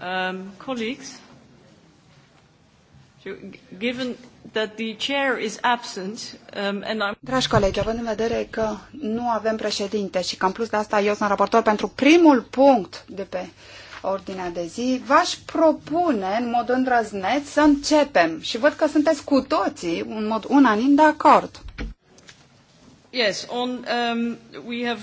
Um, colleagues, given that the chair is absent um, and I'm... Dragi colegi, având în vedere că nu avem președinte și că în plus de asta eu sunt raportor pentru primul punct de pe ordinea de zi, v-aș propune în mod îndrăzneț să începem și văd că sunteți cu toții în mod unanim de acord. Yes, on, um, we have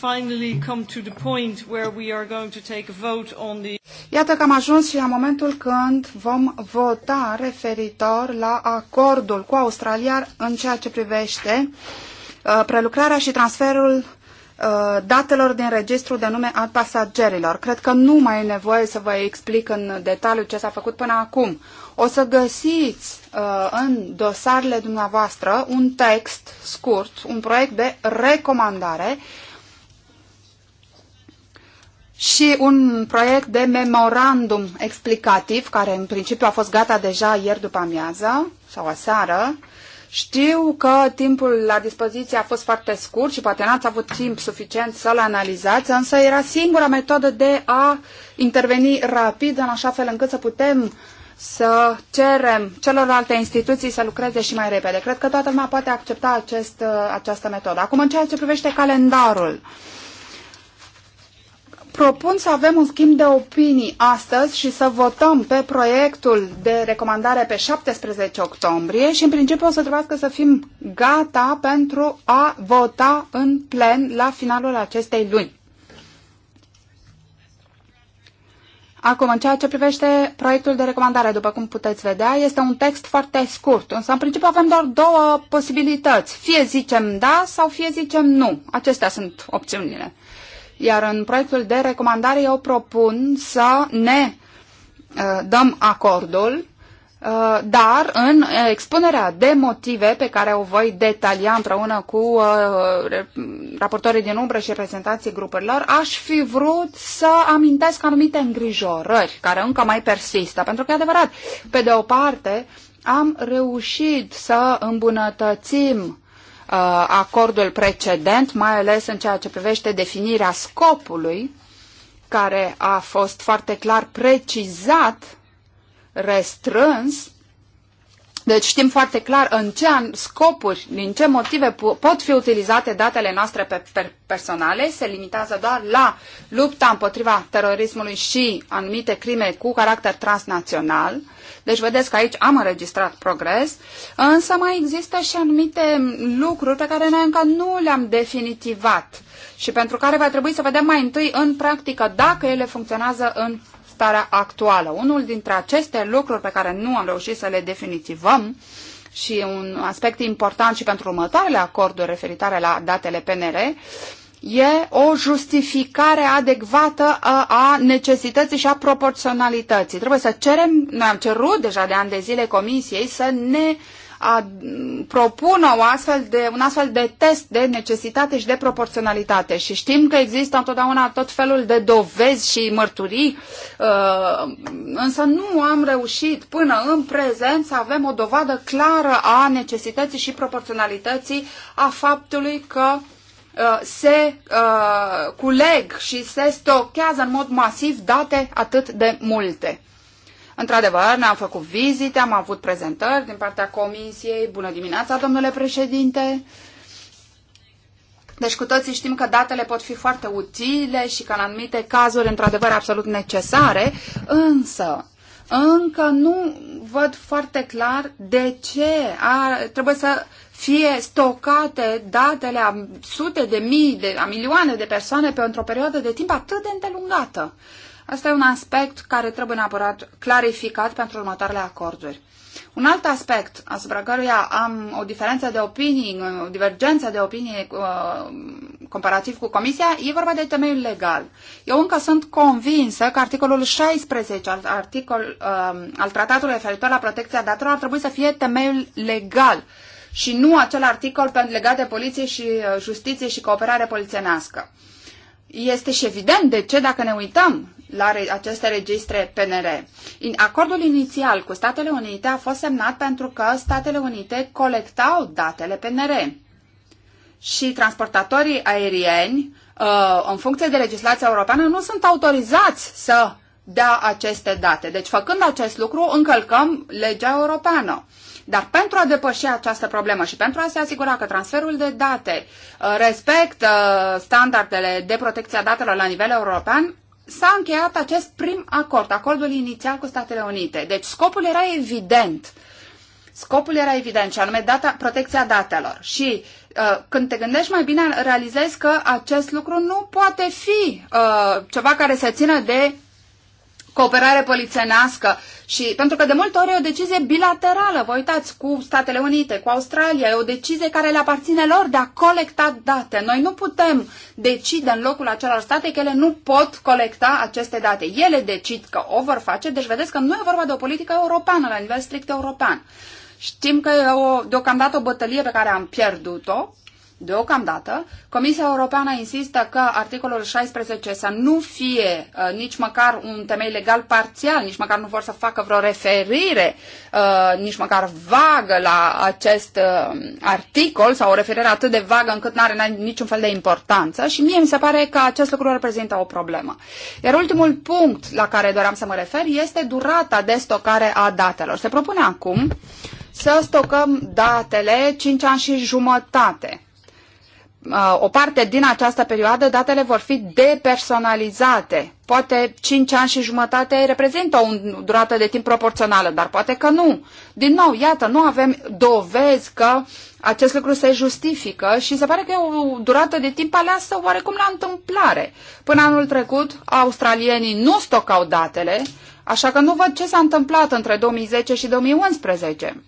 finally come to the point where we are going to take a vote on the Iată că am ajuns și la momentul când vom vota referitor la acordul cu Australia în ceea ce privește uh, prelucrarea și transferul uh, datelor din registrul de nume al pasagerilor. Cred că nu mai e nevoie să vă explic în detaliu ce s-a făcut până acum. O să găsiți uh, în dosarele dumneavoastră un text scurt, un proiect de recomandare uh, și un proiect de memorandum explicativ, care în principiu a fost gata deja ieri după amiază sau aseară. Știu că timpul la dispoziție a fost foarte scurt și poate n-ați avut timp suficient să-l analizați, însă era singura metodă de a interveni rapid în așa fel încât să putem să cerem celorlalte instituții să lucreze și mai repede. Cred că toată lumea poate accepta acest, această metodă. Acum, în ceea ce privește calendarul, uh, propun să avem un schimb de opinii astăzi și să votăm pe proiectul de recomandare pe 17 octombrie și în principiu o să trebuiască să fim gata pentru a vota în plen la finalul acestei luni. Acum, în ceea ce privește proiectul de recomandare, după cum puteți vedea, este un text foarte scurt, însă în principiu avem doar două posibilități. Fie zicem da sau fie zicem nu. Acestea sunt opțiunile iar în proiectul de recomandare eu propun să ne uh, dăm acordul, uh, dar în expunerea de motive pe care o voi detalia împreună cu uh, raportorii din umbră și reprezentanții grupurilor, aș fi vrut să amintesc anumite îngrijorări care încă mai persistă, pentru că e adevărat, pe de o parte am reușit să îmbunătățim Uh, acordul precedent, mai ales în ceea ce privește definirea scopului, care a fost foarte clar precizat, restrâns, deci știm foarte clar în ce scopuri, din ce motive pot fi utilizate datele noastre pe, pe personale. Se limitează doar la lupta împotriva terorismului și anumite crime cu caracter transnațional. Deci vedeți că aici am înregistrat progres, însă mai există și anumite lucruri pe care noi încă nu le-am definitivat și pentru care va trebui să vedem mai întâi în practică dacă ele funcționează în starea actuală. Unul dintre aceste lucruri pe care nu am reușit să le definitivăm și un aspect important și pentru următoarele acorduri referitoare la datele PNR e o justificare adecvată uh, a necesității și a proporționalității. Trebuie să cerem, noi am cerut deja de ani de zile comisiei să ne a, propună o astfel de, un astfel de test de necesitate și de proporționalitate. Și știm că există întotdeauna tot felul de dovezi și mărturii, uh, însă nu am reușit până în prezent să avem o dovadă clară a necesității și proporționalității a faptului că Uh, se uh, culeg și se stochează în mod masiv date atât de multe. Într-adevăr, ne-am făcut vizite, am avut prezentări din partea comisiei. Bună dimineața, domnule președinte! Deci cu toții știm că datele pot fi foarte utile și că în anumite cazuri, într-adevăr, absolut necesare, însă încă nu văd foarte clar de ce a, trebuie să fie stocate datele a sute de mii, de, a milioane de persoane pe o perioadă de timp atât de îndelungată. Asta e un aspect care trebuie neapărat clarificat pentru următoarele acorduri. Un alt aspect asupra căruia am o diferență de opinii, o divergență de opinie uh, comparativ cu Comisia, e vorba de temeiul legal. Eu încă sunt convinsă că articolul 16 al, articol, uh, al tratatului referitor la protecția datelor ar trebui să fie temeiul legal uh, și nu acel articol legat de poliție și uh, justiție și cooperare polițienească. Este și evident de ce dacă ne uităm la re- aceste registre PNR. Acordul inițial cu Statele Unite a fost semnat pentru că Statele Unite colectau datele PNR și transportatorii aerieni, uh, în funcție de legislația europeană, nu sunt autorizați să dea aceste date. Deci, făcând acest lucru, încălcăm legea europeană. Dar pentru a depăși această problemă și pentru a se asigura că transferul de date uh, respectă standardele de protecție a datelor la nivel european, s-a încheiat acest prim acord, acordul inițial cu Statele Unite. Deci scopul era evident. Scopul era evident și anume data, protecția datelor. Și uh, când te gândești mai bine, realizezi că acest lucru nu poate fi uh, ceva care se țină de cooperare polițenească și pentru că de multe ori e o decizie bilaterală, vă uitați, cu Statele Unite, cu Australia, e o decizie care le aparține lor de a colecta date. Noi nu putem decide în locul acelor state că ele nu pot colecta aceste date. Ele decid că o vor face, deci vedeți că nu e vorba de o politică europeană, la nivel strict european. Știm că e o, deocamdată o bătălie pe care am pierdut-o, Deocamdată, Comisia Europeană insistă că articolul 16 să nu fie uh, nici măcar un temei legal parțial, nici măcar nu vor să facă vreo referire, uh, nici măcar vagă la acest uh, articol sau o referire atât de vagă încât nu are niciun fel de importanță și mie mi se pare că acest lucru reprezintă o problemă. Iar ultimul punct la care doream să mă refer este durata de stocare a datelor. Se propune acum să stocăm datele 5 ani și jumătate Uh, o parte din această perioadă datele vor fi depersonalizate. Poate 5 ani și jumătate reprezintă o durată de timp proporțională, dar poate că nu. Din nou, iată, nu avem dovezi că acest lucru se justifică și se pare că e o durată de timp aleasă oarecum la întâmplare. Până anul trecut, australienii nu stocau datele, așa că nu văd ce s-a întâmplat între 2010 și 2011.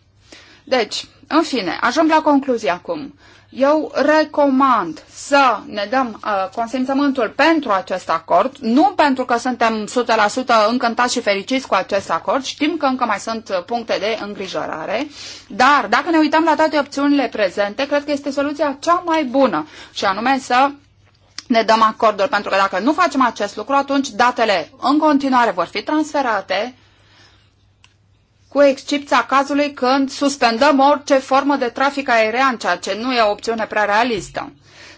Deci, în fine, ajung la concluzie acum eu recomand să ne dăm uh, consimțământul pentru acest acord, nu pentru că suntem 100% încântați și fericiți cu acest acord, știm că încă mai sunt puncte de îngrijorare, dar dacă ne uităm la toate opțiunile prezente, cred că este soluția cea mai bună și anume să ne dăm acordul, pentru că dacă nu facem acest lucru, atunci datele în continuare vor fi transferate cu excepția cazului când suspendăm orice formă de trafic aerian, ceea ce nu e o opțiune prea realistă.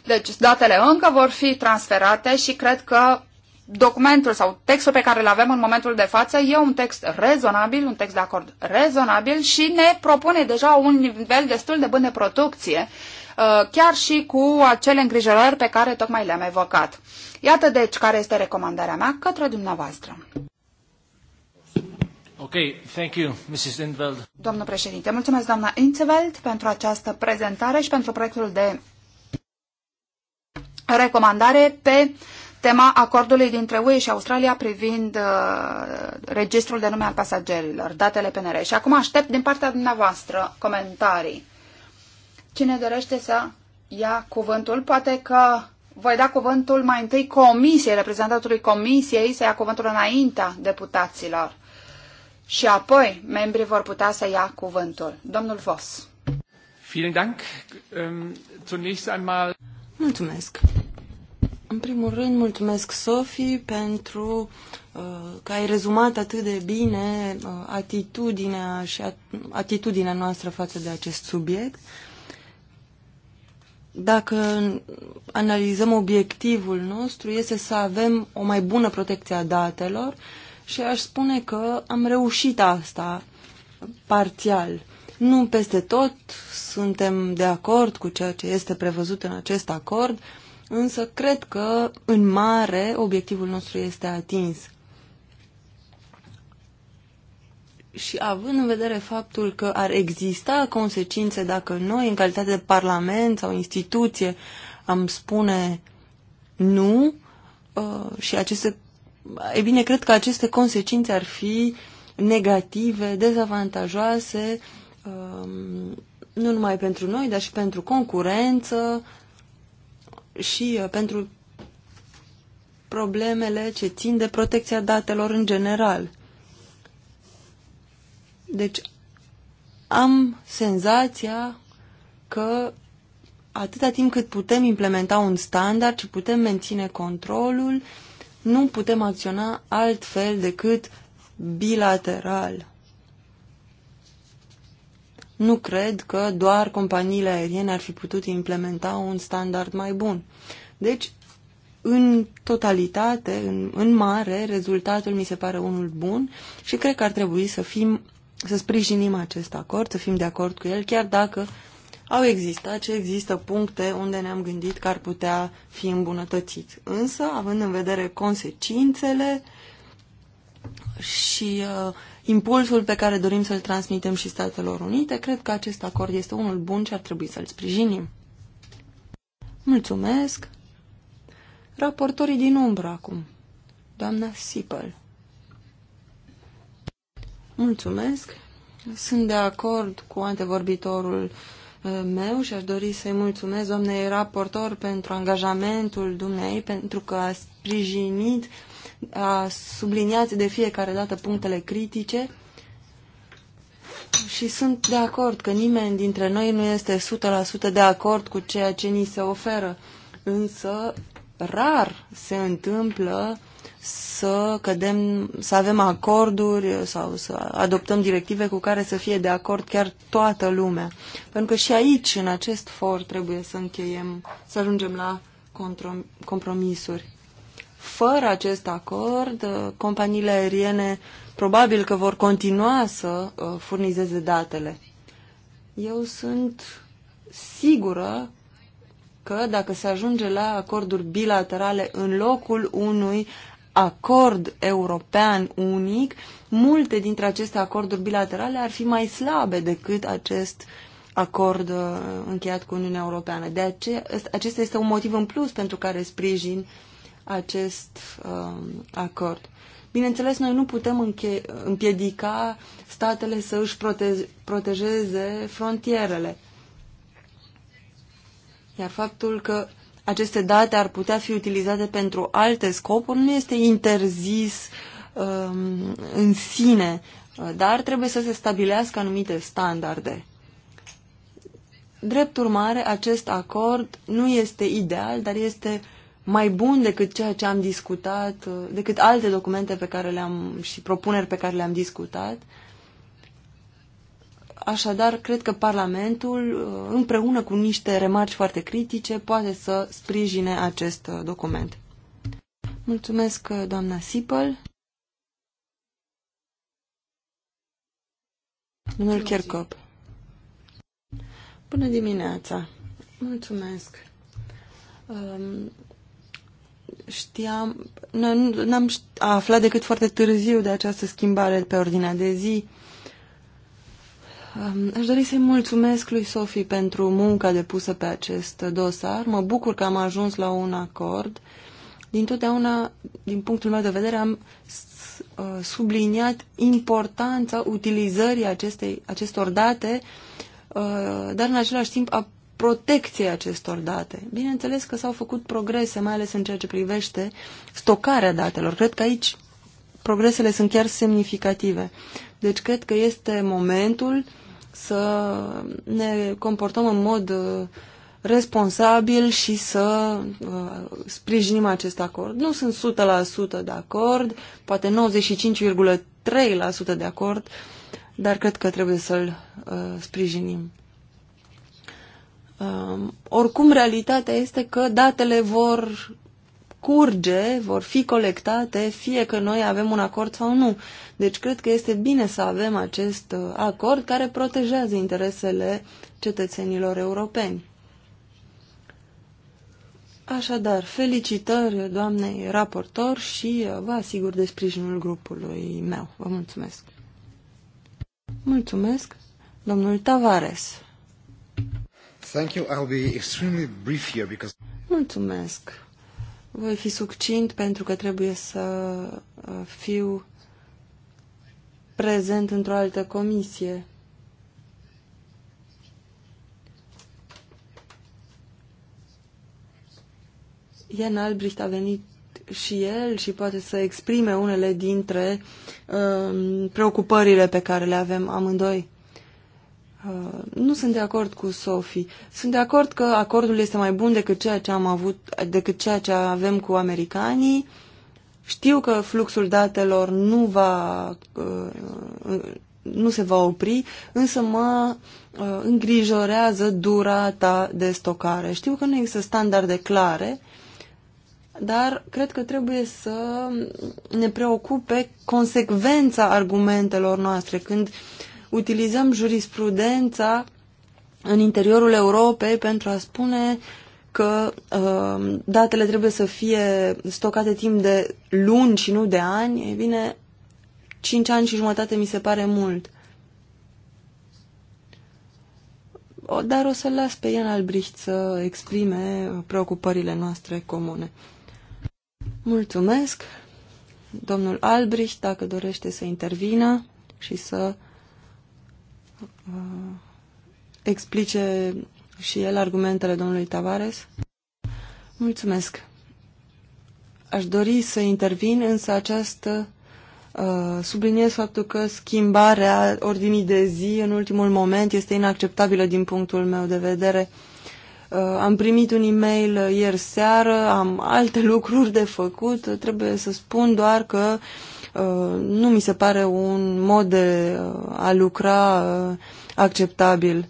Deci datele încă vor fi transferate și cred că documentul sau textul pe care îl avem în momentul de față e un text rezonabil, un text de acord rezonabil și ne propune deja un nivel destul de bun de producție, uh, chiar și cu acele îngrijorări pe care tocmai le-am evocat. Iată deci care este recomandarea mea către dumneavoastră. Okay, thank you, Mrs. Indveld. Domnul președinte, mulțumesc doamna Intveld pentru această prezentare și pentru proiectul de recomandare pe tema acordului dintre UE și Australia privind uh, registrul de nume al pasagerilor, datele PNR. Și acum aștept din partea dumneavoastră comentarii. Cine dorește să ia cuvântul, poate că voi da cuvântul mai întâi comisiei, reprezentantului comisiei să ia cuvântul înaintea deputaților și apoi membrii vor putea să ia cuvântul. Domnul Vos. Ähm, mulțumesc. În primul rând, mulțumesc, Sofi, pentru uh, că ai rezumat atât de bine uh, atitudinea și at atitudinea noastră față de acest subiect. Dacă analizăm obiectivul nostru, este să avem o mai bună protecție a datelor și aș spune că am reușit asta parțial. Nu peste tot suntem de acord cu ceea ce este prevăzut în acest acord, însă cred că, în mare, obiectivul nostru este atins. Și având în vedere faptul că ar exista consecințe dacă noi, în calitate de parlament sau instituție, am spune nu uh, și aceste e bine, cred că aceste consecințe ar fi negative, dezavantajoase, um, nu numai pentru noi, dar și pentru concurență și uh, pentru problemele ce țin de protecția datelor în general. Deci am senzația că atâta timp cât putem implementa un standard și putem menține controlul, uh, nu putem acționa altfel decât bilateral. Nu cred că doar companiile aeriene ar fi putut implementa un standard mai bun. Deci, în totalitate, în, în mare, rezultatul mi se pare unul bun și cred că ar trebui să fim, să sprijinim acest acord, să fim de acord cu el, chiar dacă au existat și există puncte unde ne-am gândit că ar putea fi îmbunătățit. Însă, având în vedere consecințele și uh, impulsul pe care dorim să-l transmitem și Statelor Unite, cred că acest acord este unul bun și ar trebui să-l sprijinim. Mulțumesc! Raportorii din umbră acum. Doamna Sipel. Mulțumesc! Sunt de acord cu antevorbitorul uh, meu și aș dori să-i mulțumesc doamnei raportor pentru angajamentul dumnei, pentru că a sprijinit, a subliniat de fiecare dată punctele critice și sunt de acord că nimeni dintre noi nu este 100% de acord cu ceea ce ni se oferă, însă rar se întâmplă să cădem, să avem acorduri sau să adoptăm directive cu care să fie de acord chiar toată lumea. Pentru că și aici, în acest for, trebuie să încheiem, să ajungem la compromisuri. Fără acest acord, uh, companiile aeriene probabil că vor continua să uh, furnizeze datele. Eu sunt sigură că dacă se ajunge la acorduri bilaterale în locul unui acord european unic, multe dintre aceste acorduri bilaterale ar fi mai slabe decât acest acord uh, încheiat cu Uniunea Europeană. De aceea, acesta este un motiv în plus pentru care sprijin acest um, acord. Bineînțeles, noi nu putem împiedica statele să își proteze, protejeze frontierele. Iar faptul că aceste date ar putea fi utilizate pentru alte scopuri, nu este interzis um, în sine, uh, dar trebuie să se stabilească anumite standarde. Drept urmare, acest acord nu este ideal, dar este mai bun decât ceea ce am discutat, uh, decât alte documente pe care le-am și propuneri pe care le-am discutat Așadar, cred că Parlamentul, uh, împreună cu niște remarci foarte critice, poate să sprijine acest uh, document. Mulțumesc, uh, doamna Sipăl. Domnul Chercop. Bună dimineața. Mulțumesc. Um, știam, n-am aflat decât foarte târziu de această schimbare pe ordinea de zi. Aș dori să-i mulțumesc lui Sofi pentru munca depusă pe acest dosar. Mă bucur că am ajuns la un acord. Din totdeauna, din punctul meu de vedere, am uh, subliniat importanța utilizării acestei, acestor date, uh, dar în același timp a protecției acestor date. Bineînțeles că s-au făcut progrese, mai ales în ceea ce privește stocarea datelor. Cred că aici progresele sunt chiar semnificative. Deci cred că este momentul să ne comportăm în mod uh, responsabil și să uh, sprijinim acest acord. Nu sunt 100% de acord, poate 95,3% de acord, dar cred că trebuie să-l uh, sprijinim. Um, oricum, realitatea este că datele vor curge vor fi colectate, fie că noi avem un acord sau nu. Deci cred că este bine să avem acest uh, acord care protejează interesele cetățenilor europeni. Așadar, felicitări doamnei raportor și uh, vă asigur de sprijinul grupului meu. Vă mulțumesc. Mulțumesc, domnul Tavares. Thank you. I'll be extremely brief here because... Mulțumesc. Voi fi succint pentru că trebuie să uh, fiu prezent într-o altă comisie. Ian Albrecht a venit și el și poate să exprime unele dintre uh, preocupările pe care le avem amândoi. Uh, nu sunt de acord cu Sophie. Sunt de acord că acordul este mai bun decât ceea ce am avut, decât ceea ce avem cu americanii. Știu că fluxul datelor nu va uh, uh, nu se va opri, însă mă îngrijorează durata de stocare. Știu că nu există standarde clare, dar cred că trebuie să ne preocupe consecvența argumentelor noastre când uh, utilizăm jurisprudența în interiorul Europei pentru a spune că uh, datele trebuie să fie stocate timp de luni și nu de ani, e bine, 5 ani și jumătate mi se pare mult. O, dar o să las pe Ian Albricht să exprime preocupările noastre comune. Mulțumesc, domnul Albricht, dacă dorește să intervină și să Uh, explice și el argumentele domnului Tavares? Mulțumesc. Aș dori să intervin, însă această uh, subliniez faptul că schimbarea ordinii de zi în ultimul moment este inacceptabilă din punctul meu de vedere. Uh, am primit un e-mail ieri seară, am alte lucruri de făcut, trebuie să spun doar că uh, Uh, nu mi se pare un mod de uh, a lucra uh, acceptabil.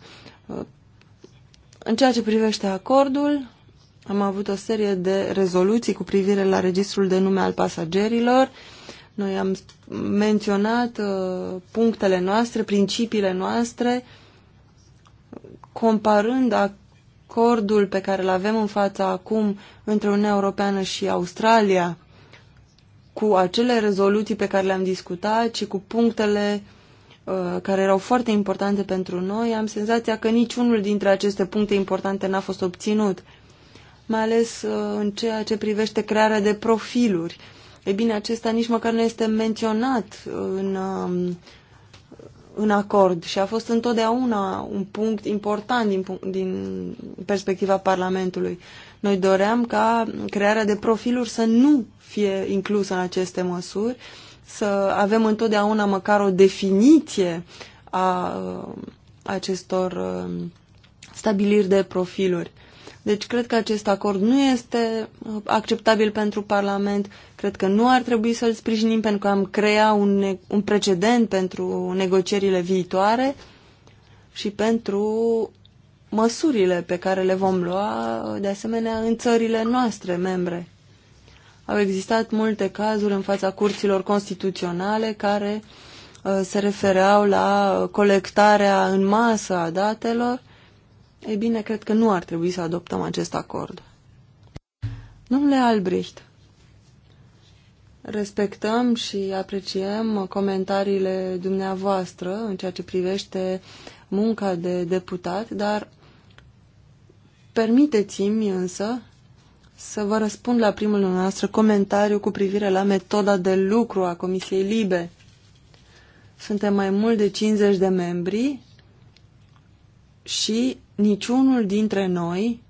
În ceea ce privește acordul, am avut o serie de rezoluții cu privire la registrul de nume al pasagerilor. Noi am menționat punctele noastre, principiile noastre, comparând acordul pe care îl avem în fața acum între Uniunea Europeană și Australia cu acele rezoluții pe care le-am discutat și cu punctele uh, care erau foarte importante pentru noi, am senzația că niciunul dintre aceste puncte importante n-a fost obținut, mai ales uh, în ceea ce privește crearea de profiluri. E bine, acesta nici măcar nu este menționat în, uh, în acord și a fost întotdeauna un punct important din, din perspectiva Parlamentului. Noi doream ca crearea de profiluri să nu fie inclusă în aceste măsuri, să avem întotdeauna măcar o definiție a uh, acestor uh, stabiliri de profiluri. Deci cred că acest acord nu este uh, acceptabil pentru Parlament, cred că nu ar trebui să-l sprijinim pentru că am crea un, un precedent pentru negocierile viitoare și pentru măsurile pe care le vom lua, de asemenea, în țările noastre membre. Au existat multe cazuri în fața curților constituționale care uh, se refereau la colectarea în masă a datelor. Ei bine, cred că nu ar trebui să adoptăm acest acord. Domnule Albrecht, respectăm și apreciem comentariile dumneavoastră în ceea ce privește munca de deputat, dar permiteți-mi însă să vă răspund la primul nostru comentariu cu privire la metoda de lucru a Comisiei Libe. Suntem mai mult de 50 de membri și niciunul dintre noi,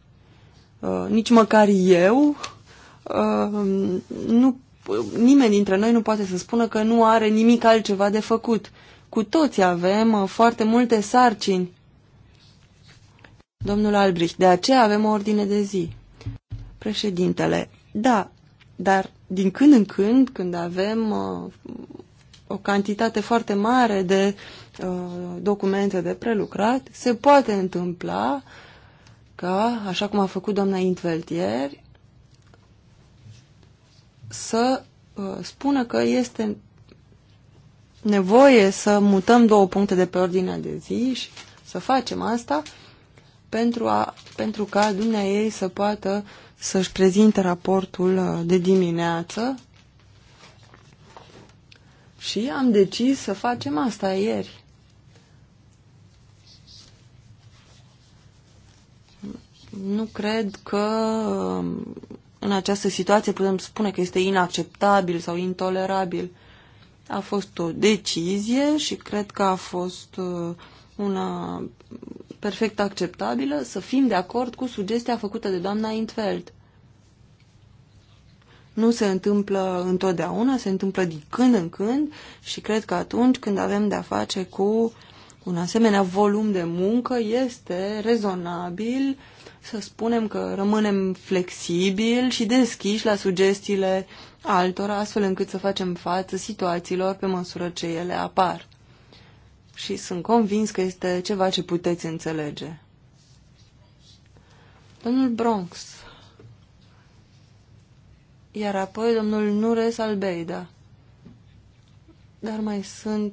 uh, nici măcar eu, uh, nu, nimeni dintre noi nu poate să spună că nu are nimic altceva de făcut. Cu toți avem uh, foarte multe sarcini. Domnul Albrecht, de aceea avem o ordine de zi. Președintele, da, dar din când în când, când avem uh, o cantitate foarte mare de uh, documente de prelucrat, se poate întâmpla ca, așa cum a făcut doamna Intveld ieri, să uh, spună că este nevoie să mutăm două puncte de pe ordinea de zi și să facem asta pentru, a, pentru ca dumnea ei să poată uh, să-și prezinte raportul uh, de dimineață și am decis să facem asta ieri. Nu cred că uh, în această situație putem spune că este inacceptabil sau intolerabil. A fost o decizie și cred că a fost uh, una perfect acceptabilă să fim de acord cu sugestia făcută de doamna Intveld. Nu se întâmplă întotdeauna, se întâmplă din când în când și cred că atunci când avem de-a face cu un asemenea volum de muncă, este rezonabil să spunem că rămânem flexibili și deschiși la sugestiile altora, astfel încât să facem față situațiilor pe măsură ce ele apar și sunt convins că este ceva ce puteți înțelege. Domnul Bronx. Iar apoi domnul Nures Albeida. Dar mai sunt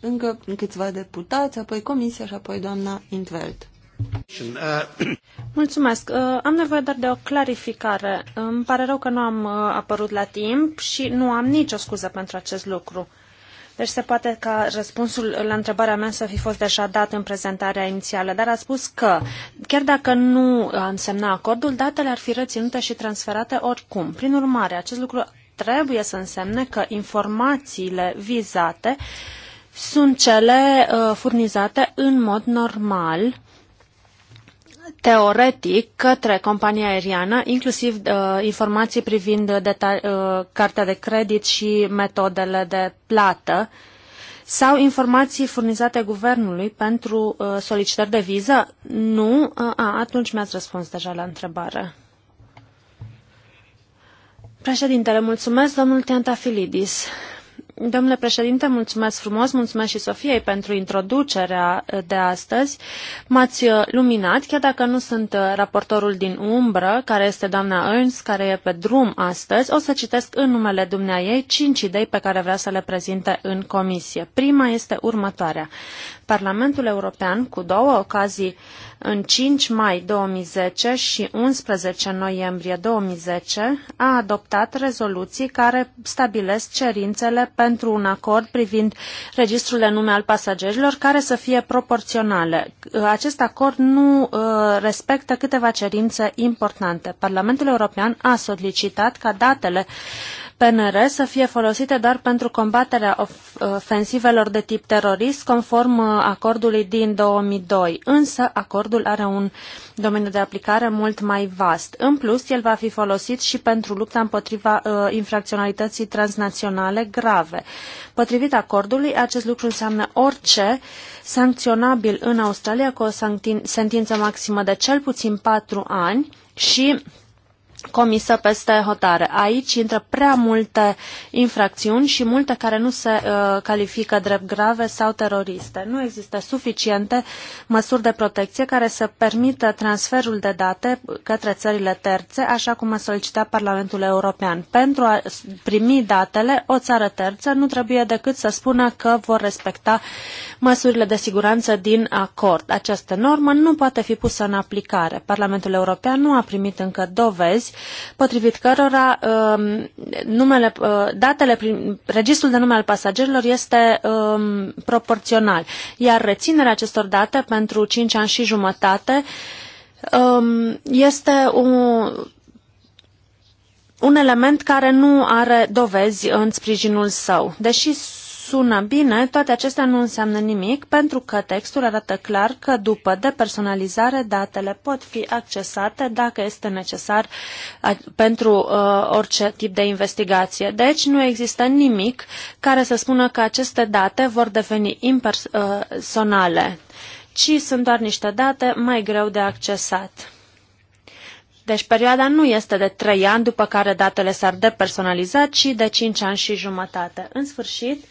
încă câțiva deputați, apoi comisia și apoi doamna Intveld. Mulțumesc. Uh, am nevoie doar de o clarificare. Îmi pare rău că nu am uh, apărut la timp și nu am nicio scuză pentru acest lucru. Deci se poate ca răspunsul la întrebarea mea să fi fost deja dat în prezentarea inițială, dar a spus că chiar dacă nu a semnat acordul, datele ar fi reținute și transferate oricum. Prin urmare, acest lucru trebuie să însemne că informațiile vizate sunt cele uh, furnizate în mod normal teoretic către compania aeriană, inclusiv uh, informații privind uh, cartea de credit și metodele de plată sau informații furnizate guvernului pentru uh, solicitări de viză? Nu? Uh, a, atunci mi-ați răspuns deja la întrebare. Președintele, mulțumesc, domnul Tiantafilidis. Domnule președinte, mulțumesc frumos, mulțumesc și Sofiei pentru introducerea eh, de astăzi. M-ați eh, luminat, chiar dacă nu sunt eh, raportorul din umbră, care este doamna Ernst, care e pe drum astăzi. O să citesc în numele dumnea ei cinci idei pe care vrea să le prezinte în comisie. Prima este următoarea. Parlamentul European, cu două ocazii în 5 mai 2010 și 11 noiembrie 2010, a adoptat rezoluții care stabilesc cerințele pe pentru un acord privind registrul de nume al pasagerilor care să fie proporționale. Acest acord nu uh, respectă câteva cerințe importante. Parlamentul European a solicitat ca datele uh, PNR să fie folosite doar pentru combaterea uh, ofensivelor de tip terorist, conform uh, acordului din 2002. Însă, acordul are un domeniu de aplicare mult mai vast. În plus, el va fi folosit și pentru lupta împotriva uh, infracționalității transnaționale grave. Potrivit acordului, acest lucru înseamnă orice sancționabil în Australia cu o sentință maximă de cel puțin 4 ani și comisă peste hotare. Aici intră prea multe infracțiuni și multe care nu se uh, califică drept grave sau teroriste. Nu există suficiente măsuri de protecție care să permită transferul de date către țările terțe, așa cum a solicitat Parlamentul European. Pentru a primi datele, o țară terță nu trebuie decât să spună că vor respecta măsurile de siguranță din acord. Această normă nu poate fi pusă în aplicare. Parlamentul European nu a primit încă dovezi potrivit cărora um, uh, numele, datele prin, registrul de nume al pasagerilor este um, proporțional, iar reținerea acestor date pentru 5 ani și jumătate um, este un un element care nu are dovezi în sprijinul său. Deși sună bine, toate acestea nu înseamnă nimic, pentru că textul arată clar că după depersonalizare datele pot fi accesate dacă este necesar pentru uh, orice tip de investigație. Deci nu există nimic care să spună că aceste date vor deveni impersonale, uh, ci sunt doar niște date mai greu de accesat. Deci perioada nu este de 3 ani după care datele s-ar depersonaliza, ci de 5 ani și jumătate. În sfârșit,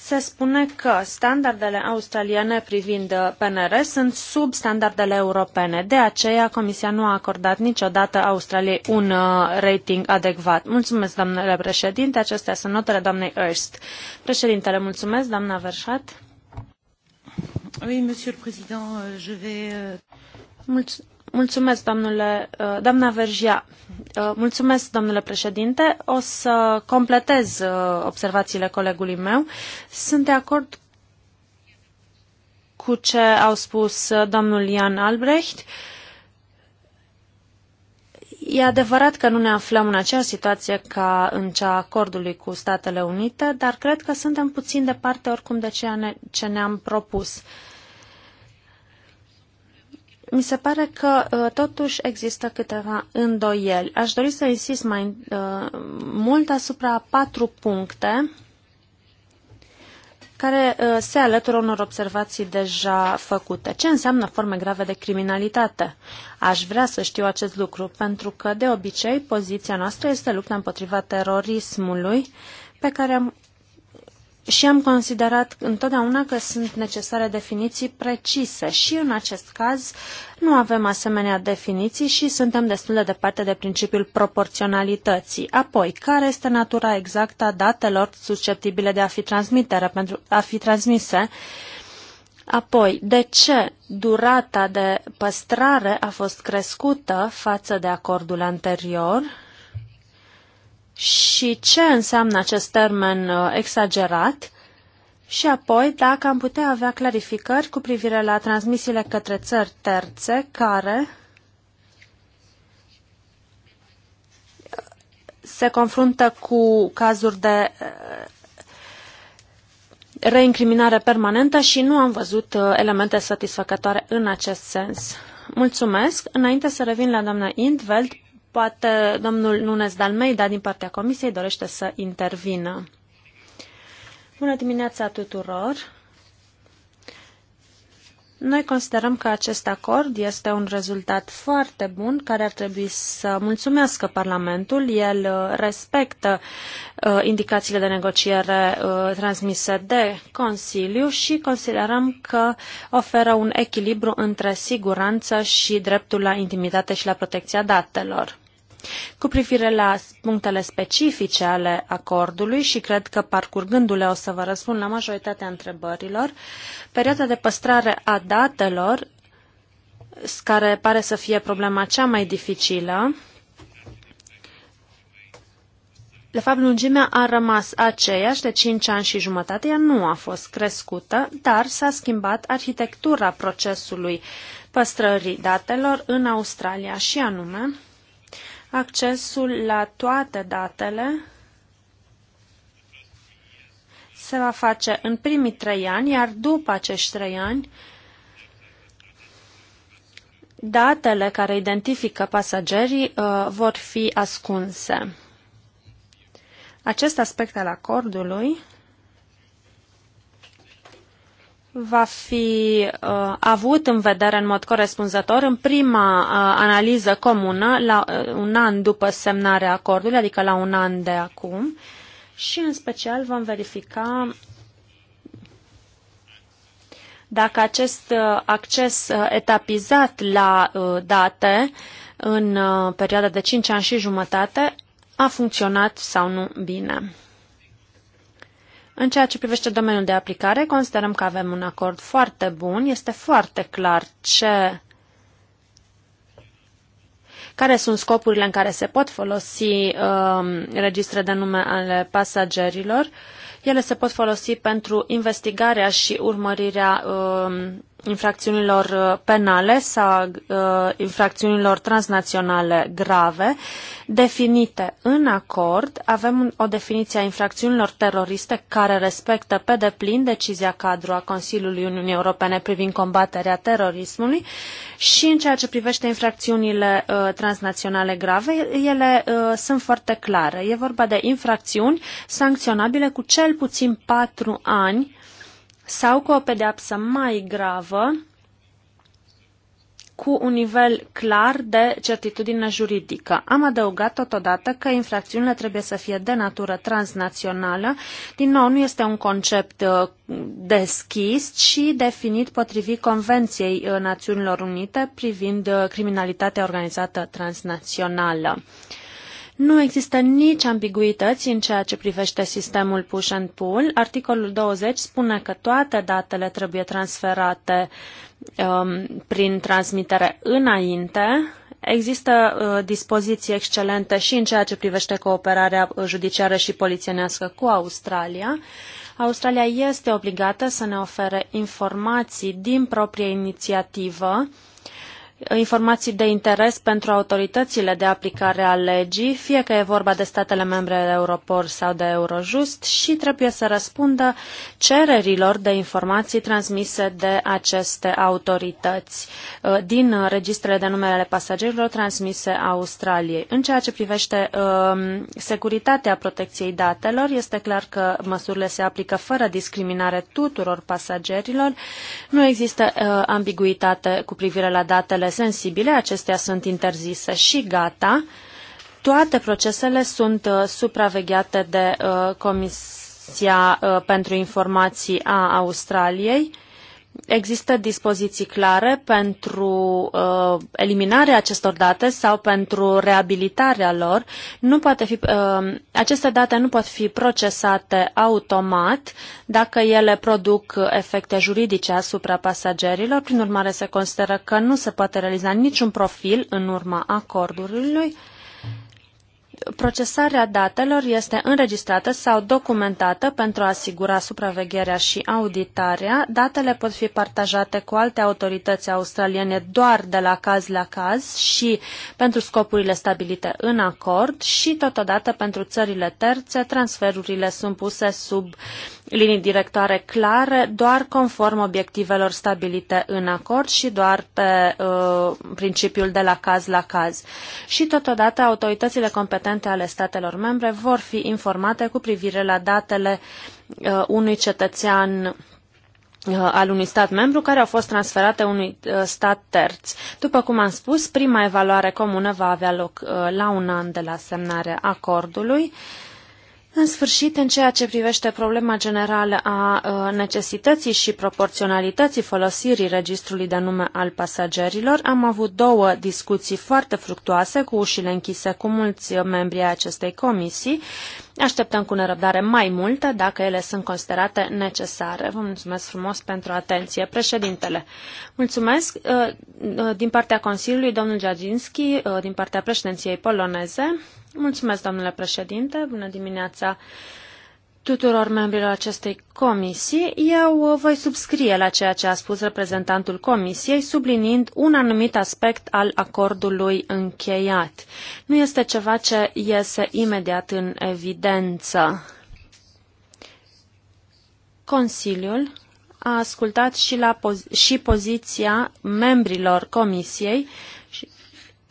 se spune că standardele australiene privind PNR sunt sub standardele europene. De aceea, Comisia nu a acordat niciodată Australiei un uh, rating adecvat. Mulțumesc, domnule președinte. Acestea sunt notele doamnei Erst. Președintele, mulțumesc, doamna Verșat. Oui, monsieur le président, euh, je vais... Euh, mulțumesc. Mulțumesc, domnule, uh, Vergia. Uh, mulțumesc, domnule președinte. O să completez uh, observațiile colegului meu. Sunt de acord cu ce au spus domnul Ian Albrecht. E adevărat că nu ne aflăm în aceeași situație ca în cea acordului cu Statele Unite, dar cred că suntem puțin departe oricum de ceea ce ne-am propus. Uh, mi se pare că uh, totuși există câteva îndoieli. Aș dori să insist mai uh, mult asupra patru puncte care uh, se alătură unor observații deja făcute. Ce înseamnă forme grave de criminalitate? Aș vrea să știu acest lucru, pentru că, de obicei, poziția noastră este lupta împotriva terorismului, pe care am și am considerat întotdeauna că sunt necesare definiții precise și în acest caz nu avem asemenea definiții și suntem destul de departe de principiul proporționalității. Apoi, care este natura exactă a datelor susceptibile de a fi, transmitere, pentru, a fi transmise? Apoi, de ce durata de păstrare a fost crescută față de acordul anterior? și ce înseamnă acest termen uh, exagerat și apoi dacă am putea avea clarificări cu privire la transmisiile către țări terțe care se confruntă cu cazuri de uh, reincriminare permanentă și nu am văzut uh, elemente satisfăcătoare în acest sens. Mulțumesc. Înainte să revin la doamna Indveld, Poate domnul Nunes Dalmeida din partea Comisiei dorește să intervină. Bună dimineața tuturor! Noi considerăm că acest acord este un rezultat foarte bun care ar trebui să mulțumească Parlamentul. El uh, respectă uh, indicațiile de negociere uh, transmise de Consiliu și considerăm că oferă un echilibru între siguranță și dreptul la intimitate și la protecția datelor. Cu privire la punctele specifice ale acordului și cred că parcurgându-le o să vă răspund la majoritatea întrebărilor, perioada de păstrare a datelor, care pare să fie problema cea mai dificilă, de fapt, lungimea a rămas aceeași de 5 ani și jumătate, ea nu a fost crescută, dar s-a schimbat arhitectura procesului păstrării datelor în Australia și anume accesul la toate datele se va face în primii trei ani, iar după acești trei ani, datele care identifică pasagerii uh, vor fi ascunse. Acest aspect al acordului va fi uh, avut în vedere în mod corespunzător în prima uh, analiză comună la uh, un an după semnarea acordului, adică la un an de acum și în special vom verifica dacă acest uh, acces uh, etapizat la uh, date în perioada de 5 ani și jumătate a funcționat sau nu bine. În ceea ce privește domeniul de aplicare, considerăm că avem un acord foarte bun. Este foarte clar ce care sunt scopurile în care se pot folosi um, registre de nume ale pasagerilor. Ele se pot folosi pentru investigarea și urmărirea um, infracțiunilor uh, penale sau uh, infracțiunilor transnaționale grave, definite în acord. Avem o definiție a infracțiunilor teroriste care respectă pe deplin decizia cadru a Consiliului Uniunii Europene privind combaterea terorismului și în ceea ce privește infracțiunile uh, transnaționale grave, ele sunt foarte clare. E vorba de infracțiuni sancționabile cu cel puțin patru ani sau cu o pedeapsă mai gravă, cu un nivel clar de certitudine juridică. Am adăugat totodată că infracțiunile trebuie să fie de natură transnațională. Din nou, nu este un concept uh, deschis, ci definit potrivit Convenției uh, Națiunilor Unite privind uh, criminalitatea organizată transnațională. Nu există nici ambiguități în ceea ce privește sistemul push and pull. Articolul 20 spune că toate datele trebuie transferate um, prin transmitere înainte. Există uh, dispoziții excelente și în ceea ce privește cooperarea judiciară și polițienească cu Australia. Australia este obligată să ne ofere informații din proprie inițiativă informații de interes pentru autoritățile de aplicare a legii, fie că e vorba de statele membre de Europol sau de Eurojust, și trebuie să răspundă cererilor de informații transmise de aceste autorități uh, din registrele de numere ale pasagerilor transmise Australiei. În ceea ce privește um, securitatea protecției datelor, este clar că măsurile se aplică fără discriminare tuturor pasagerilor. Nu există uh, ambiguitate cu privire la datele zonele sensibile, acestea sunt interzise și gata. Toate procesele sunt uh, supravegheate de uh, Comisia uh, pentru Informații a Australiei. Uh, Există dispoziții clare pentru uh, eliminarea acestor date sau pentru reabilitarea lor. Nu poate fi, uh, aceste date nu pot fi procesate automat dacă ele produc efecte juridice asupra pasagerilor. Prin urmare, se consideră că nu se poate realiza niciun profil în urma acordului procesarea datelor este înregistrată sau documentată pentru a asigura supravegherea și auditarea. Datele pot fi partajate cu alte autorități australiene doar de la caz la caz și pentru scopurile stabilite în acord și totodată pentru țările terțe transferurile sunt puse sub uh, linii directoare clare, doar conform obiectivelor stabilite în acord și doar pe uh, principiul de la caz la caz. Și totodată autoritățile competente ale statelor membre vor fi informate cu privire la datele uh, unui cetățean uh, al unui stat membru care au fost transferate unui uh, stat terț. După cum am spus, prima evaluare comună va avea loc uh, la un an de la semnarea acordului. În sfârșit, în ceea ce privește problema generală a uh, necesității și proporționalității folosirii registrului de nume al pasagerilor, am avut două discuții foarte fructuoase cu ușile închise cu mulți membri ai acestei comisii. Așteptăm cu nerăbdare mai multe dacă ele sunt considerate necesare. Vă mulțumesc frumos pentru atenție. Președintele, mulțumesc uh, uh, din partea Consiliului, domnul Giaginski, din partea președinției poloneze domnule președinte. Bună dimineața tuturor membrilor acestei comisii. Eu uh, voi subscrie la ceea ce a spus reprezentantul comisiei, sublinind un anumit aspect al acordului încheiat. Nu este ceva ce iese imediat în evidență. Consiliul a ascultat și, la pozi- și poziția membrilor comisiei și,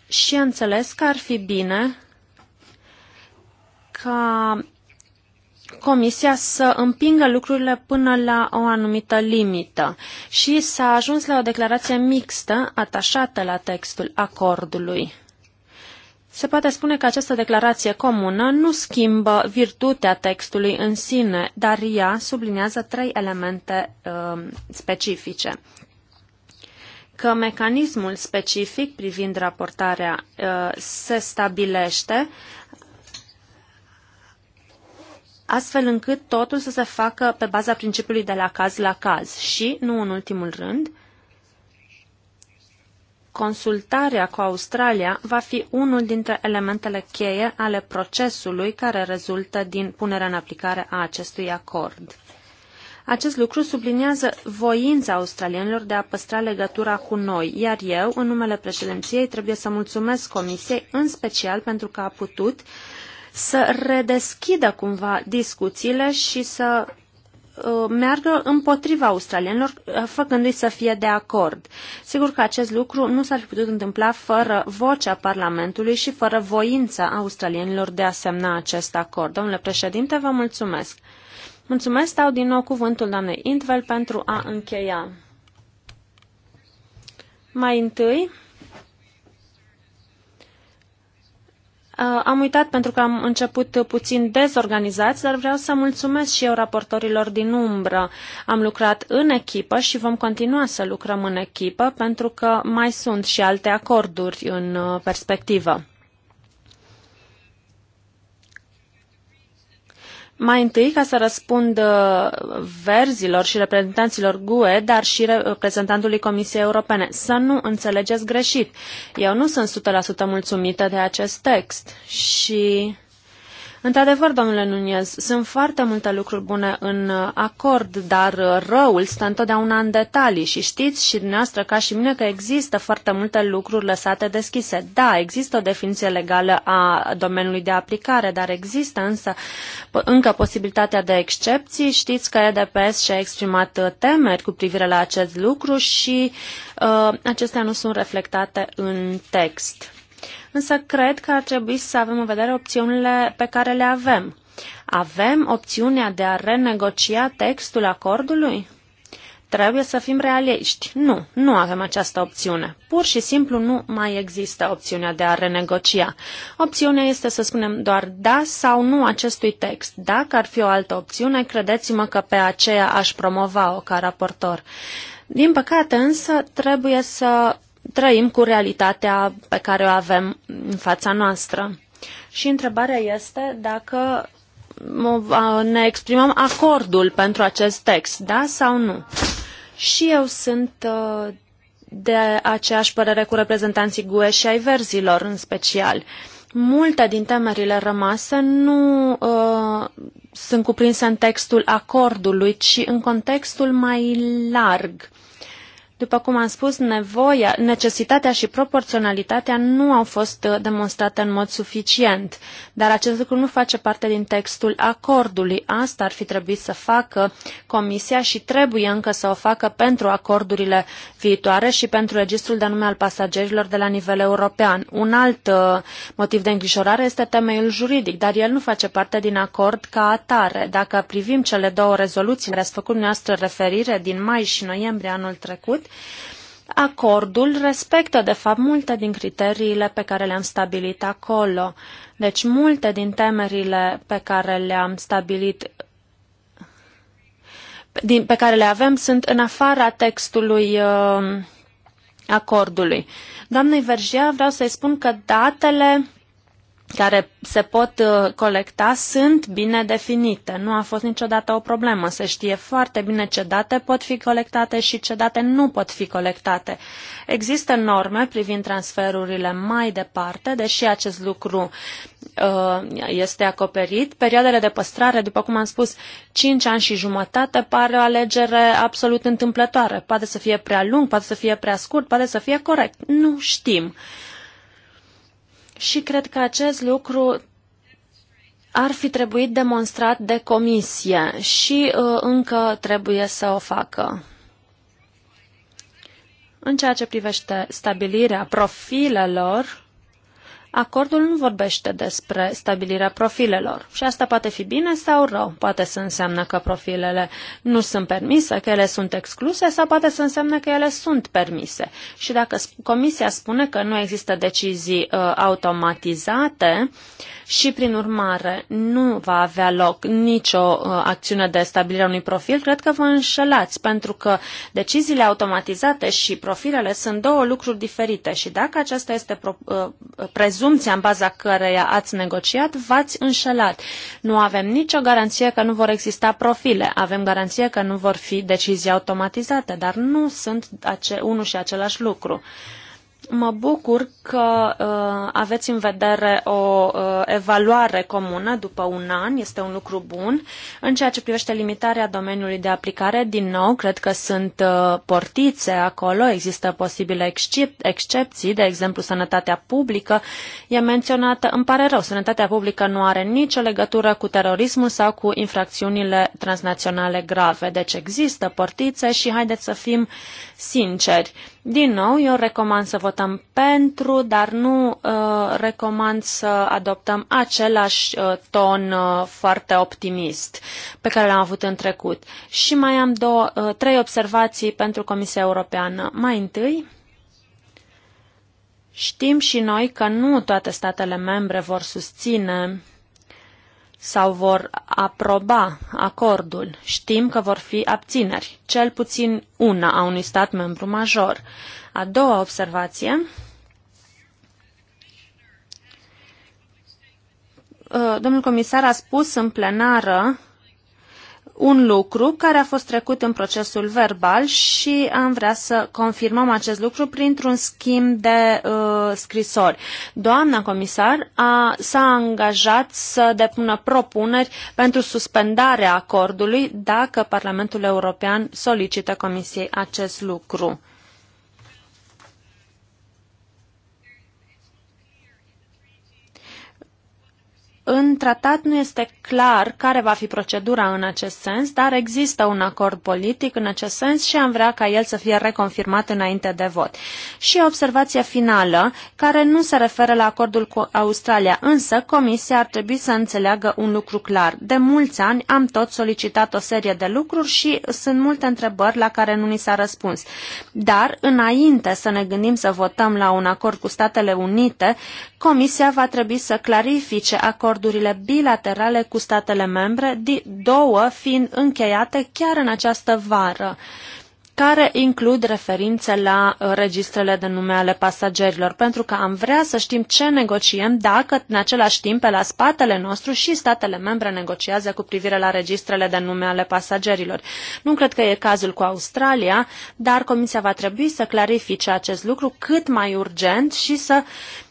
și a înțeles că ar fi bine ca Comisia să împingă lucrurile până la o anumită limită și s-a ajuns la o declarație mixtă atașată la textul acordului. Se poate spune că această declarație comună nu schimbă virtutea textului în sine, dar ea subliniază trei elemente uh, specifice. Că mecanismul specific privind raportarea uh, se stabilește, astfel încât totul să se facă pe baza principiului de la caz la caz și, nu în ultimul rând, consultarea cu Australia va fi unul dintre elementele cheie ale procesului care rezultă din punerea în aplicare a acestui acord. Acest lucru subliniază voința australienilor de a păstra legătura cu noi, iar eu, în numele președinției, trebuie să mulțumesc Comisiei, în special pentru că a putut, să redeschidă cumva discuțiile și să uh, meargă împotriva australienilor, uh, făcându-i să fie de acord. Sigur că acest lucru nu s-ar fi putut întâmpla fără vocea Parlamentului și fără voința australienilor de a semna acest acord. Domnule președinte, vă mulțumesc. Mulțumesc, stau din nou cuvântul doamnei Intvel pentru a încheia. Mai întâi, Uh, am uitat pentru că am început puțin dezorganizați, dar vreau să mulțumesc și eu raportorilor din umbră. Am lucrat în echipă și vom continua să lucrăm în echipă pentru că mai sunt și alte acorduri în uh, perspectivă. Mai întâi, ca să răspund verzilor și reprezentanților GUE, dar și reprezentantului Comisiei Europene, să nu înțelegeți greșit. Eu nu sunt 100% mulțumită de acest text și Într-adevăr, domnule Nunez, sunt foarte multe lucruri bune în acord, dar răul stă întotdeauna în detalii și știți și dumneavoastră ca și mine că există foarte multe lucruri lăsate deschise. Da, există o definiție legală a domeniului de aplicare, dar există însă încă posibilitatea de excepții. Știți că EDPS și-a exprimat temeri cu privire la acest lucru și uh, acestea nu sunt reflectate în text însă cred că ar trebui să avem în vedere opțiunile pe care le avem. Avem opțiunea de a renegocia textul acordului? Trebuie să fim realiști. Nu, nu avem această opțiune. Pur și simplu nu mai există opțiunea de a renegocia. Opțiunea este să spunem doar da sau nu acestui text. Dacă ar fi o altă opțiune, credeți-mă că pe aceea aș promova-o ca raportor. Din păcate însă trebuie să trăim cu realitatea pe care o avem în fața noastră. Și întrebarea este dacă ne exprimăm acordul pentru acest text, da sau nu? Și eu sunt uh, de aceeași părere cu reprezentanții GUE și ai verzilor în special. Multe din temerile rămase nu uh, sunt cuprinse în textul acordului, ci în contextul mai larg după cum am spus, nevoia, necesitatea și proporționalitatea nu au fost uh, demonstrate în mod suficient, dar acest lucru nu face parte din textul acordului. Asta ar fi trebuit să facă Comisia și trebuie încă să o facă pentru acordurile viitoare și pentru registrul de nume al pasagerilor de la nivel european. Un alt uh, motiv de îngrijorare este temeiul juridic, dar el nu face parte din acord ca atare. Dacă privim cele două rezoluții care ați făcut noastră referire din mai și noiembrie anul trecut, Acordul respectă, de fapt, multe din criteriile pe care le-am stabilit acolo. Deci, multe din temerile pe care le-am stabilit din, pe care le avem sunt în afara textului uh, acordului. Doamnei Vergia, vreau să-i spun că datele care se pot uh, colecta sunt bine definite. Nu a fost niciodată o problemă. Se știe foarte bine ce date pot fi colectate și ce date nu pot fi colectate. Există norme privind transferurile mai departe, deși acest lucru uh, este acoperit. Perioadele de păstrare, după cum am spus, 5 ani și jumătate pare o alegere absolut întâmplătoare. Poate să fie prea lung, poate să fie prea scurt, poate să fie corect. Nu știm. Și cred că acest lucru ar fi trebuit demonstrat de comisie și uh, încă trebuie să o facă. În ceea ce privește stabilirea profilelor, Acordul nu vorbește despre stabilirea profilelor și asta poate fi bine sau rău. Poate să înseamnă că profilele nu sunt permise, că ele sunt excluse sau poate să înseamnă că ele sunt permise. Și dacă Comisia spune că nu există decizii uh, automatizate, uh, și, prin urmare, nu va avea loc nicio uh, acțiune de stabilire a unui profil, cred că vă înșelați, pentru că deciziile automatizate și profilele sunt două lucruri diferite și dacă aceasta este pro, uh, prezumția în baza căreia ați negociat, v-ați înșelat. Nu avem nicio garanție că nu vor exista profile, avem garanție că nu vor fi decizii automatizate, dar nu sunt ace- unul și același lucru. Mă bucur că uh, aveți în vedere o uh, evaluare comună după un an, este un lucru bun. În ceea ce privește limitarea domeniului de aplicare, din nou, cred că sunt uh, portițe acolo, există posibile excep- excepții, de exemplu sănătatea publică e menționată, îmi pare rău, sănătatea publică nu are nicio legătură cu terorismul sau cu infracțiunile transnaționale grave, deci există portițe și haideți să fim sinceri din nou, eu recomand să votăm pentru, dar nu uh, recomand să adoptăm același uh, ton uh, foarte optimist pe care l-am avut în trecut. Și mai am două, uh, trei observații pentru Comisia Europeană. Mai întâi, știm și noi că nu toate statele membre vor susține uh, sau vor aproba acordul, știm că vor fi abțineri, cel puțin una a unui stat membru major. A doua observație. Uh, domnul comisar a spus în plenară un lucru care a fost trecut în procesul verbal și am vrea să confirmăm acest lucru printr-un schimb de uh, scrisori. Doamna comisar a, s-a angajat să depună propuneri pentru suspendarea acordului dacă Parlamentul European solicită Comisiei acest lucru. În tratat nu este clar care va fi procedura în acest sens, dar există un acord politic în acest sens și am vrea ca el să fie reconfirmat înainte de vot. Și observația finală, care nu se referă la acordul cu Australia, însă Comisia ar trebui să înțeleagă un lucru clar. De mulți ani am tot solicitat o serie de lucruri și sunt multe întrebări la care nu ni s-a răspuns. Dar, înainte să ne gândim să votăm la un acord cu Statele Unite, Comisia va trebui să clarifice acordul acordurile bilaterale cu statele membre, două fiind încheiate chiar în această vară care includ referințe la uh, registrele de nume ale pasagerilor, pentru că am vrea să știm ce negociem dacă, în același timp, pe la spatele nostru și statele membre negociază cu privire la registrele de nume ale pasagerilor. Nu cred că e cazul cu Australia, dar Comisia va trebui să clarifice acest lucru cât mai urgent și să uh,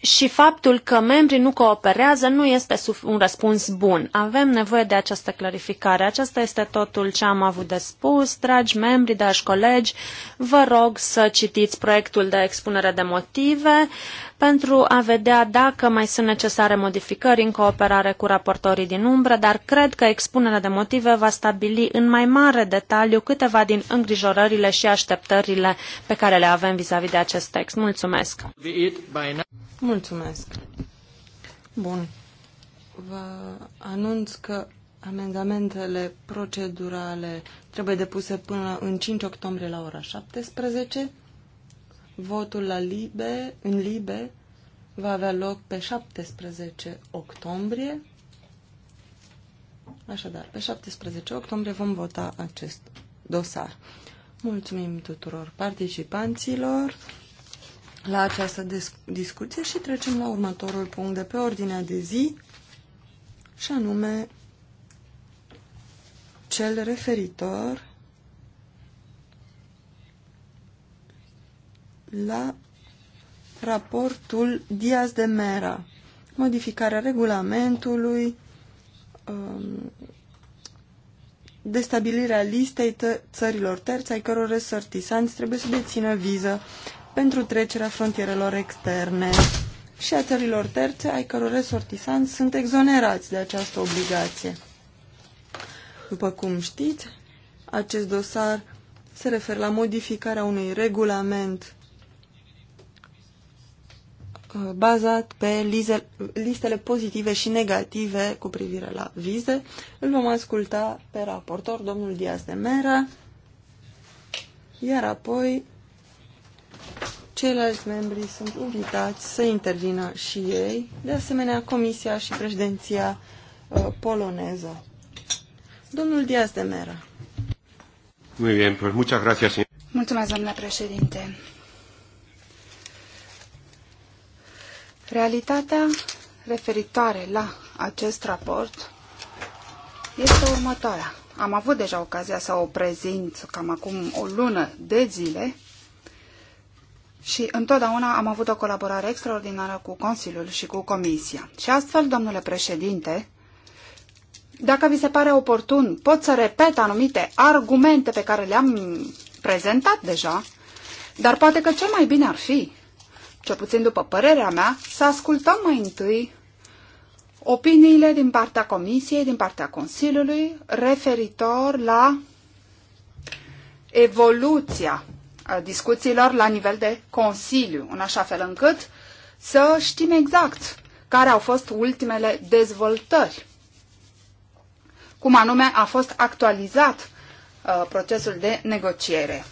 și faptul că membrii nu cooperează nu este un răspuns bun. Avem nevoie de această clarificare. Aceasta este totul ce am avut de spus. Dragi membri, dragi colegi, vă rog să citiți proiectul de expunere de motive. Uh, pentru a vedea dacă mai sunt necesare modificări în cooperare cu raportorii din umbră, dar cred că expunerea de motive va stabili în mai mare detaliu câteva din îngrijorările și așteptările pe care le avem vis-a-vis de acest text. Mulțumesc! Mulțumesc! Bun. Vă anunț că amendamentele procedurale trebuie depuse până în 5 octombrie la ora 17 Votul la Libe, în Libe va avea loc pe 17 octombrie. Așadar, pe 17 octombrie vom vota acest dosar. Mulțumim tuturor participanților la această discuție și trecem la următorul punct de pe ordinea de zi și anume cel referitor la raportul Diaz de Mera, modificarea regulamentului, um, destabilirea listei țărilor terțe ai căror resortisanți trebuie să dețină viză pentru trecerea frontierelor externe și a țărilor terțe ai căror resortisanți sunt exonerați de această obligație. După cum știți, acest dosar se referă la modificarea unui regulament Uh, bazat pe lize, listele pozitive și negative cu privire la vize. Îl vom asculta pe raportor, domnul Diaz de Mera, iar apoi ceilalți membri sunt invitați să intervină și ei, de asemenea Comisia și președinția uh, poloneză. Domnul Diaz de Mera. Mulțumesc, domnule președinte. Realitatea referitoare la acest raport este următoarea. Am avut deja ocazia să o prezint cam acum o lună de zile și întotdeauna am avut o colaborare extraordinară cu Consiliul și cu Comisia. Și astfel, domnule președinte, dacă vi se pare oportun, pot să repet anumite argumente pe care le-am prezentat deja, dar poate că cel mai bine ar fi cel puțin după părerea mea, să ascultăm mai întâi opiniile din partea Comisiei, din partea Consiliului, referitor la evoluția discuțiilor la nivel de Consiliu, în așa fel încât să știm exact care au fost ultimele dezvoltări, cum anume a fost actualizat procesul de negociere.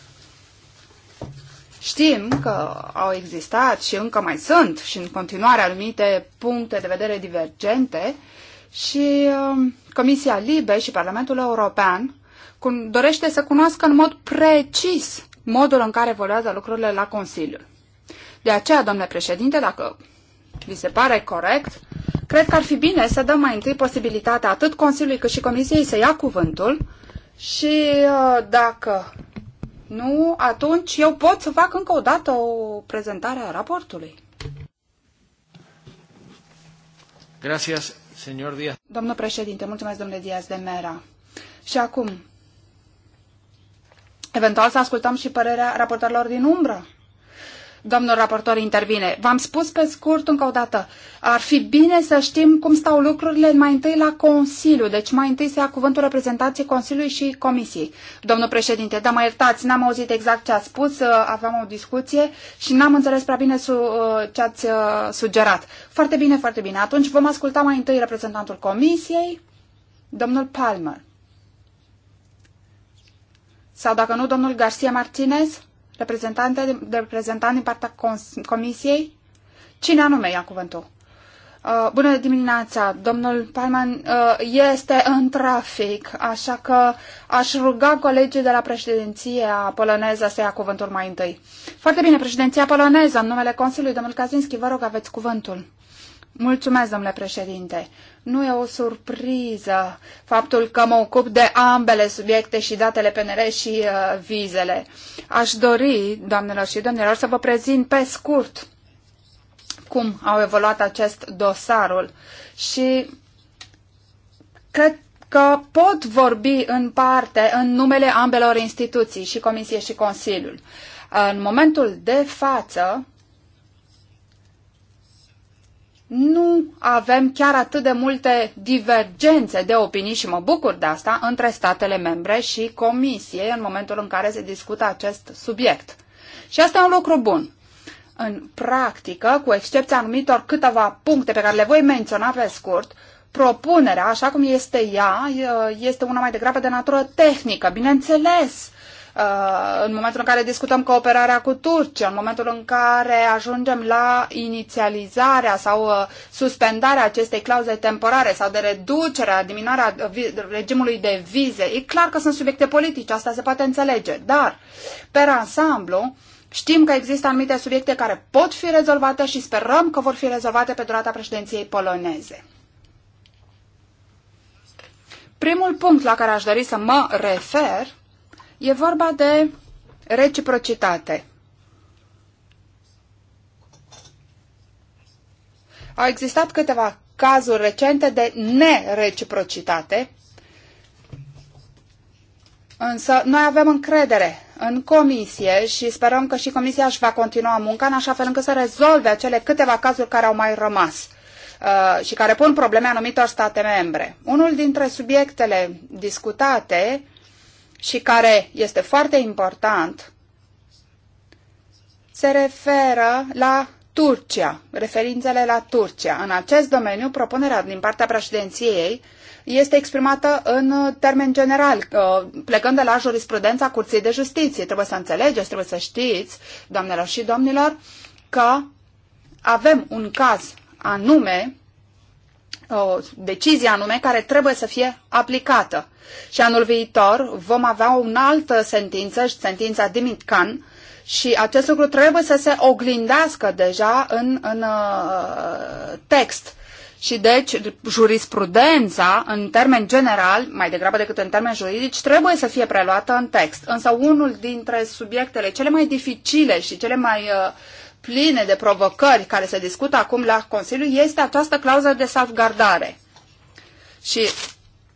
Știm că au existat și încă mai sunt și în continuare anumite puncte de vedere divergente și um, Comisia Libe și Parlamentul European dorește să cunoască în mod precis modul în care evoluează lucrurile la Consiliu. De aceea, domnule președinte, dacă vi se pare corect, cred că ar fi bine să dăm mai întâi posibilitatea atât Consiliului cât și Comisiei să ia cuvântul și uh, dacă nu, atunci eu pot să fac încă o dată o prezentare a raportului. Gracias, señor Díaz. Domnul președinte, mulțumesc, domnule Diaz de Mera. Și acum, eventual să ascultăm și părerea raportorilor din umbră. Domnul raportor intervine. V-am spus pe scurt încă o dată. Ar fi bine să știm cum stau lucrurile mai întâi la Consiliu. Deci mai întâi să ia cuvântul reprezentanții Consiliului și Comisiei. Domnul președinte, da, mă iertați, n-am auzit exact ce a spus, uh, aveam o discuție și n-am înțeles prea bine su, uh, ce ați uh, sugerat. Foarte bine, foarte bine. Atunci vom asculta mai întâi reprezentantul Comisiei, domnul Palmer. Sau dacă nu, domnul Garcia Martinez? reprezentante, reprezentant din partea Comisiei? Cine anume ia cuvântul? Uh, bună dimineața, domnul Palman uh, este în trafic, așa că aș ruga colegii de la președinția poloneză să ia cuvântul mai întâi. Foarte bine, președinția poloneză, în numele Consiliului, domnul Kazinski, vă rog, aveți cuvântul. Mulțumesc, domnule președinte. Nu e o surpriză faptul că mă ocup de ambele subiecte și datele PNR și uh, vizele. Aș dori, doamnelor și domnilor, să vă prezint pe scurt cum au evoluat acest dosarul și cred că pot vorbi în parte în numele ambelor instituții, și Comisie și Consiliul. În momentul de față, nu avem chiar atât de multe divergențe de opinii și mă bucur de asta între statele membre și comisie în momentul în care se discută acest subiect. Și asta e un lucru bun. În practică, cu excepția anumitor câteva puncte pe care le voi menționa pe scurt, propunerea, așa cum este ea, este una mai degrabă de natură tehnică, bineînțeles Uh, în momentul în care discutăm cooperarea cu Turcia, în momentul în care ajungem la inițializarea sau uh, suspendarea acestei clauze temporare sau de reducerea, diminuarea regimului de vize, e clar că sunt subiecte politice, asta se poate înțelege, dar pe ansamblu Știm că există anumite subiecte care pot fi rezolvate și sperăm că vor fi rezolvate pe durata președinției poloneze. Primul punct la care aș dori să mă refer E vorba de reciprocitate. Au existat câteva cazuri recente de nereciprocitate, însă noi avem încredere în comisie și sperăm că și comisia își va continua munca în așa fel încât să rezolve acele câteva cazuri care au mai rămas uh, și care pun probleme anumitor state membre. Unul dintre subiectele discutate și care este foarte important se referă la Turcia, referințele la Turcia. În acest domeniu, propunerea din partea președinției este exprimată în termen general, plecând de la jurisprudența Curții de Justiție. Trebuie să înțelegeți, trebuie să știți, doamnelor și domnilor, că avem un caz anume o decizie anume care trebuie să fie aplicată. Și anul viitor vom avea o altă sentință, sentința Dimitcan, și acest lucru trebuie să se oglindească deja în, în uh, text. Și deci jurisprudența, în termen general, mai degrabă decât în termen juridici, trebuie să fie preluată în text. Însă unul dintre subiectele cele mai dificile și cele mai uh, pline de provocări care se discută acum la Consiliu este această clauză de salvgardare. Și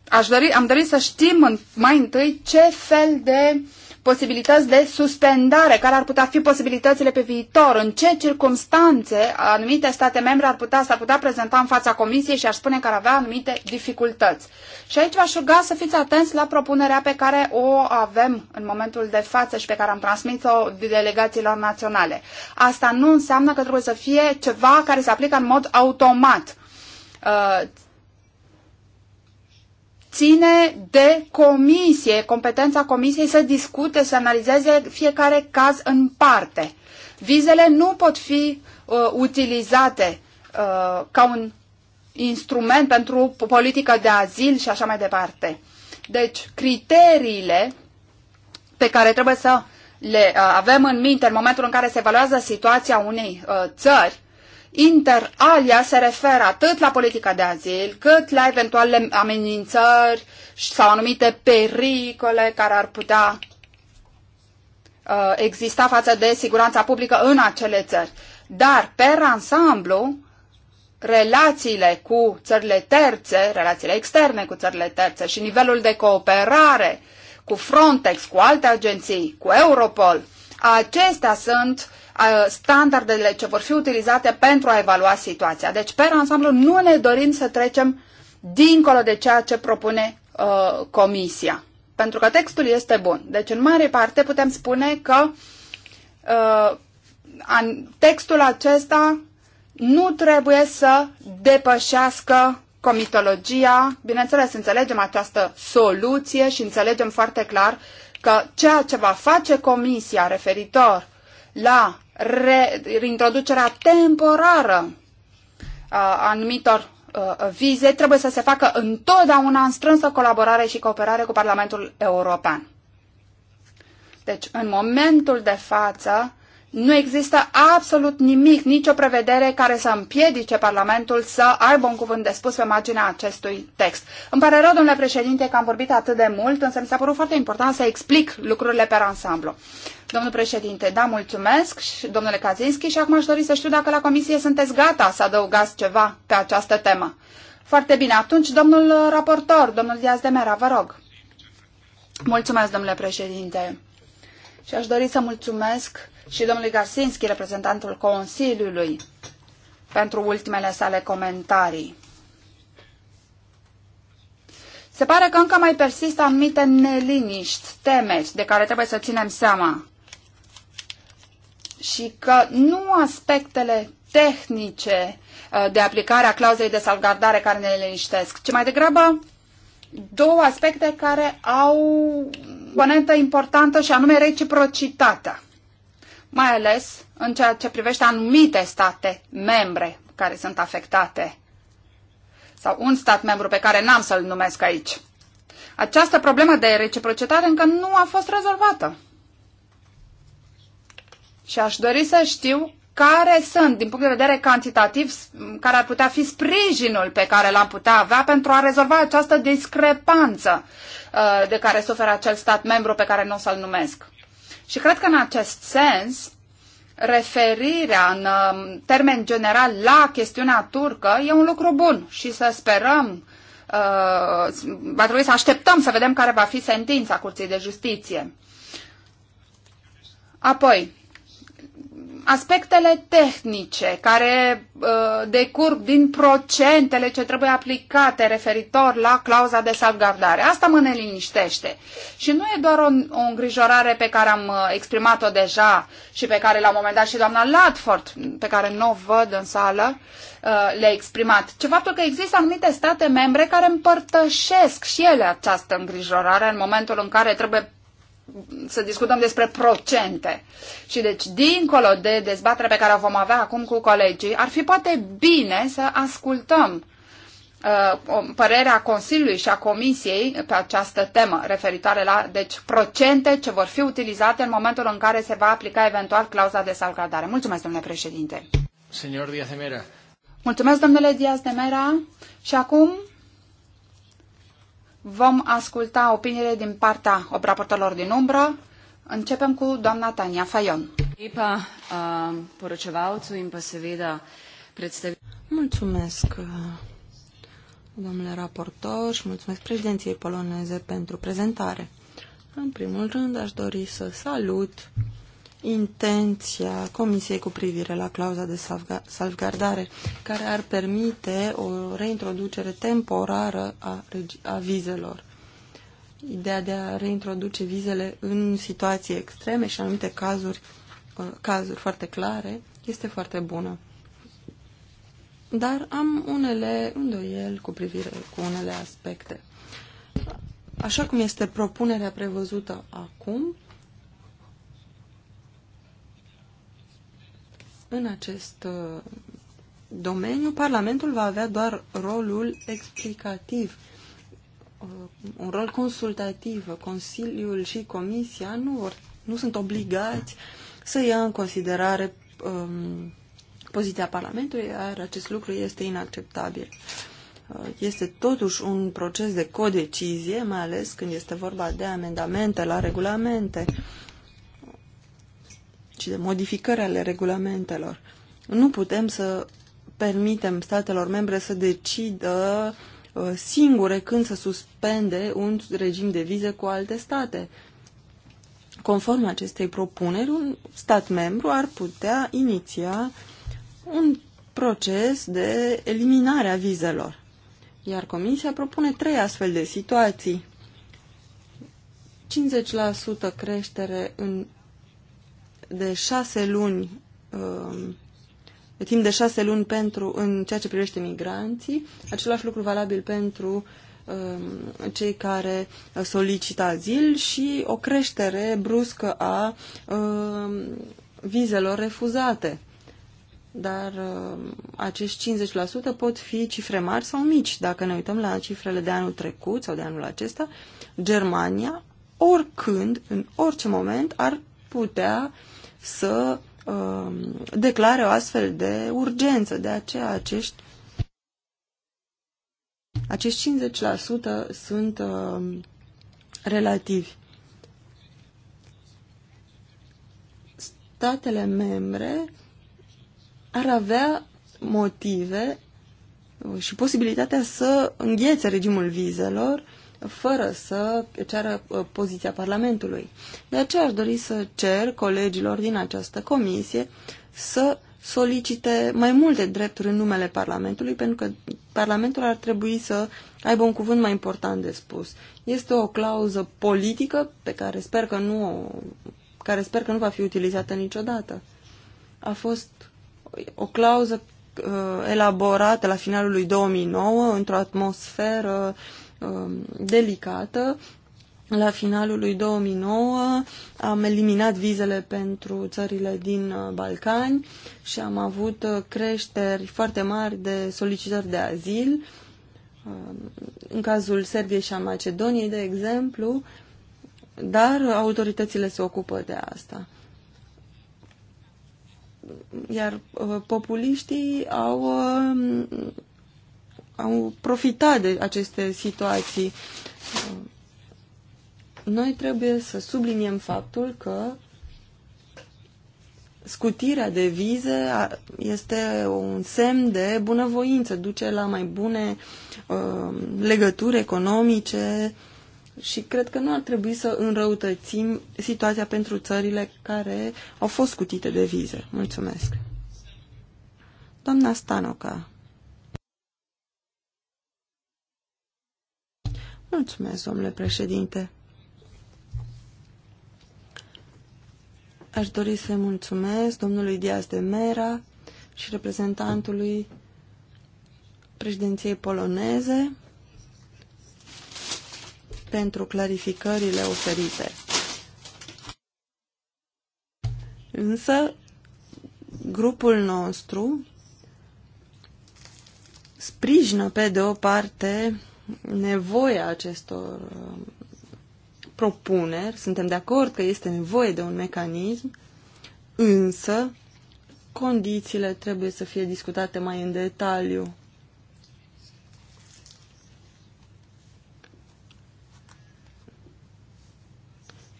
aș dori, am dorit să știm în, mai întâi ce fel de uh, posibilități de suspendare, care ar putea fi posibilitățile pe viitor, în ce circunstanțe anumite state membre ar putea, s-ar putea prezenta în fața Comisiei și ar spune că ar avea anumite dificultăți. Și aici v-aș ruga să fiți atenți la propunerea pe care o avem în momentul de față și pe care am transmis-o delegațiilor naționale. Asta nu înseamnă că trebuie să fie ceva care se aplică în mod automat. Uh, ține de comisie, competența comisiei să discute, să analizeze fiecare caz în parte. Vizele nu pot fi uh, utilizate uh, ca un instrument pentru politică de azil și așa mai departe. Deci, criteriile pe care trebuie să le uh, avem în minte în momentul în care se evaluează situația unei uh, țări inter alia se referă atât la politica de azil, cât la eventuale amenințări sau anumite pericole care ar putea uh, exista față de siguranța publică în acele țări. Dar, per ansamblu, relațiile cu țările terțe, relațiile externe cu țările terțe și nivelul de cooperare cu Frontex, cu alte agenții, cu Europol, acestea sunt uh, standardele ce vor fi utilizate pentru a evalua situația. Deci, pe ansamblu, nu ne dorim să trecem dincolo de ceea ce propune uh, Comisia. Pentru că textul este bun. Deci, în mare parte, putem spune că uh, an, textul acesta nu trebuie să depășească comitologia. Bineînțeles, înțelegem această soluție și înțelegem foarte clar că ceea ce va face Comisia referitor la reintroducerea temporară a anumitor vize trebuie să se facă întotdeauna în strânsă colaborare și cooperare cu Parlamentul European. Deci, în momentul de față, nu există absolut nimic, nicio prevedere care să împiedice Parlamentul să aibă un cuvânt de spus pe marginea acestui text. Îmi pare rău, domnule președinte, că am vorbit atât de mult, însă mi s-a părut foarte important să explic lucrurile pe ansamblu. Domnul președinte, da, mulțumesc, domnule Kaczynski, și acum aș dori să știu dacă la comisie sunteți gata să adăugați ceva pe această temă. Foarte bine, atunci, domnul raportor, domnul Diaz de Mera, vă rog. Mulțumesc, domnule președinte. Și aș dori să mulțumesc și domnului Gasinski, reprezentantul Consiliului, pentru ultimele sale comentarii. Se pare că încă mai persistă anumite neliniști, temeri, de care trebuie să ținem seama. Și că nu aspectele tehnice uh, de aplicare a clauzei de salvgardare care ne liniștesc, ci mai degrabă două aspecte care au componentă importantă și anume reciprocitatea mai ales în ceea ce privește anumite state membre care sunt afectate sau un stat membru pe care n-am să-l numesc aici. Această problemă de reciprocitate încă nu a fost rezolvată. Și aș dori să știu care sunt, din punct de vedere cantitativ, care ar putea fi sprijinul pe care l-am putea avea pentru a rezolva această discrepanță uh, de care suferă acel stat membru pe care nu o să-l numesc. Și cred că în acest sens, referirea în um, termen general la chestiunea turcă e un lucru bun și să sperăm, uh, va trebui să așteptăm să vedem care va fi sentința Curții de Justiție. Apoi, aspectele tehnice care uh, decurg din procentele ce trebuie aplicate referitor la clauza de salvgardare. Asta mă neliniștește. Și nu e doar o, o îngrijorare pe care am uh, exprimat-o deja și pe care la un moment dat și doamna Latford, pe care nu o văd în sală, uh, le-a exprimat, ci faptul că există anumite state membre care împărtășesc și ele această îngrijorare în momentul în care trebuie să discutăm despre procente. Și deci, dincolo de dezbaterea pe care o vom avea acum cu colegii, ar fi poate bine să ascultăm uh, părerea Consiliului și a Comisiei pe această temă referitoare la deci, procente ce vor fi utilizate în momentul în care se va aplica eventual clauza de salvgardare. Mulțumesc, domnule președinte. Senior Diaz de Mera. Mulțumesc, domnule Diaz de Mera. Și acum Vom asculta opiniile din partea raportorilor din umbră. Începem cu doamna Tania Fajon. Mulțumesc, domnule raportor, și mulțumesc președinției poloneze pentru prezentare. În primul rând, aș dori să salut intenția Comisiei cu privire la clauza de salvgardare, care ar permite o reintroducere temporară a, a vizelor. Ideea de a reintroduce vizele în situații extreme și anumite cazuri, uh, cazuri foarte clare este foarte bună. Dar am unele îndoieli cu privire cu unele aspecte. Așa cum este propunerea prevăzută acum, în acest uh, domeniu, Parlamentul va avea doar rolul explicativ, uh, un rol consultativ. Consiliul și Comisia nu, vor, nu sunt obligați să ia în considerare um, poziția Parlamentului, iar acest lucru este inacceptabil. Uh, este totuși un proces de codecizie, mai ales când este vorba de amendamente la regulamente ci de modificări ale regulamentelor. Nu putem să permitem statelor membre să decidă uh, singure când să suspende un regim de vize cu alte state. Conform acestei propuneri, un stat membru ar putea iniția un proces de eliminare a vizelor. Iar Comisia propune trei astfel de situații. 50% creștere în de șase luni, um, de timp de șase luni pentru, în ceea ce privește migranții, același lucru valabil pentru um, cei care solicită azil și o creștere bruscă a um, vizelor refuzate. Dar acești 50% pot fi cifre mari sau mici. Dacă ne uităm la cifrele de anul trecut sau de anul acesta, Germania, oricând, în orice moment, ar putea uh, să uh, declare o astfel de urgență. De aceea acești, acești 50% sunt uh, relativi. Statele membre ar avea motive și posibilitatea să înghețe regimul vizelor fără să ceară uh, poziția Parlamentului. De aceea aș dori să cer colegilor din această comisie să solicite mai multe drepturi în numele Parlamentului, pentru că Parlamentul ar trebui să aibă un cuvânt mai important de spus. Este o clauză politică pe care sper că nu, care sper că nu va fi utilizată niciodată. A fost o clauză uh, elaborată la finalul lui 2009 într-o atmosferă uh, Um, delicată. La finalul lui 2009 am eliminat vizele pentru țările din uh, Balcani și am avut uh, creșteri foarte mari de solicitări de azil. Um, în cazul Serbiei și a Macedoniei, de exemplu, dar autoritățile se ocupă de asta. Iar uh, populiștii au um, au profitat de aceste situații. Noi trebuie să subliniem faptul că scutirea de vize este un semn de bunăvoință, duce la mai bune uh, legături economice și cred că nu ar trebui să înrăutățim situația pentru țările care au fost scutite de vize. Mulțumesc. Doamna Stanoca. Mulțumesc, domnule președinte. Aș dori să mulțumesc domnului Diaz de Mera și reprezentantului președinției poloneze pentru clarificările oferite. Însă, grupul nostru sprijină pe de o parte nevoia acestor uh, propuneri, suntem de acord că este nevoie de un mecanism, însă condițiile trebuie să fie discutate mai în detaliu.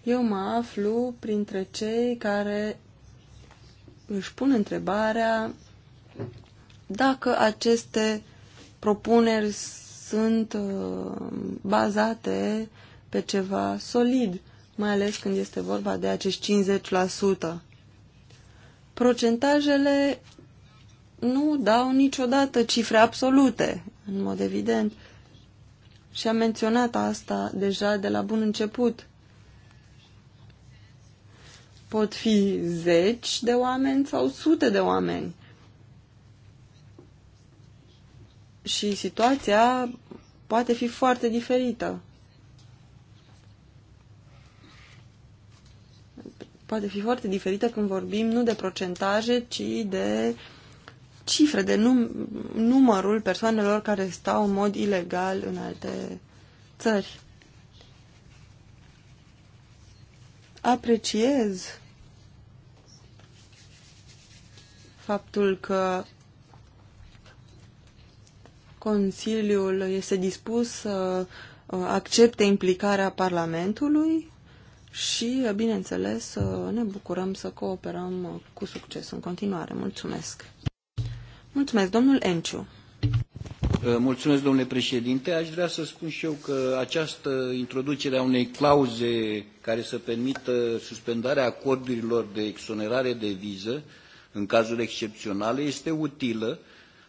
Eu mă aflu printre cei care își pun întrebarea dacă aceste propuneri sunt uh, bazate pe ceva solid, mai ales când este vorba de acești 50%. Procentajele nu dau niciodată cifre absolute, în mod evident. Și am menționat asta deja de la bun început. Pot fi zeci de oameni sau sute de oameni. și situația poate fi foarte diferită. Poate fi foarte diferită când vorbim nu de procentaje, ci de cifre, de num numărul persoanelor care stau în mod ilegal în alte țări. Apreciez faptul că Consiliul este dispus să uh, accepte implicarea Parlamentului și, uh, bineînțeles, uh, ne bucurăm să cooperăm cu succes în continuare. Mulțumesc! Mulțumesc, domnul Enciu! Mulțumesc, domnule președinte. Aș vrea să spun și eu că această introducere a unei clauze care să permită suspendarea acordurilor de exonerare de viză în cazuri excepționale este utilă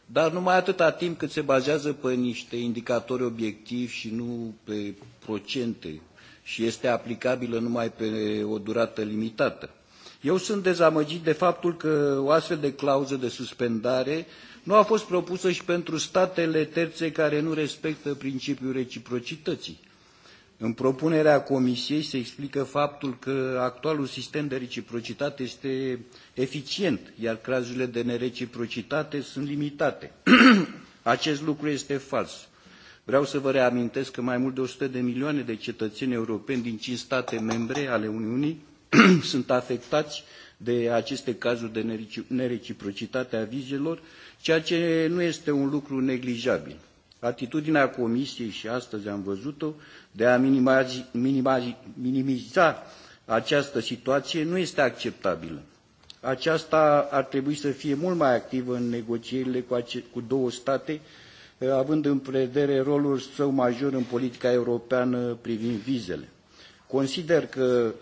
dar numai atâta timp cât se bazează pe niște indicatori obiectivi și nu pe procente și este aplicabilă numai pe o durată limitată. Eu sunt dezamăgit de faptul că o astfel de clauză de suspendare nu a fost propusă și pentru statele terțe care nu respectă principiul reciprocității în propunerea Comisiei se explică faptul că actualul sistem de reciprocitate este eficient, iar cazurile de nereciprocitate sunt limitate. Acest lucru este fals. Vreau să vă reamintesc că mai mult de 100 de milioane de cetățeni europeni din 5 state membre ale Uniunii sunt afectați de aceste cazuri de nereciprocitate a vizelor, ceea ce nu este un lucru neglijabil. Atitudinea Comisiei, și astăzi am văzut-o, de a minimiza, minimiza, minimiza această situație nu este acceptabilă. Aceasta ar trebui să fie mult mai activă în negocierile cu, ace- cu două state, eh, având în vedere rolul său major în politica europeană privind vizele. Consider că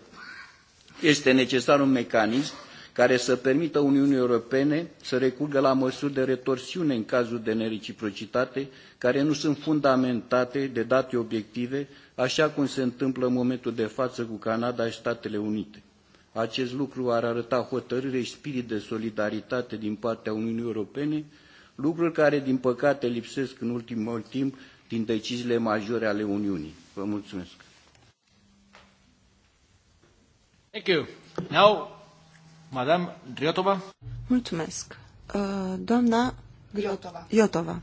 este necesar un mecanism care să permită Uniunii Europene să recurgă la măsuri de retorsiune în cazul de nereciprocitate, care nu sunt fundamentate de date obiective așa cum se întâmplă în momentul de față cu Canada și Statele Unite. Acest lucru ar arăta hotărâre și spirit de solidaritate din partea Uniunii Europene, lucruri care, din păcate, lipsesc în ultimul timp din deciziile majore ale Uniunii. Vă mulțumesc. Thank you. Now, Madame Griotova. Mulțumesc. Uh, doamna Iotova.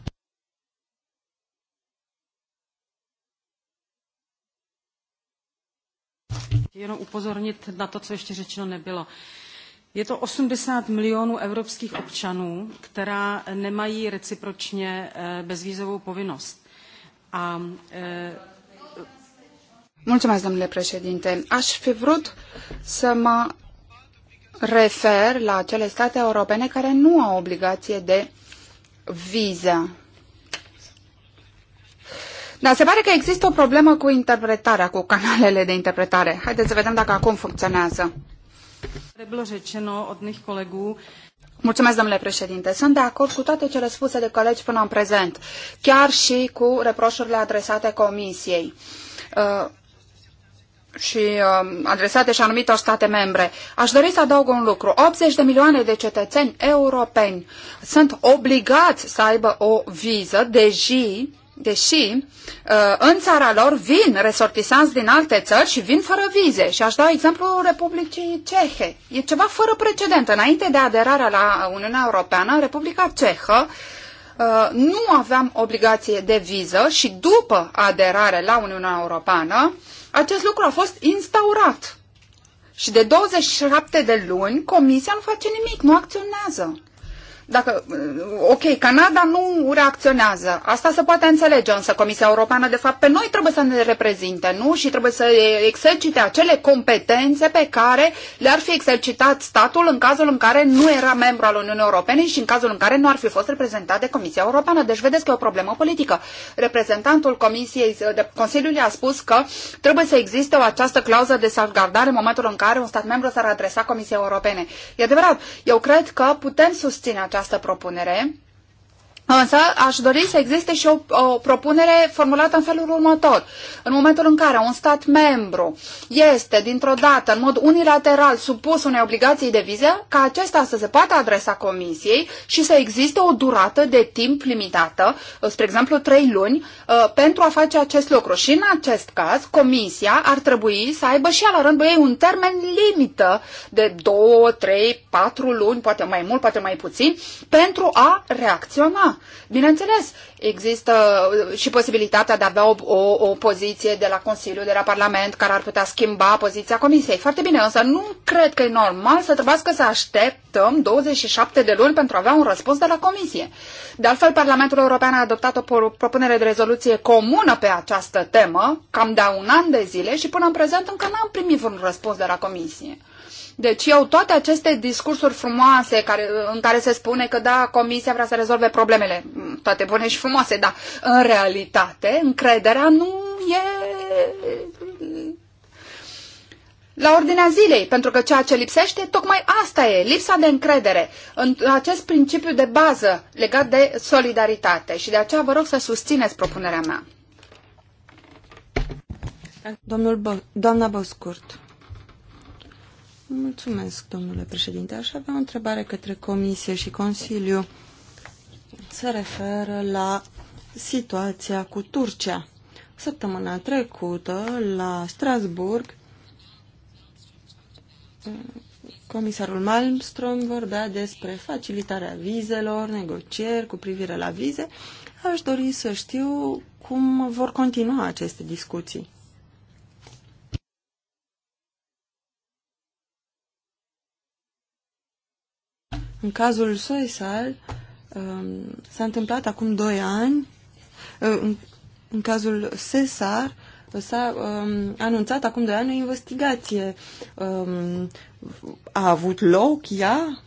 Jenom upozornit na to, co ještě řečeno nebylo. Je to 80 milionů evropských občanů, která nemají recipročně eh, bezvízovou povinnost. A, e... Eh, Mulțumesc, domnule președinte. Aș fi vrut să mă refer la cele state europene care nu au obligație de viză dar se pare că există o problemă cu interpretarea, cu canalele de interpretare. Haideți să vedem dacă acum funcționează. Mulțumesc, domnule președinte. Sunt de acord cu toate cele spuse de colegi până în prezent, chiar și cu reproșurile adresate Comisiei. Uh, și uh, adresate și anumitor state membre. Aș dori să adaug un lucru. 80 de milioane de cetățeni europeni sunt obligați să aibă o viză, deși deși uh, în țara lor vin resortisanți din alte țări și vin fără vize. Și aș da exemplu Republicii Cehe. E ceva fără precedent. Înainte de aderarea la Uniunea Europeană, Republica Cehă uh, nu aveam obligație de viză și după aderare la Uniunea Europeană, acest lucru a fost instaurat. Și de 27 de luni, Comisia nu face nimic, nu acționează. Dacă, ok, Canada nu reacționează, asta se poate înțelege, însă Comisia Europeană, de fapt, pe noi trebuie să ne reprezinte, nu? Și trebuie să exercite acele competențe pe care le-ar fi exercitat statul în cazul în care nu era membru al Uniunii Europene și în cazul în care nu ar fi fost reprezentat de Comisia Europeană. Deci vedeți că e o problemă politică. Reprezentantul Comisiei de Consiliului a spus că trebuie să existe o această clauză de salvgardare în momentul în care un stat membru s-ar adresa Comisiei Europene. E adevărat, eu cred că putem susține această această propunere Însă aș dori să existe și o, o propunere formulată în felul următor. În momentul în care un stat membru este dintr-o dată în mod unilateral supus unei obligații de viză, ca acesta să se poată adresa comisiei și să existe o durată de timp limitată, spre exemplu trei luni, uh, pentru a face acest lucru. Și în acest caz, comisia ar trebui să aibă și la rândul ei un termen limită de două, trei, patru luni, poate mai mult, poate mai puțin, pentru a reacționa bineînțeles, există uh, și posibilitatea de a avea o, o, o poziție de la Consiliu, de la Parlament, care ar putea schimba poziția Comisiei. Foarte bine, însă nu cred că e normal să trebuiască să așteptăm 27 de luni pentru a avea un răspuns de la Comisie. De altfel, Parlamentul European a adoptat o propunere de rezoluție comună pe această temă, cam de un an de zile, și până în prezent încă n-am primit vreun răspuns de la Comisie. Deci eu toate aceste discursuri frumoase care, în care se spune că da, comisia vrea să rezolve problemele, mm, toate bune și frumoase, dar în realitate încrederea nu e mm, la ordinea zilei, pentru că ceea ce lipsește, tocmai asta e, lipsa de încredere în acest principiu de bază legat de solidaritate și de aceea vă rog să susțineți propunerea mea. Domnul Bă- doamna Băscurt. Mulțumesc, domnule președinte. Aș avea o întrebare către Comisie și Consiliu. Se referă la situația cu Turcia. Săptămâna trecută, la Strasburg, comisarul Malmström vorbea despre facilitarea vizelor, negocieri cu privire la vize. Aș dori să știu cum vor continua aceste discuții. În cazul Soisal um, s-a întâmplat acum 2 ani, uh, în cazul Cesar s-a um, anunțat acum 2 ani o investigație. Um, a avut loc ea?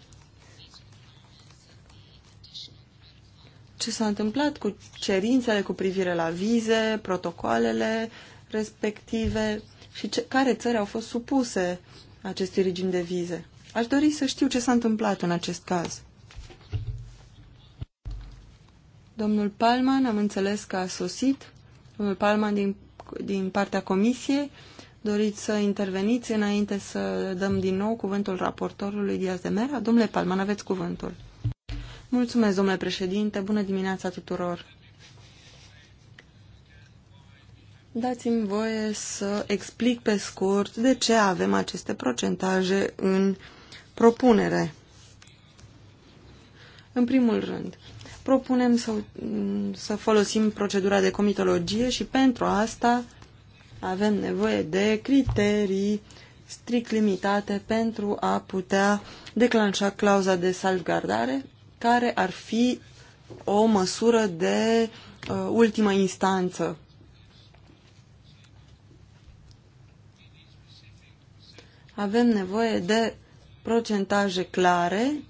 Ce s-a întâmplat cu cerințele cu privire la vize, protocoalele respective și ce, care țări au fost supuse acestui regim de vize? Aș dori să știu ce s-a întâmplat în acest caz. Domnul Palman, am înțeles că a sosit. Domnul Palman din, din partea comisiei, doriți să interveniți înainte să dăm din nou cuvântul raportorului Diaz de Mera? Domnule Palman, aveți cuvântul. Mulțumesc, domnule președinte. Bună dimineața tuturor. Dați-mi voie să explic pe scurt de ce avem aceste procentaje în uh, propunere. În primul rând, propunem să, să folosim procedura de comitologie și pentru asta avem nevoie de criterii strict limitate pentru a putea declanșa clauza de salvgardare, care ar fi o măsură de uh, ultimă instanță. Avem nevoie de procentaje clare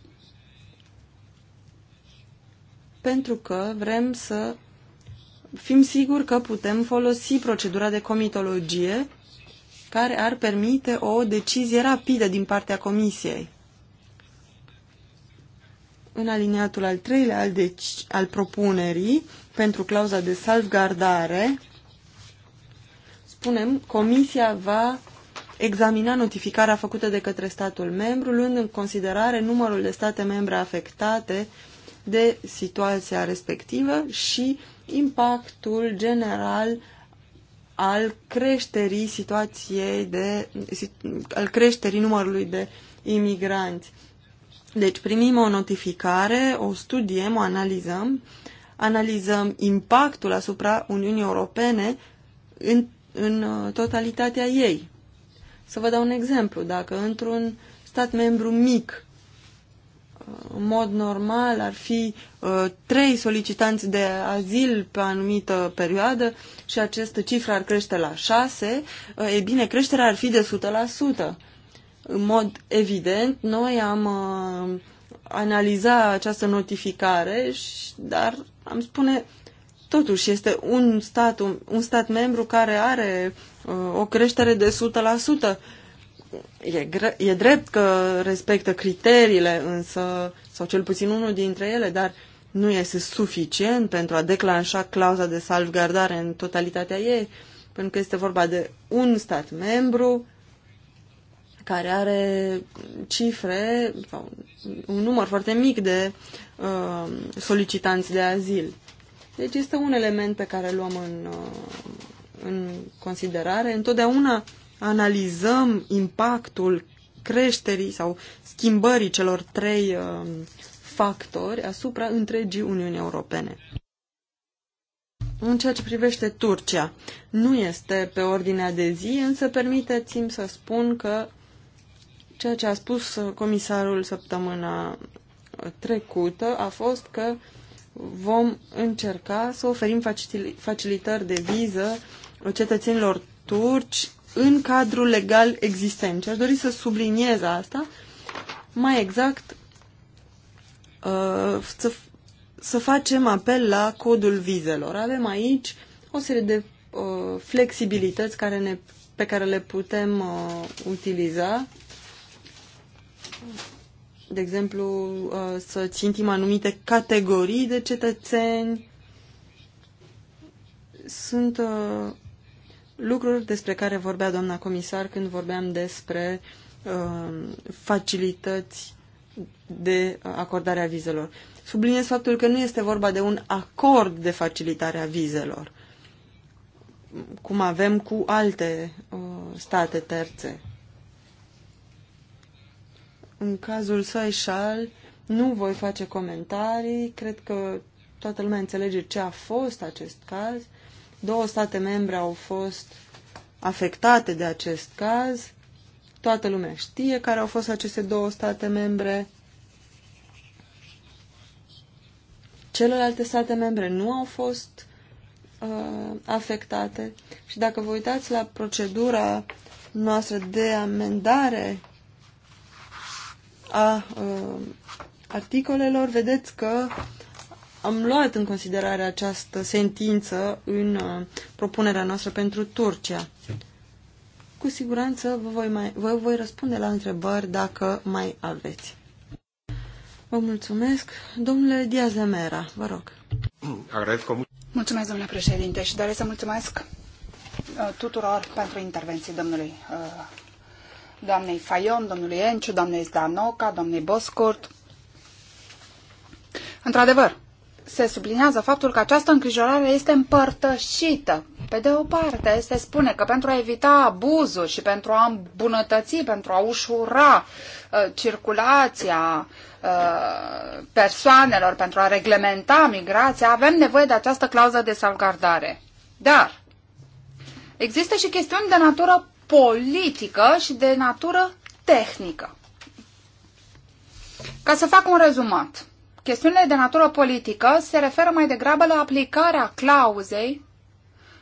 pentru că vrem să fim siguri că putem folosi procedura de comitologie care ar permite o decizie rapidă din partea Comisiei. În aliniatul al treilea al, deci, al propunerii pentru clauza de salvgardare, spunem, Comisia va examina notificarea făcută de către statul membru, luând în considerare numărul de state membre afectate de situația respectivă și impactul general al creșterii situației de, al creșterii numărului de imigranți. Deci primim o notificare, o studiem, o analizăm, analizăm impactul asupra Uniunii Europene în, în uh, totalitatea ei. Să vă dau un exemplu. Dacă într-un stat membru mic, uh, în mod normal, ar fi uh, trei solicitanți de azil pe o anumită perioadă și această cifră ar crește la șase, uh, e bine, creșterea ar fi de 100%. În mod evident, noi am analiza această notificare, dar am spune, totuși este un stat, un, un stat membru care are Uh, o creștere de 100%. E, gre- e drept că respectă criteriile, însă, sau cel puțin unul dintre ele, dar nu este suficient pentru a declanșa clauza de salvgardare în totalitatea ei, pentru că este vorba de un stat membru care are cifre sau un număr foarte mic de uh, solicitanți de azil. Deci este un element pe care luăm în, uh, în considerare. Întotdeauna analizăm impactul creșterii sau schimbării celor trei uh, factori asupra întregii Uniuni Europene. În ceea ce privește Turcia, nu este pe ordinea de zi, însă permiteți-mi să spun că ceea ce a spus comisarul săptămâna trecută a fost că vom încerca să oferim facilitări de viză cetățenilor turci în cadrul legal existent. Și aș dori să subliniez asta, mai exact uh, să, să facem apel la codul vizelor. Avem aici o serie de uh, flexibilități care ne, pe care le putem uh, utiliza. De exemplu, să țintim anumite categorii de cetățeni. Sunt uh, lucruri despre care vorbea doamna comisar când vorbeam despre uh, facilități de acordarea vizelor. Subliniez faptul că nu este vorba de un acord de facilitare a vizelor, cum avem cu alte uh, state terțe. În cazul Soișal nu voi face comentarii, cred că toată lumea înțelege ce a fost acest caz. Uh, Două state membre au fost afectate de acest caz. Toată lumea știe care au fost aceste două state membre. Celelalte state membre nu au fost uh, afectate. Și dacă vă uitați la procedura noastră de amendare a uh, articolelor, vedeți că am luat în considerare această sentință în uh, propunerea noastră pentru Turcia. Cu siguranță vă voi, mai, vă voi răspunde la întrebări dacă mai aveți. Vă mulțumesc. Domnule Diaz de Mera, vă rog. Mulțumesc, domnule președinte, și doresc să mulțumesc uh, tuturor pentru intervenții domnului, uh, doamnei Fayon, domnului Enciu, doamnei Zdanoca, domnului Boscurt. Într-adevăr, se sublinează faptul că această îngrijorare este împărtășită. Pe de o parte, se spune că pentru a evita abuzul și pentru a îmbunătăți, pentru a ușura uh, circulația uh, persoanelor, pentru a reglementa migrația, avem nevoie de această clauză de salvgardare. Dar există și chestiuni de natură politică și de natură tehnică. Ca să fac un rezumat chestiunile de natură politică se referă mai degrabă la aplicarea clauzei,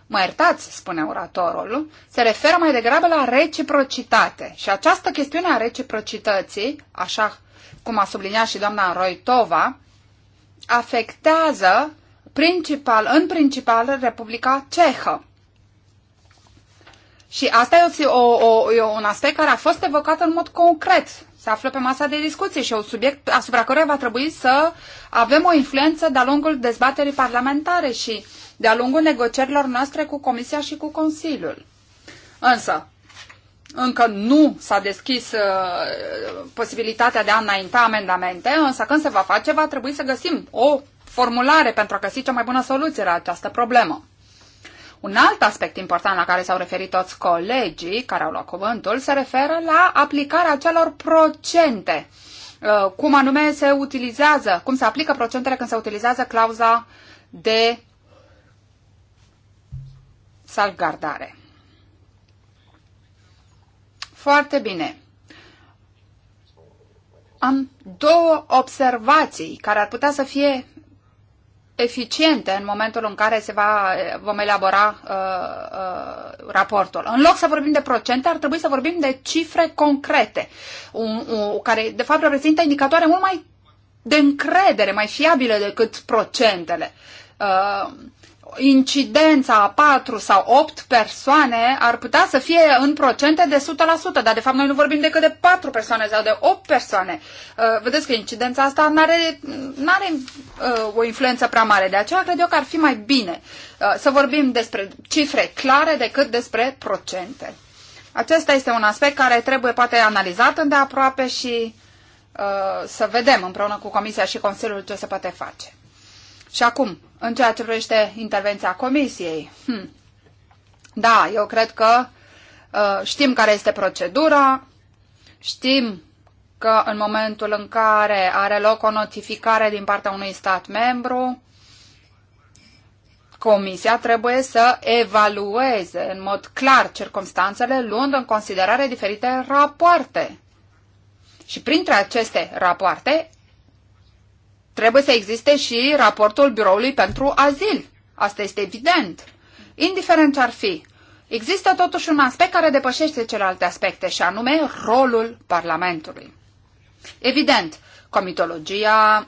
mă iertați, spune oratorul, se referă mai degrabă la reciprocitate. Și această chestiune a reciprocității, așa cum a subliniat și doamna Roitova, afectează principal, în principal Republica Cehă. Și asta e, o, o, e un aspect care a fost evocat în mod concret se află pe masa de discuții și e un subiect asupra căruia va trebui să avem o influență de-a lungul dezbaterii parlamentare și de-a lungul negocierilor noastre cu Comisia și cu Consiliul. Însă, încă nu s-a deschis uh, posibilitatea de a înainta amendamente, însă când se va face, va trebui să găsim o formulare pentru a găsi cea mai bună soluție la această problemă. Un alt aspect important la care s-au referit toți colegii care au luat cuvântul se referă la aplicarea celor procente. Uh, cum anume se utilizează, cum se aplică procentele când se utilizează clauza de salvgardare. Foarte bine. Am două observații care ar putea să fie eficiente în momentul în care se va, vom elabora uh, uh, raportul. În loc să vorbim de procente, ar trebui să vorbim de cifre concrete, un, un, care de fapt reprezintă indicatoare mult mai de încredere, mai fiabile decât procentele. Uh, incidența a patru sau opt persoane ar putea să fie în procente de 100%, dar de fapt noi nu vorbim decât de patru persoane sau de opt persoane. Uh, vedeți că incidența asta nu are nu are uh, o influență prea mare, de aceea cred eu că ar fi mai bine uh, să vorbim despre cifre clare decât despre procente. Acesta este un aspect care trebuie poate analizat îndeaproape și să vedem împreună cu Comisia și Consiliul ce se poate face. Și acum, în ceea ce privește intervenția comisiei, hmm. da, eu cred că uh, știm care este procedura, știm că în momentul în care are loc o notificare din partea unui stat membru, Comisia trebuie să evalueze în mod clar circumstanțele, luând în considerare diferite rapoarte. Și printre aceste rapoarte Trebuie să existe și raportul biroului pentru azil. Asta este evident. Indiferent ce ar fi, există totuși un aspect care depășește celelalte aspecte, și anume rolul Parlamentului. Evident, comitologia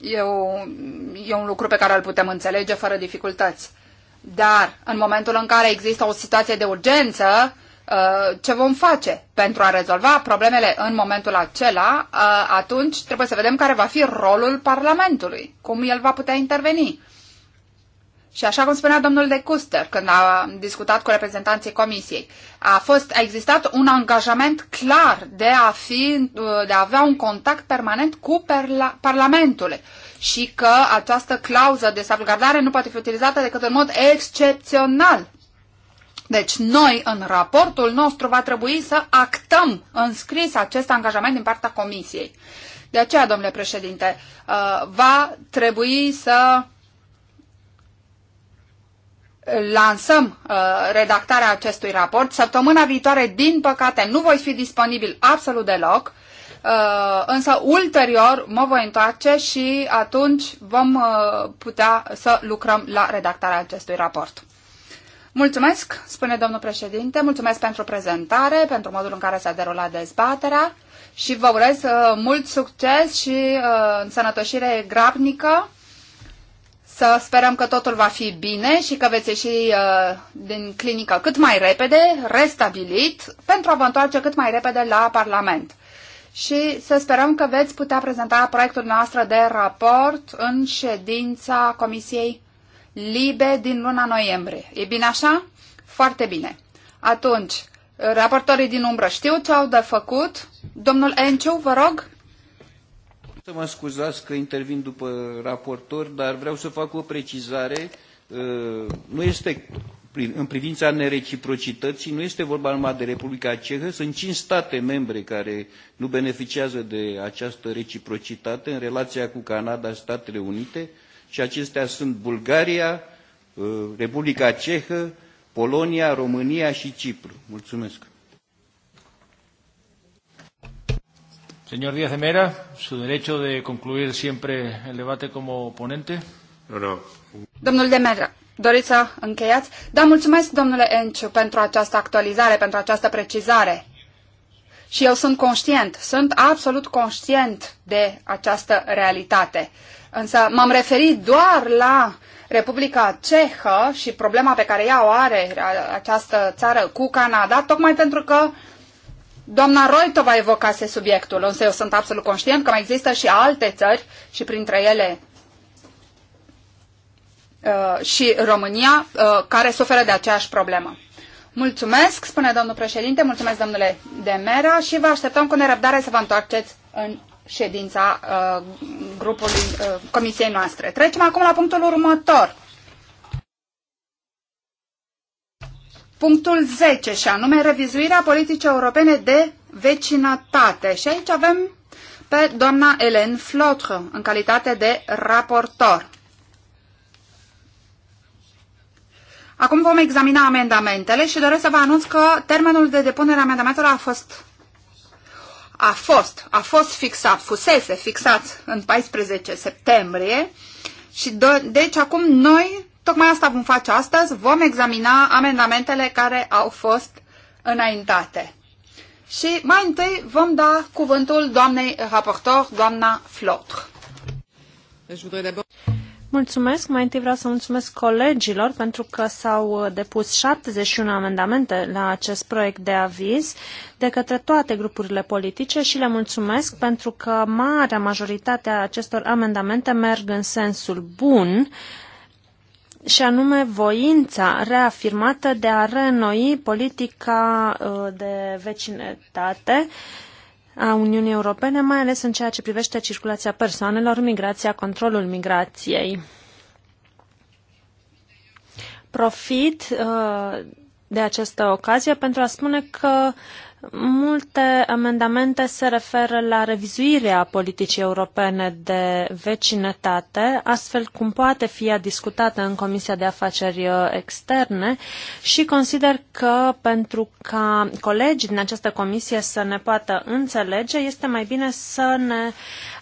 e, o, e un lucru pe care îl putem înțelege fără dificultăți. Dar în momentul în care există o situație de urgență, Uh, ce vom face pentru a rezolva problemele în momentul acela, uh, atunci trebuie să vedem care va fi rolul Parlamentului, cum el va putea interveni. Și așa cum spunea domnul de Custer când a discutat cu reprezentanții comisiei, a, fost, a existat un angajament clar de a, fi, uh, de a avea un contact permanent cu perla, Parlamentul și că această clauză de salvgardare nu poate fi utilizată decât în mod excepțional deci noi, în raportul nostru, va trebui să actăm în scris acest angajament din partea Comisiei. De aceea, domnule președinte, uh, va trebui să lansăm uh, redactarea acestui raport. Săptămâna viitoare, din păcate, nu voi fi disponibil absolut deloc, uh, însă ulterior mă voi întoarce și atunci vom uh, putea să lucrăm la redactarea acestui raport. Mulțumesc, spune domnul președinte, mulțumesc pentru prezentare, pentru modul în care s-a derulat dezbaterea și vă urez uh, mult succes și uh, sănătoșire grabnică. Să sperăm că totul va fi bine și că veți ieși uh, din clinică cât mai repede, restabilit, pentru a vă întoarce cât mai repede la Parlament. Și să sperăm că veți putea prezenta proiectul noastră de raport în ședința Comisiei libe din luna noiembrie. E bine așa? Foarte bine. Atunci, raportorii din umbră știu ce au de făcut. Domnul Enciu, vă rog. Să mă scuzați că intervin după raportor, dar vreau să fac o precizare. Ă, nu este în privința nereciprocității, nu este vorba numai de Republica Cehă, sunt cinci state membre care nu beneficiază de această reciprocitate în relația cu Canada, Statele Unite, și acestea sunt Bulgaria, uh, Republica Cehă, Polonia, România și Cipru. Mulțumesc. Señor Díaz de Mera, su derecho de concluir siempre el debate como ponente. No, no. Domnul de Mera, doriți să încheiați? Da, mulțumesc, domnule Enciu, pentru această actualizare, pentru această precizare. Și eu sunt conștient, sunt absolut conștient de această realitate. Însă m-am referit doar la Republica Cehă și problema pe care ea o are această țară cu Canada, tocmai pentru că doamna Roitova evocase subiectul, însă eu sunt absolut conștient că mai există și alte țări și printre ele uh, și România, uh, care suferă de aceeași problemă. Mulțumesc, spune domnul președinte, mulțumesc domnule Demera și vă așteptăm cu nerăbdare să vă întoarceți în ședința uh, grupului uh, comisiei noastre. Trecem acum la punctul următor. Punctul 10 și anume revizuirea politicii europene de vecinătate. Și aici avem pe doamna Hélène Flotre în calitate de raportor. Acum vom examina amendamentele și doresc să vă anunț că termenul de depunere a amendamentelor a fost a fost, a fost fixat, fusese fixat în 14 septembrie și do- deci acum noi tocmai asta vom face astăzi, vom examina amendamentele care au fost înaintate. Și mai întâi vom da cuvântul doamnei raportor, doamna Flotr. Deci, Mulțumesc. Mai întâi vreau să mulțumesc colegilor pentru că s-au depus 71 amendamente la acest proiect de aviz de către toate grupurile politice și le mulțumesc pentru că marea majoritate a acestor amendamente merg în sensul bun și anume voința reafirmată de a reînnoi politica uh, de vecinătate uh, a Uniunii Europene, mai ales în ceea ce privește circulația persoanelor, migrația, controlul migrației. Profit uh, de această ocazie pentru a spune că Multe amendamente se referă la revizuirea politicii europene de vecinătate, astfel cum poate fi ea discutată în Comisia de Afaceri uh, Externe și consider că pentru ca colegii din această comisie să ne poată înțelege, este mai bine să ne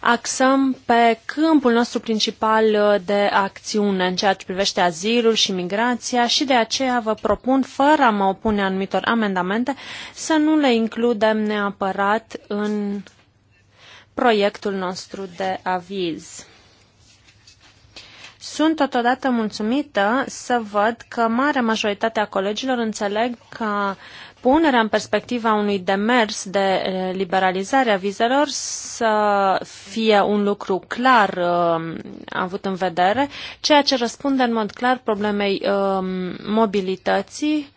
axăm pe câmpul nostru principal uh, de acțiune în ceea ce privește azilul și migrația și de aceea vă propun, fără a mă opune anumitor amendamente, să nu le includem neapărat în proiectul nostru de aviz. Sunt totodată mulțumită să văd că marea majoritate a colegilor înțeleg că punerea în perspectiva unui demers de eh, liberalizare a vizelor să fie un lucru clar uh, avut în vedere, ceea ce răspunde în mod clar problemei uh, mobilității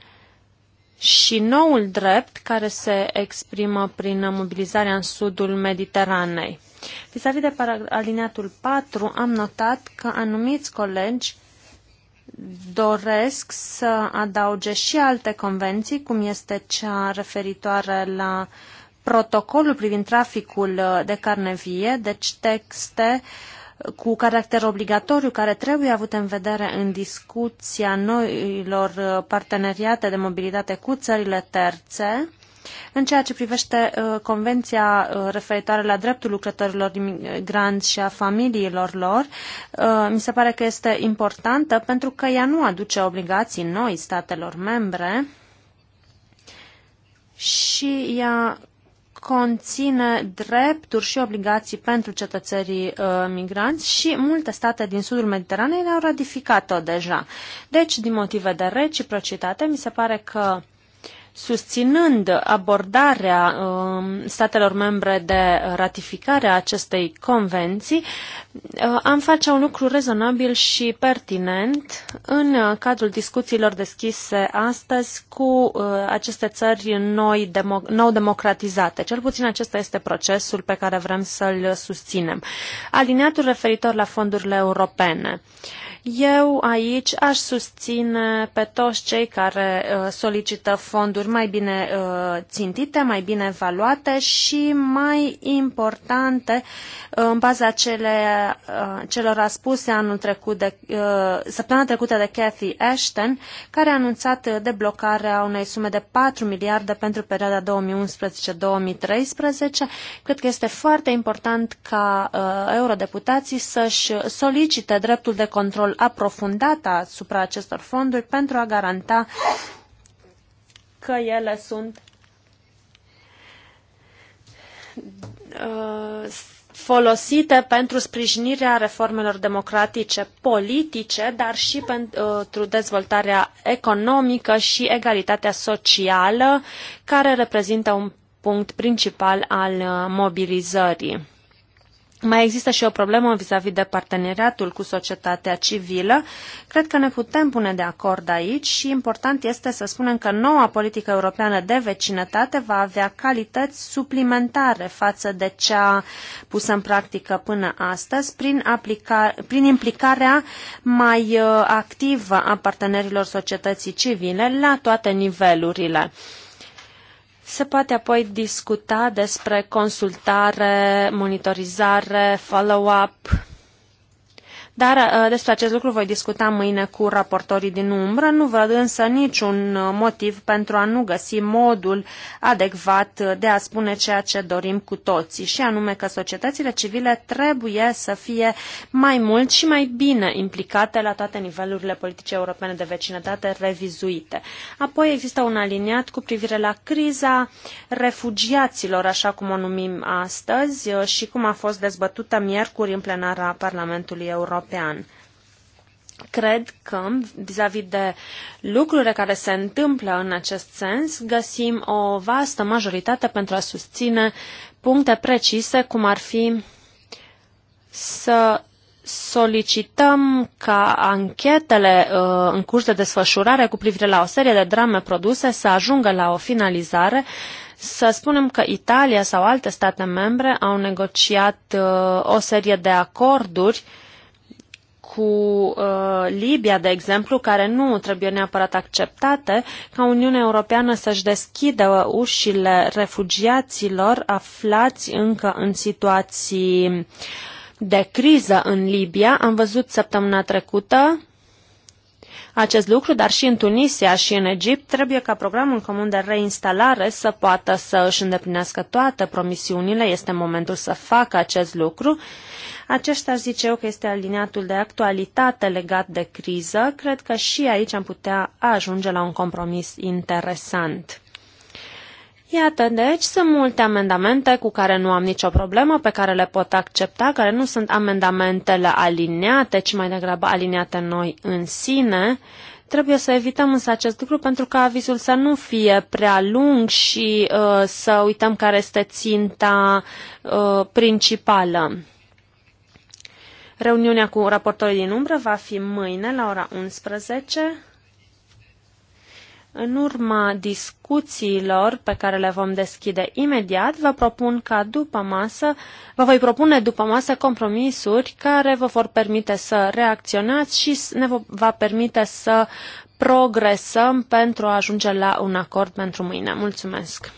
și noul drept care se exprimă prin mobilizarea în sudul Mediteranei. Vis-a-vis de alineatul 4, am notat că anumiți colegi doresc să adauge și alte convenții, cum este cea referitoare la protocolul privind traficul de carne vie, deci texte uh, cu caracter obligatoriu care trebuie avut în vedere în discuția noilor uh, parteneriate de mobilitate cu țările terțe, în ceea ce privește uh, convenția uh, referitoare la dreptul lucrătorilor imigranți și a familiilor lor, mi se pare că este importantă pentru că ea nu aduce obligații noi statelor membre și ea conține drepturi și obligații pentru cetățării uh, migranți și multe state din sudul Mediteranei ne au ratificat-o deja. Deci, din motive de reciprocitate, mi se pare că susținând abordarea um, statelor membre de ratificare a acestei convenții, uh, am face un lucru rezonabil și pertinent în uh, cadrul discuțiilor deschise astăzi cu uh, aceste țări noi, nou democratizate. Cel puțin acesta este procesul pe care vrem să-l susținem. Aliniatul referitor la fondurile europene. Eu aici aș susține pe toți cei care uh, solicită fonduri mai bine uh, țintite, mai bine evaluate și mai importante uh, în baza cele, celor spuse anul trecut de, săptămâna trecută de Cathy Ashton, care a anunțat deblocarea unei sume de 4 miliarde pentru perioada 2011-2013. Cred că este foarte important ca eurodeputații să-și solicite dreptul de control aprofundată asupra acestor fonduri pentru a garanta că ele sunt uh, folosite pentru sprijinirea reformelor democratice politice, dar și pentru dezvoltarea economică și egalitatea socială, care reprezintă un punct principal al mobilizării. Mai există și o problemă vis-a-vis -vis de parteneriatul cu societatea civilă. Cred că ne putem pune de acord aici și important este să spunem că noua politică europeană de vecinătate va avea calități suplimentare față de cea pusă în practică până astăzi prin, aplica, prin implicarea mai uh, activă a partenerilor societății civile la toate nivelurile. Se poate apoi discuta despre consultare, monitorizare, follow-up, dar uh, despre acest lucru voi discuta mâine cu raportorii din umbră. Nu văd însă niciun uh, motiv pentru a nu găsi modul adecvat de a spune ceea ce dorim cu toții, și anume că societățile civile trebuie să fie mai mult și mai bine implicate la toate nivelurile politice europene de vecinătate revizuite. Apoi există un aliniat cu privire la criza refugiaților, așa cum o numim astăzi uh, și cum a fost dezbătută miercuri în plenara Parlamentului European european. Cred că, vis-a-vis -vis de lucrurile care se întâmplă în acest sens, găsim o vastă majoritate pentru a susține puncte precise, cum ar fi să solicităm ca anchetele uh, în curs de desfășurare cu privire la o serie de drame produse să ajungă la o finalizare. Să spunem că Italia sau alte state membre au negociat uh, o serie de acorduri uh, cu uh, Libia, de exemplu, care nu trebuie neapărat acceptate, ca Uniunea Europeană să-și deschidă ușile refugiaților aflați încă în situații de criză în Libia. Am văzut săptămâna trecută acest lucru, dar și în Tunisia și în Egipt trebuie ca programul comun de reinstalare să poată să își îndeplinească toate promisiunile. Este momentul să facă acest lucru acesta aș zice eu că este aliniatul de actualitate legat de criză. Cred că și aici am putea ajunge la un compromis interesant. Iată, deci sunt multe amendamente cu care nu am nicio problemă, pe care le pot accepta, care nu sunt amendamentele aliniate, ci mai degrabă aliniate noi în sine. Trebuie să evităm însă acest lucru pentru ca avizul să nu fie prea lung și uh, să uităm care este ținta uh, principală. Reuniunea cu raportorii din umbră va fi mâine la ora 11. În urma discuțiilor pe care le vom deschide imediat, vă propun ca după masă, vă voi propune după masă compromisuri care vă vor permite să reacționați și ne va permite să progresăm pentru a ajunge la un acord pentru mâine. Mulțumesc!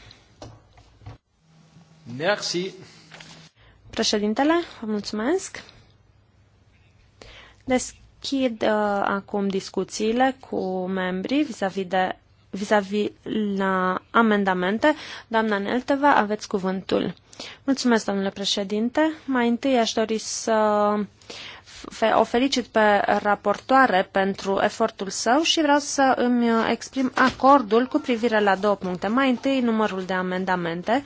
Merci. Președintele, vă mulțumesc! Deschid uh, acum discuțiile cu membrii vis-a-vis -vis de vis-a-vis -vis la amendamente. Doamna Nelteva, aveți cuvântul. Mulțumesc, domnule președinte. Mai întâi aș dori să o felicit pe raportoare pentru efortul său și vreau să îmi exprim acordul cu privire la două puncte. Mai întâi, numărul de amendamente.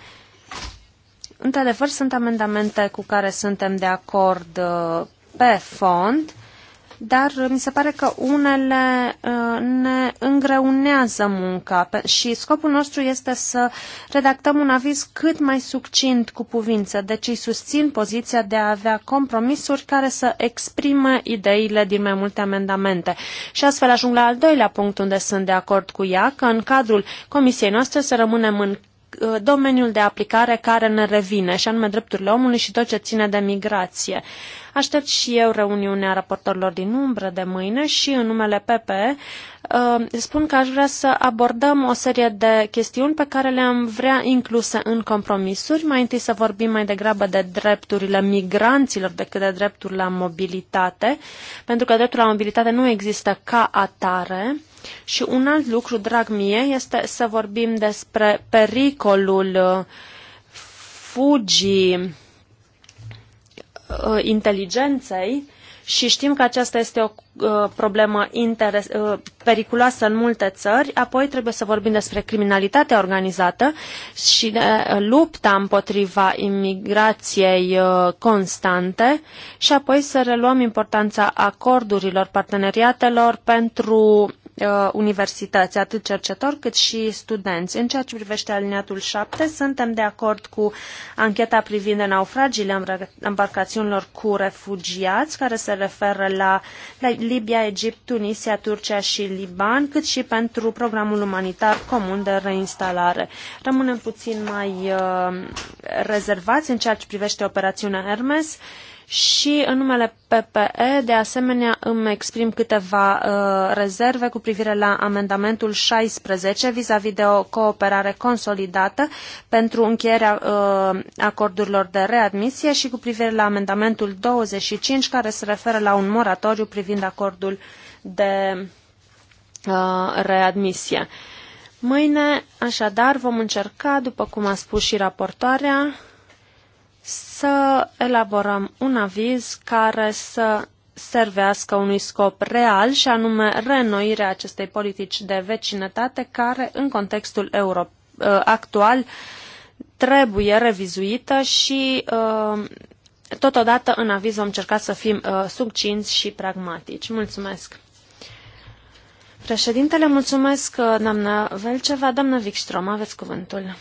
Într-adevăr, sunt amendamente cu care suntem de acord uh, pe fond dar uh, mi se pare că unele uh, ne îngreunează munca și scopul nostru este să redactăm un aviz cât mai succint cu cuvință, deci îi susțin poziția de a avea compromisuri care să exprime ideile din mai multe amendamente. Și astfel ajung la al doilea punct unde sunt de acord cu ea, că în cadrul comisiei noastre să rămânem în uh, domeniul de aplicare care ne revine, și anume drepturile omului și tot ce ține de migrație. Aștept și eu reuniunea raportorilor din umbră de mâine și în numele PPE uh, spun că aș vrea să abordăm o serie de chestiuni pe care le-am vrea incluse în compromisuri. Mai întâi să vorbim mai degrabă de drepturile migranților decât de dreptul la mobilitate, pentru că dreptul la mobilitate nu există ca atare. Și un alt lucru, drag mie, este să vorbim despre pericolul uh, fugii uh, inteligenței și știm că aceasta este o uh, problemă interes, uh, periculoasă în multe țări, apoi trebuie să vorbim despre criminalitatea organizată și uh, lupta împotriva imigrației uh, constante și apoi să reluăm importanța acordurilor, parteneriatelor pentru uh, universități, atât cercetori cât și studenți. În ceea ce privește aliniatul 7, suntem de acord cu ancheta privind naufragiile embarcațiunilor cu refugiați, care se referă la, la Libia, Egipt, Tunisia, Turcia și Liban, cât și pentru programul umanitar comun de reinstalare. Rămânem puțin mai uh, rezervați în ceea ce privește operațiunea Hermes. Uh, și în numele PPE, de asemenea, îmi exprim câteva uh, rezerve cu privire la amendamentul 16 vis-a-vis -vis de o cooperare consolidată pentru încheierea uh, acordurilor de readmisie și cu privire la amendamentul 25 care se referă la un moratoriu privind acordul de uh, readmisie. Mâine, așadar, vom încerca, după cum a spus și raportoarea, să elaborăm un aviz care să servească unui scop real și anume reînnoirea acestei politici de vecinătate care în contextul euro, uh, actual trebuie revizuită și uh, totodată în aviz vom încerca să fim uh, succinți și pragmatici. Mulțumesc! Președintele, mulțumesc, doamna Velceva. Doamna Vicstrom, aveți cuvântul.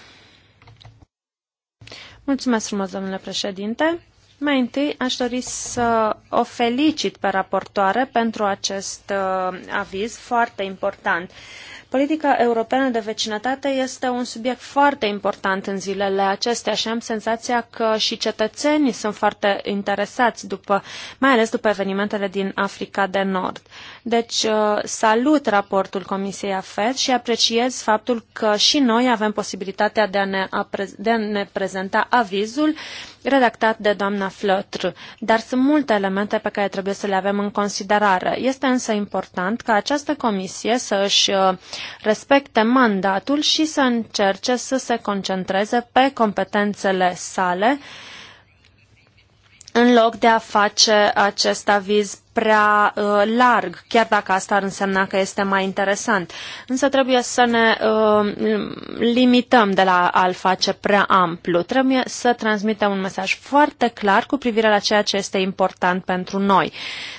Mulțumesc frumos, domnule președinte. Mai întâi aș dori să o felicit pe raportoare pentru acest uh, aviz foarte important. Uh, Politica europeană de vecinătate este un subiect foarte important în zilele acestea și am senzația că și cetățenii sunt foarte interesați, după, mai ales după evenimentele din Africa de Nord. Deci uh, salut raportul Comisiei AFET și apreciez faptul că și noi avem posibilitatea de a ne, de a ne prezenta avizul redactat de doamna Flotr, dar sunt multe elemente pe care trebuie să le avem în considerare. Este însă important ca această comisie să își uh, respecte mandatul și să încerce să se concentreze pe competențele sale în loc de a face acest aviz prea uh, larg, chiar dacă asta ar însemna că este mai interesant. Însă trebuie să ne uh, limităm de la a face prea amplu. Trebuie să transmitem un mesaj foarte clar cu privire la ceea ce este important pentru noi.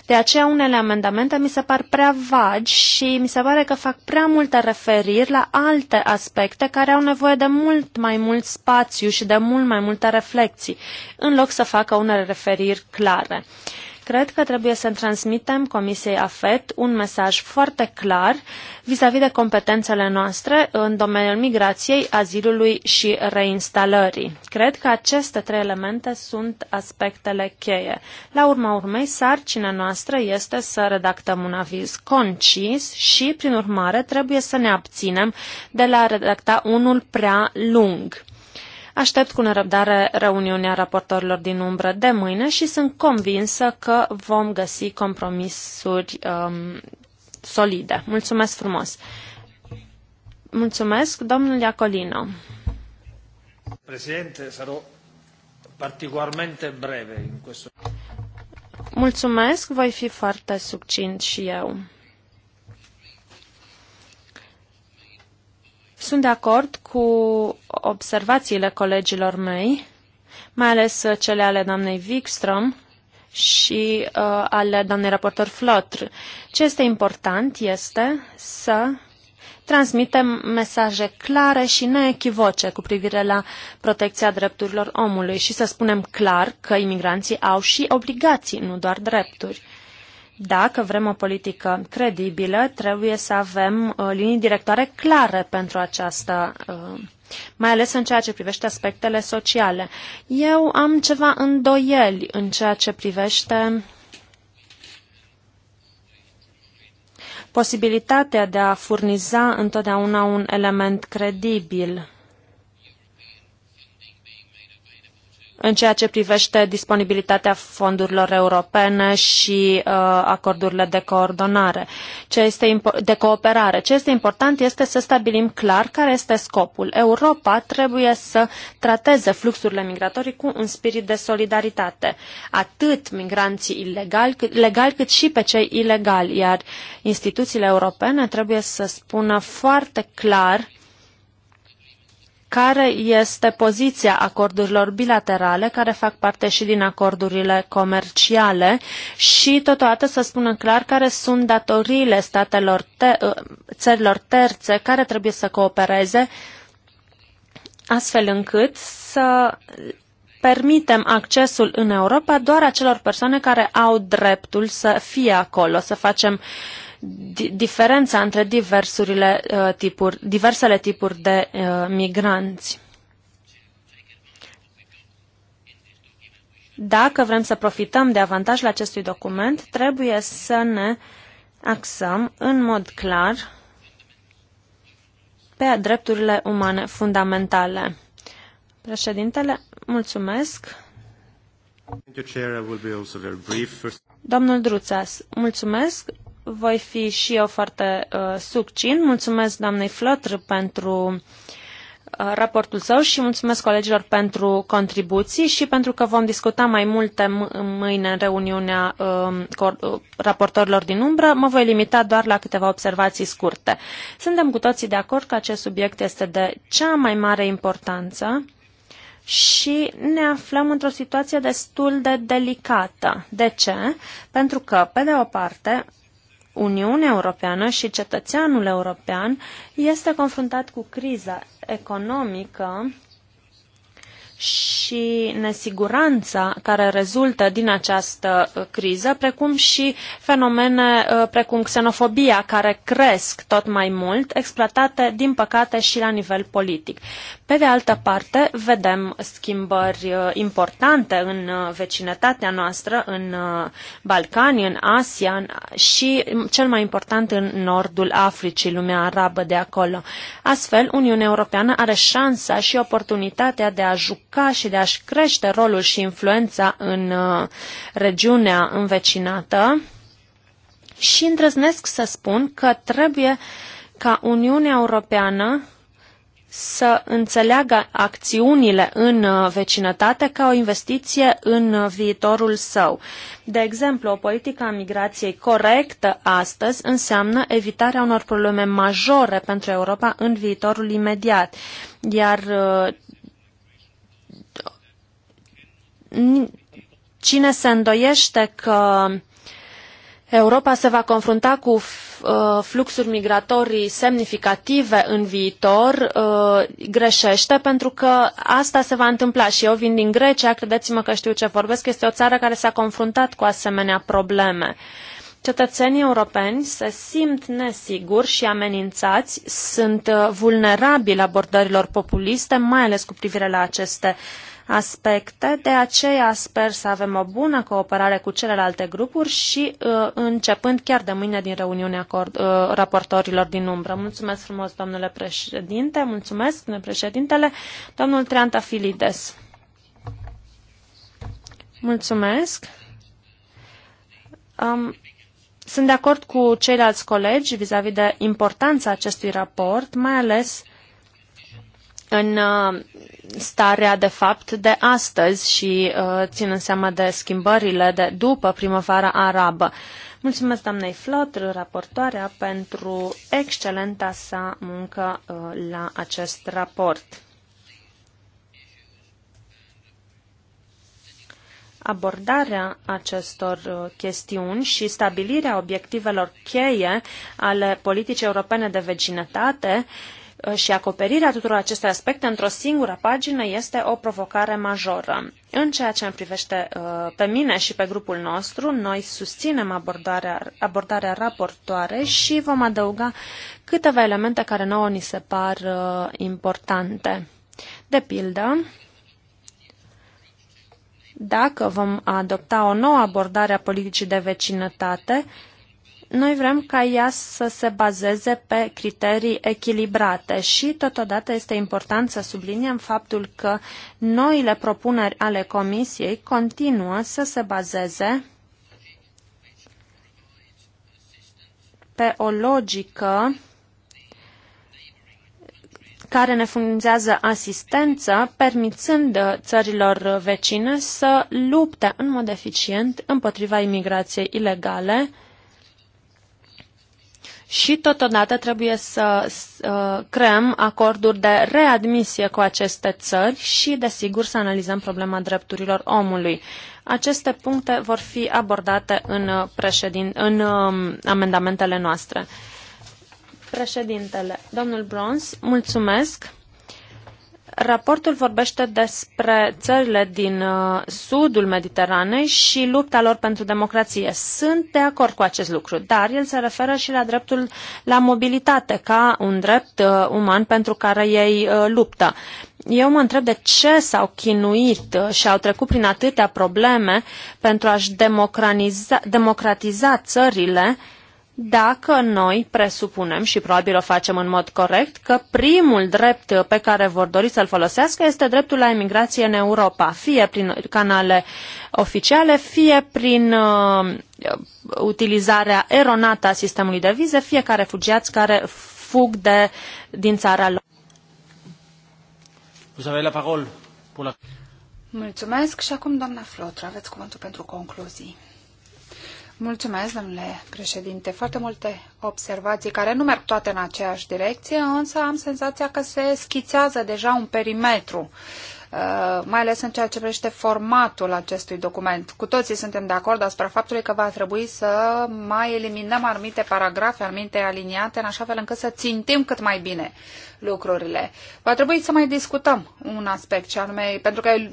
De aceea unele amendamente mi se par prea vagi și mi se pare că fac prea multe referiri la alte aspecte care au nevoie de mult mai mult spațiu și de mult mai multe reflexii, în loc să facă unele referiri clare. Uh, Cred că trebuie să transmitem Comisiei AFET un mesaj foarte clar vis-a-vis -vis de competențele noastre în domeniul migrației, azilului și reinstalării. Cred că aceste trei elemente sunt aspectele cheie. La urma urmei, sarcina noastră este să redactăm un aviz concis și, prin urmare, trebuie să ne abținem de la a redacta unul prea lung. Aștept cu nerăbdare reuniunea raportorilor din umbră de mâine și sunt convinsă că vom găsi compromisuri um, solide. Mulțumesc frumos! Mulțumesc, domnul Iacolino. Președinte, sarò particolarmente breve în questo. Mulțumesc, voi fi foarte succint și eu. Sunt de acord cu observațiile colegilor mei, mai ales uh, cele ale doamnei Wikström și uh, ale doamnei raportor Flotr. Ce este important este să transmitem mesaje clare și neechivoce cu privire la protecția drepturilor omului și să spunem clar că imigranții au și obligații, nu doar drepturi. Dacă vrem o politică credibilă, trebuie să avem uh, linii directoare clare pentru aceasta uh, mai ales în ceea ce privește aspectele sociale. Eu am ceva îndoieli în ceea ce privește posibilitatea de a furniza întotdeauna un element credibil în ceea ce privește disponibilitatea fondurilor europene și uh, acordurile de coordonare, ce este de cooperare. Ce este important este să stabilim clar care este scopul. Europa trebuie să trateze fluxurile migratorii cu un spirit de solidaritate, atât migranții ilegali, cât, legali, cât și pe cei ilegali, iar instituțiile europene trebuie să spună foarte clar care este poziția acordurilor bilaterale care fac parte și din acordurile comerciale și totodată să spună clar care sunt datoriile statelor te- ă, țărilor terțe care trebuie să coopereze astfel încât să permitem accesul în Europa doar acelor persoane care au dreptul să fie acolo, să facem uh, diferența între diversurile, uh, tipuri, diversele tipuri de uh, migranți. Dacă vrem să profităm de avantajele acestui document, trebuie să ne axăm în mod clar pe drepturile umane fundamentale. Președintele, mulțumesc. Domnul Druțas, mulțumesc voi fi și eu foarte uh, succin. Mulțumesc doamnei Flotr pentru uh, raportul său și mulțumesc colegilor pentru contribuții și pentru că vom discuta mai multe mâine în reuniunea um, uh, raportorilor din umbră, mă voi limita doar la câteva observații scurte. Suntem cu toții de acord că acest subiect este de cea mai mare importanță și ne aflăm într-o situație destul de delicată. De ce? Pentru că, pe de o parte, Uniunea Europeană și cetățeanul european este confruntat cu criza economică și nesiguranța care rezultă din această uh, criză, precum și fenomene uh, precum xenofobia, care cresc tot mai mult, exploatate, din păcate, și la nivel politic. Pe de altă parte, vedem schimbări uh, importante în uh, vecinătatea noastră, în uh, Balcani, în Asia și, cel mai important, în nordul Africii, lumea arabă de acolo. Astfel, Uniunea Europeană are șansa și oportunitatea de a juca și de a-și crește rolul și influența în regiunea învecinată și îndrăznesc să spun că trebuie ca Uniunea Europeană să înțeleagă acțiunile în uh, vecinătate ca o investiție în uh, viitorul său. De exemplu, o politică a migrației corectă astăzi înseamnă evitarea unor probleme majore pentru Europa în viitorul imediat, iar uh, cine se îndoiește că Europa se va confrunta cu uh, fluxuri migratorii semnificative în viitor, uh, greșește, pentru că asta se va întâmpla. Și eu vin din Grecia, credeți-mă că știu ce vorbesc, este o țară care s-a confruntat cu asemenea probleme. Cetățenii europeni se simt nesiguri și amenințați, sunt uh, vulnerabili abordărilor populiste, mai ales cu privire la aceste uh, aspecte, de aceea sper să avem o bună cooperare cu celelalte grupuri și uh, începând chiar de mâine din reuniunea uh, raportorilor din umbră. Mulțumesc frumos, domnule președinte, mulțumesc, domnule președintele, domnul Treanta Filides. Mulțumesc. Um, sunt de acord cu ceilalți colegi vis-a-vis -vis de importanța acestui raport, mai ales în uh, starea de fapt de astăzi și uh, ținând seama de schimbările de după primăvara arabă. Mulțumesc doamnei Flot, raportoarea, pentru excelenta sa muncă uh, la acest raport. abordarea acestor chestiuni și stabilirea obiectivelor cheie ale politicii europene de vecinătate Uh, și acoperirea tuturor acestor aspecte într-o singură pagină este o provocare majoră. În ceea ce îmi privește uh, pe mine și pe grupul nostru, noi susținem abordarea, abordarea raportoare și vom adăuga câteva elemente care nouă ni se par uh, importante. De pildă, dacă vom adopta o nouă abordare a politicii de vecinătate, noi vrem ca ea să se bazeze pe criterii echilibrate și totodată este important să subliniem faptul că noile propuneri ale Comisiei continuă să se bazeze pe o logică care ne furnizează asistență, permițând țărilor vecine să lupte în mod eficient împotriva imigrației ilegale, și totodată trebuie să creăm acorduri de readmisie cu aceste țări și, desigur, să analizăm problema drepturilor omului. Aceste puncte vor fi abordate în, președin, în um, amendamentele noastre. Președintele, domnul Brons, mulțumesc. Raportul vorbește despre țările din uh, sudul Mediteranei și lupta lor pentru democrație. Sunt de acord cu acest lucru, dar el se referă și la dreptul la mobilitate ca un drept uh, uman pentru care ei uh, luptă. Eu mă întreb de ce s-au chinuit și au trecut prin atâtea probleme pentru a-și democratiza țările uh, dacă noi presupunem, și probabil o facem în mod corect, că primul drept pe care vor dori să-l folosească este dreptul la emigrație în Europa, fie prin canale oficiale, fie prin uh, utilizarea eronată a sistemului de vize, fiecare fugiați care fug de, din țara lor. Mulțumesc și acum, doamna Flotra, aveți cuvântul pentru concluzii. Mulțumesc, domnule președinte. Foarte multe observații care nu merg toate în aceeași direcție, însă am senzația că se schițează deja un perimetru, uh, mai ales în ceea ce privește formatul acestui document. Cu toții suntem de acord asupra faptului că va trebui să mai eliminăm anumite paragrafe, anumite aliniate, în așa fel încât să țintim cât mai bine lucrurile. Va trebui să mai discutăm un aspect, și anume, pentru că e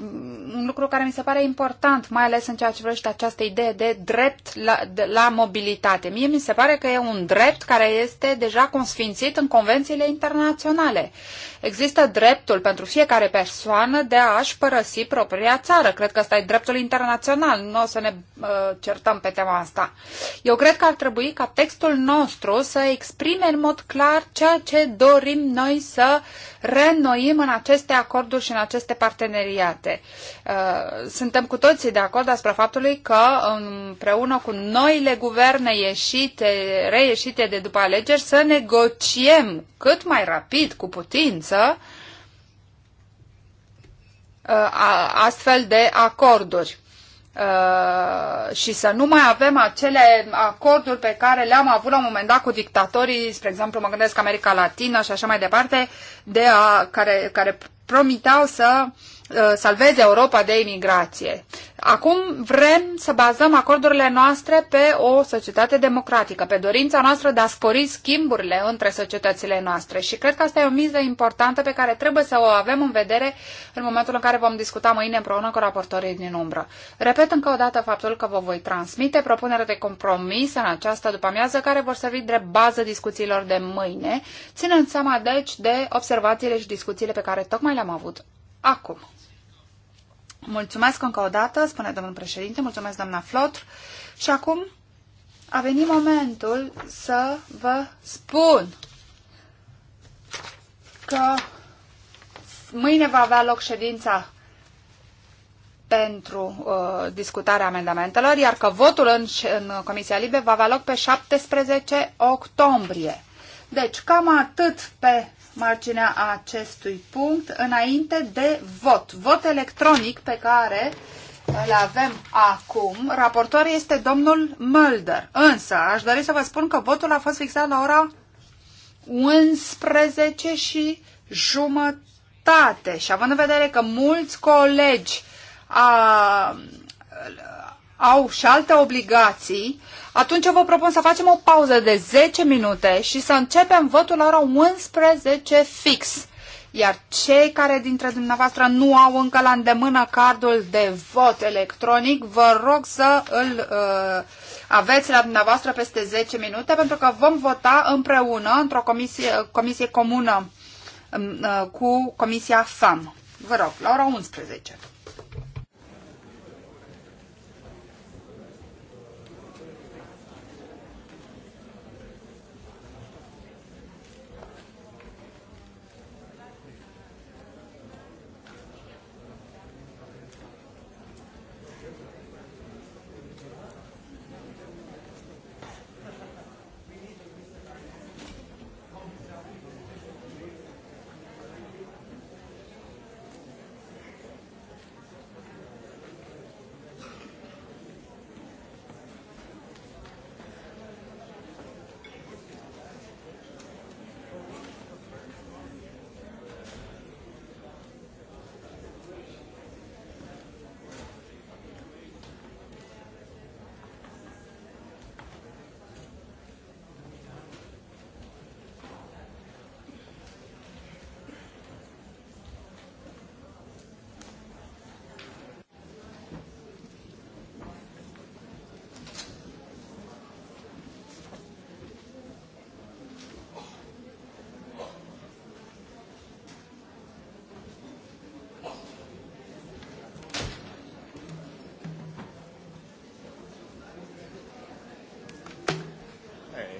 un lucru care mi se pare important, mai ales în ceea ce vrește această idee de drept la, de, la mobilitate. Mie mi se pare că e un drept care este deja consfințit în convențiile internaționale. Există dreptul pentru fiecare persoană de a-și părăsi propria țară. Cred că ăsta e dreptul internațional. Nu o să ne uh, certăm pe tema asta. Eu cred că ar trebui ca textul nostru să exprime în mod clar ceea ce dorim noi noi să reînnoim în aceste acorduri și în aceste parteneriate. Uh, suntem cu toții de acord asupra faptului că împreună cu noile guverne ieșite, reieșite de după alegeri să negociem cât mai rapid, cu putință, uh, astfel de acorduri. Uh, și să nu mai avem acele acorduri pe care le-am avut la un moment dat cu dictatorii, spre exemplu mă gândesc America Latină și așa mai departe, de a, care, care promiteau să uh, Uh, salveze Europa de imigrație. Acum vrem să bazăm acordurile noastre pe o societate democratică, pe dorința noastră de a spori schimburile între societățile noastre și cred că asta e o miză importantă pe care trebuie să o avem în vedere în momentul în care vom discuta mâine împreună cu raportorii din umbră. Repet încă o dată faptul că vă voi transmite propunerea de compromis în această după-amiază care vor servi drept bază discuțiilor de mâine, ținând seama deci de observațiile și discuțiile pe care tocmai le-am avut acum. Mulțumesc încă o dată, spune domnul președinte, mulțumesc doamna Flotr. Și acum a venit momentul să vă spun că mâine va avea loc ședința pentru uh, discutarea amendamentelor, iar că votul în, în Comisia Libe va avea loc pe 17 octombrie. Deci, cam atât pe marginea acestui punct înainte de vot. Vot electronic pe care îl avem acum. Raportor este domnul Mulder. Însă, aș dori să vă spun că votul a fost fixat la ora 11 și jumătate. Și având în vedere că mulți colegi a, au și alte obligații, atunci eu vă propun să facem o pauză de 10 minute și să începem votul la ora 11 fix. Iar cei care dintre dumneavoastră nu au încă la îndemână cardul de vot electronic, vă rog să îl uh, aveți la dumneavoastră peste 10 minute, pentru că vom vota împreună într-o comisie, comisie comună um, uh, cu Comisia FAM. Vă rog, la ora 11.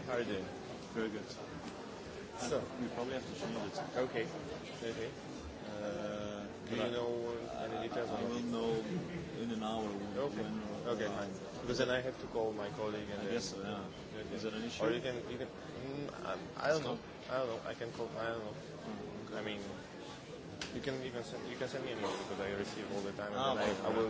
How are you doing? Very good. So we probably have to change it. Okay. Okay. Uh, Do you know uh, any details? I will know in an hour. Okay. When okay. Fine. Because then I have to call my colleague and. I guess so. Yeah. Okay. Is there an issue? Or you can you can. Mm, I, um, I don't know. I don't know. I can call. I don't know. Mm, mm-hmm. okay. I mean, you can even send you can send me an email because I receive all the time and ah, then I, I will.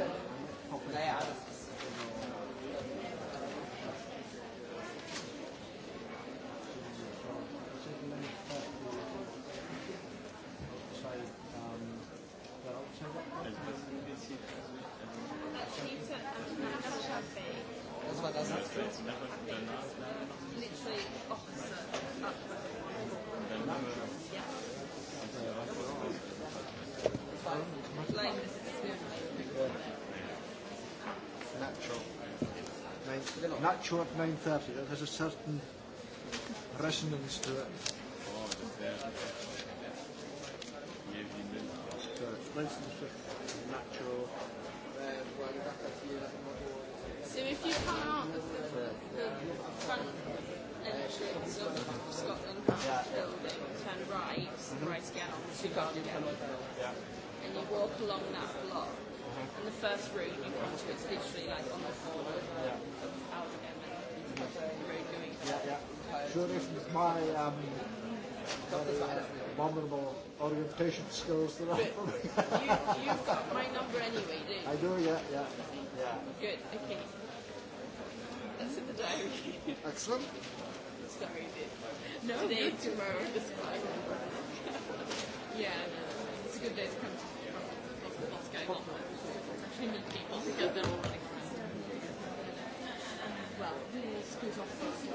Thank you. short 9.30. There's a certain resonance to it. So if you come out of the, the front entrance of Scotland House yeah. building, turn right, mm-hmm. right again onto Cardigan, yeah. and you walk along that block, uh-huh. and the first room you come to, it's literally like on the corner of, yeah. of Aldgate. Yeah, yeah. Sure, if my um, very, uh, vulnerable orientation skills that I. you, you've got my number anyway, do you? I do, yeah, yeah, yeah. Good. Okay. That's in the diary. Excellent. Sorry, Dave. No, Today, tomorrow, this yeah, no, it's a good day to come to Moscow. Actually meet people because they're well, he screws off for a few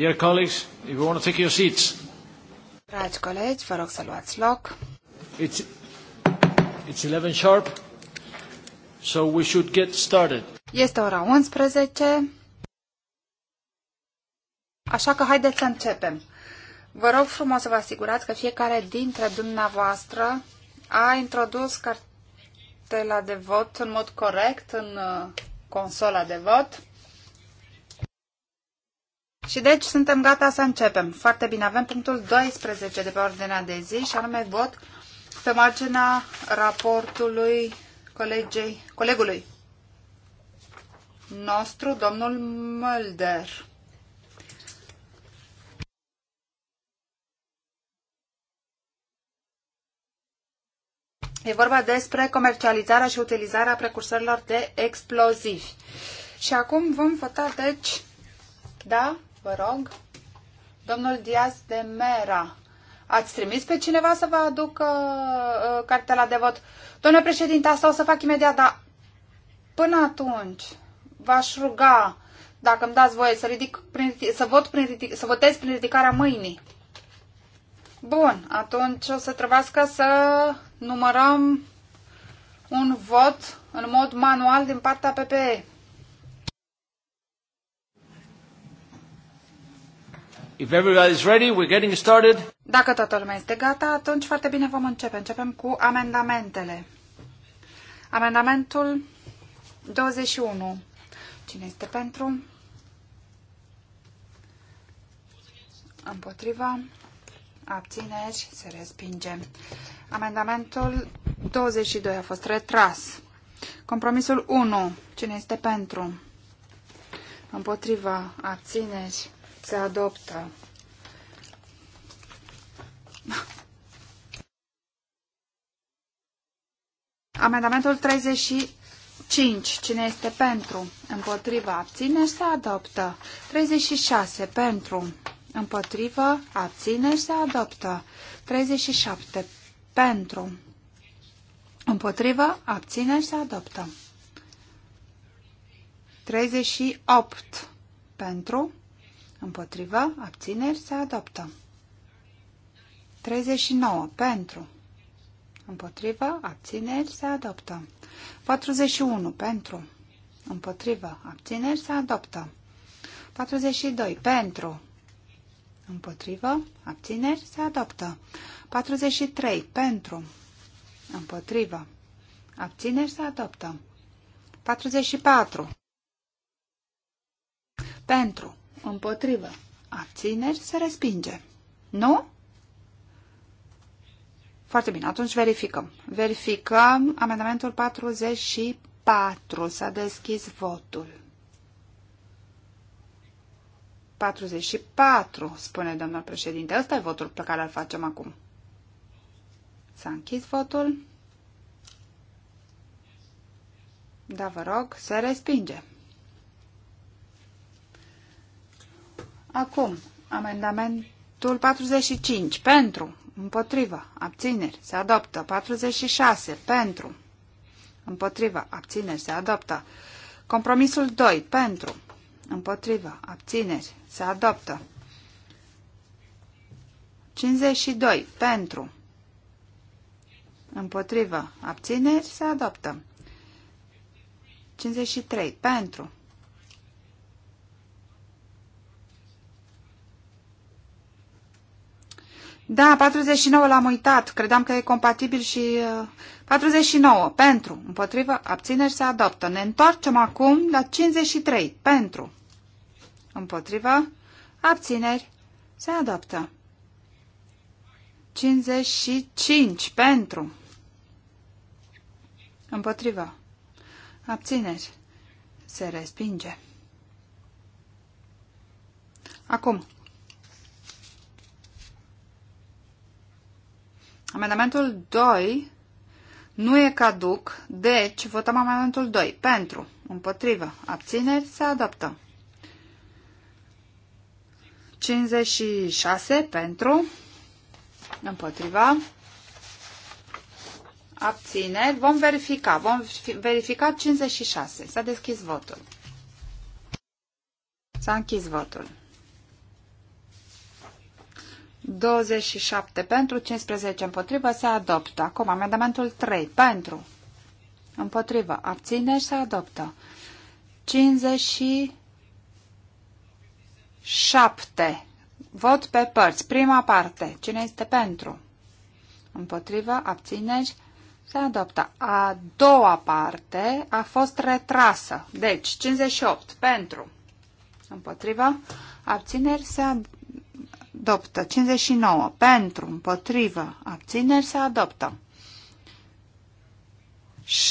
Dear colleagues, if you want to take your seats. Dragi colegi, vă rog să luați loc. It's, it's 11 sharp, so we should get started. Este ora 11, așa că haideți să începem. Vă rog frumos să vă asigurați că fiecare dintre dumneavoastră a introdus cartela de vot în mod corect în uh, consola de vot. Și deci suntem gata să începem. Foarte bine, avem punctul 12 de pe ordinea de zi și anume vot pe marginea raportului colegei, colegului nostru, domnul Mulder. E vorba despre comercializarea și utilizarea precursorilor de explozivi. Și acum vom vota, deci, da? Vă rog. Domnul Diaz de Mera. Ați trimis pe cineva să vă aducă uh, cartela de vot? Domnule președinte, asta o să fac imediat, dar până atunci v-aș ruga dacă îmi dați voie să, ridic prin, să, vot prin, să votez prin ridicarea mâinii. Bun, atunci o să trebuiască să numărăm un vot în mod manual din partea PPE. If everybody is ready, we're getting started. Dacă toată lumea este gata, atunci foarte bine vom începe. Începem cu amendamentele. Amendamentul 21. Cine este pentru? Împotriva. Abțineri. Se respinge. Amendamentul 22 a fost retras. Compromisul 1. Cine este pentru? Împotriva. Abțineri. Se adoptă. Amendamentul 35. Cine este pentru? Împotriva. Abțineri se adoptă. 36. Pentru. Împotrivă. Abțineri se adoptă. 37. Pentru. Împotrivă. Abțineri se adoptă. 38. Pentru. Împotriva, abțineri, se adoptă. 39. Pentru. Împotriva, abțineri, se adoptă. 41. Pentru. Împotriva, abțineri, se adoptă. 42. Pentru. Împotrivă, abțineri, se adoptă. 43. Pentru. Împotrivă. Abțineri, se adoptă. 44. Pentru. Împotrivă. Abțineri se respinge. Nu? Foarte bine, atunci verificăm. Verificăm amendamentul 44. S-a deschis votul. 44, spune domnul președinte. Ăsta e votul pe care îl facem acum. S-a închis votul. Da, vă rog, se respinge. Acum, amendamentul 45 pentru, împotrivă, abțineri, se adoptă. 46 pentru, împotrivă, abțineri, se adoptă. Compromisul 2 pentru, împotrivă, abțineri, se adoptă. 52 pentru, împotrivă, abțineri, se adoptă. 53 pentru, Da, 49 l-am uitat. Credeam că e compatibil și... Uh, 49. Pentru. Împotrivă. Abțineri se adoptă. Ne întoarcem acum la 53. Pentru. Împotrivă. Abțineri se adoptă. 55. Pentru. Împotrivă. Abțineri se respinge. Acum, Amendamentul 2 nu e caduc, deci votăm amendamentul 2. Pentru, împotrivă, abțineri, se adoptă. 56 pentru, împotriva, abțineri, vom verifica, vom verifica 56. S-a deschis votul. S-a închis votul. 27 pentru, 15 împotrivă, se adoptă. Acum, amendamentul 3 pentru, împotrivă, și se adoptă. 57. Vot pe părți. Prima parte. Cine este pentru? Împotrivă, și se adoptă. A doua parte a fost retrasă. Deci, 58 pentru, împotrivă, abțineri, se adoptă adoptă. 59 pentru, împotrivă, abțineri se adoptă.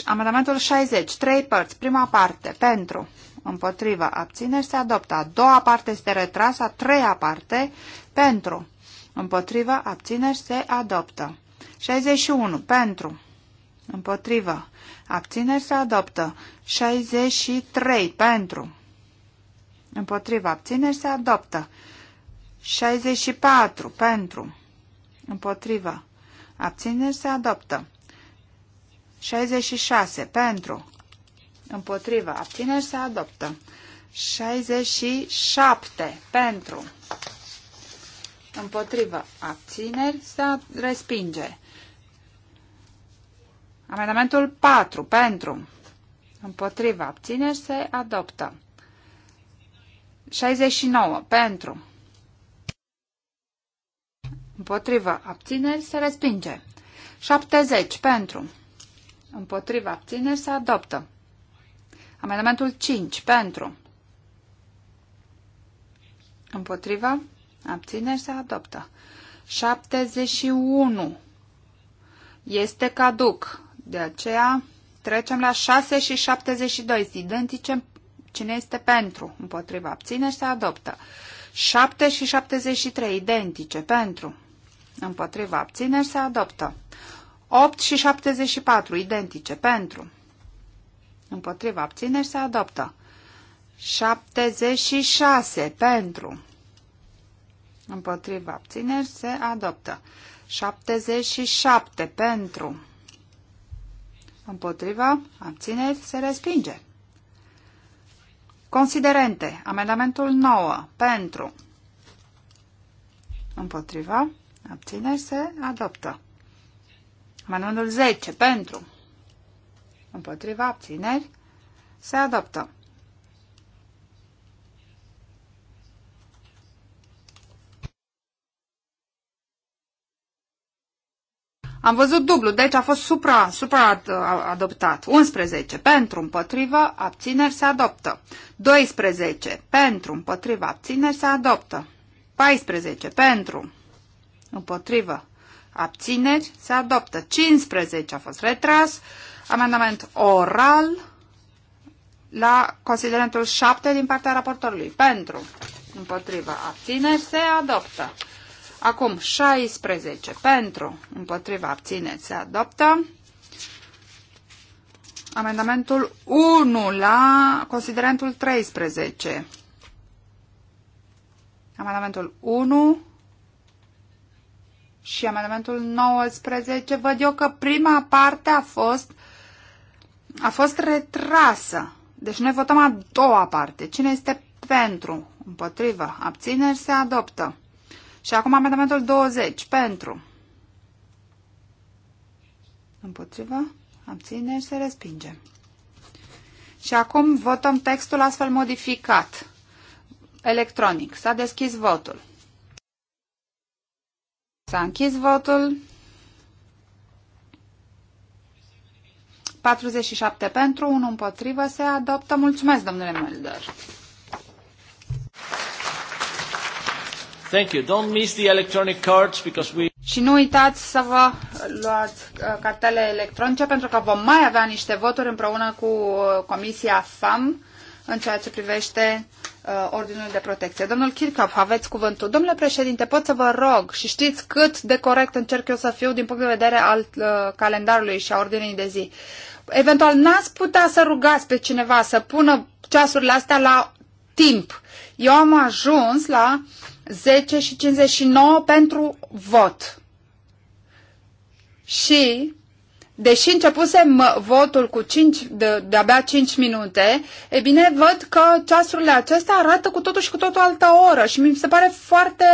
Amendamentul 60, trei părți, prima parte, pentru, împotrivă, abțineri se adoptă. A doua parte este retrasă, a treia parte, pentru, împotrivă, abțineri se adoptă. 61, pentru, împotrivă, abțineri se adoptă. 63, pentru, împotrivă, abțineri se adoptă. 64 pentru, împotrivă, abțineri se adoptă. 66 pentru, împotrivă, abțineri se adoptă. 67 pentru, împotrivă, abțineri se respinge. Amendamentul 4 pentru, împotrivă, abțineri se adoptă. 69 pentru, Împotrivă. Abțineri se respinge. 70 pentru. Împotrivă. Abțineri se adoptă. Amendamentul 5 pentru. Împotrivă. Abțineri se adoptă. 71 este caduc. De aceea trecem la 6 și 72. Identice cine este pentru. Împotriva abțineri se adoptă. 7 și 73. Identice pentru împotriva abțineri se adoptă. 8 și 74, identice, pentru. Împotriva abțineri se adoptă. 76, pentru. Împotriva abțineri se adoptă. 77, pentru. Împotriva abțineri se respinge. Considerente, amendamentul 9, pentru. Împotriva Abțineri se adoptă. Amendamentul 10 pentru. Împotriva abțineri se adoptă. Am văzut dublu, deci a fost supra, supra uh, adoptat. 11 pentru împotrivă, abțineri se adoptă. 12 pentru împotrivă, abțineri se adoptă. 14 pentru Împotrivă. Abțineri. Se adoptă. 15 a fost retras. Amendament oral la considerentul 7 din partea raportorului. Pentru. Împotrivă. Abțineri. Se adoptă. Acum 16 pentru, Împotrivă. Abțineri se adoptă. Amendamentul 1 la considerentul 13. Amendamentul 1 și amendamentul 19, văd eu că prima parte a fost, a fost retrasă. Deci noi votăm a doua parte. Cine este pentru? Împotrivă. Abțineri se adoptă. Și acum amendamentul 20. Pentru. Împotrivă. Abțineri se respinge. Și acum votăm textul astfel modificat. Electronic. S-a deschis votul. S-a închis votul. 47 pentru, 1 împotrivă, se adoptă. Mulțumesc, domnule Mulder. Thank you. Don't miss the electronic cards because we... Și nu uitați să vă luați uh, cartele electronice pentru că vom mai avea niște voturi împreună cu uh, Comisia FAM în ceea ce privește Uh, ordinul de protecție. Domnul Kirchhoff, aveți cuvântul. Domnule președinte, pot să vă rog și știți cât de corect încerc eu să fiu din punct de vedere al uh, calendarului și a ordinii de zi. Eventual, n-ați putea să rugați pe cineva să pună ceasurile astea la timp. Eu am ajuns la 10 și 59 pentru vot. Și Deși începusem uh, votul cu 5, de, de-abia 5 minute, e bine, văd că ceasurile acestea arată cu totul și cu totul altă oră și mi se pare foarte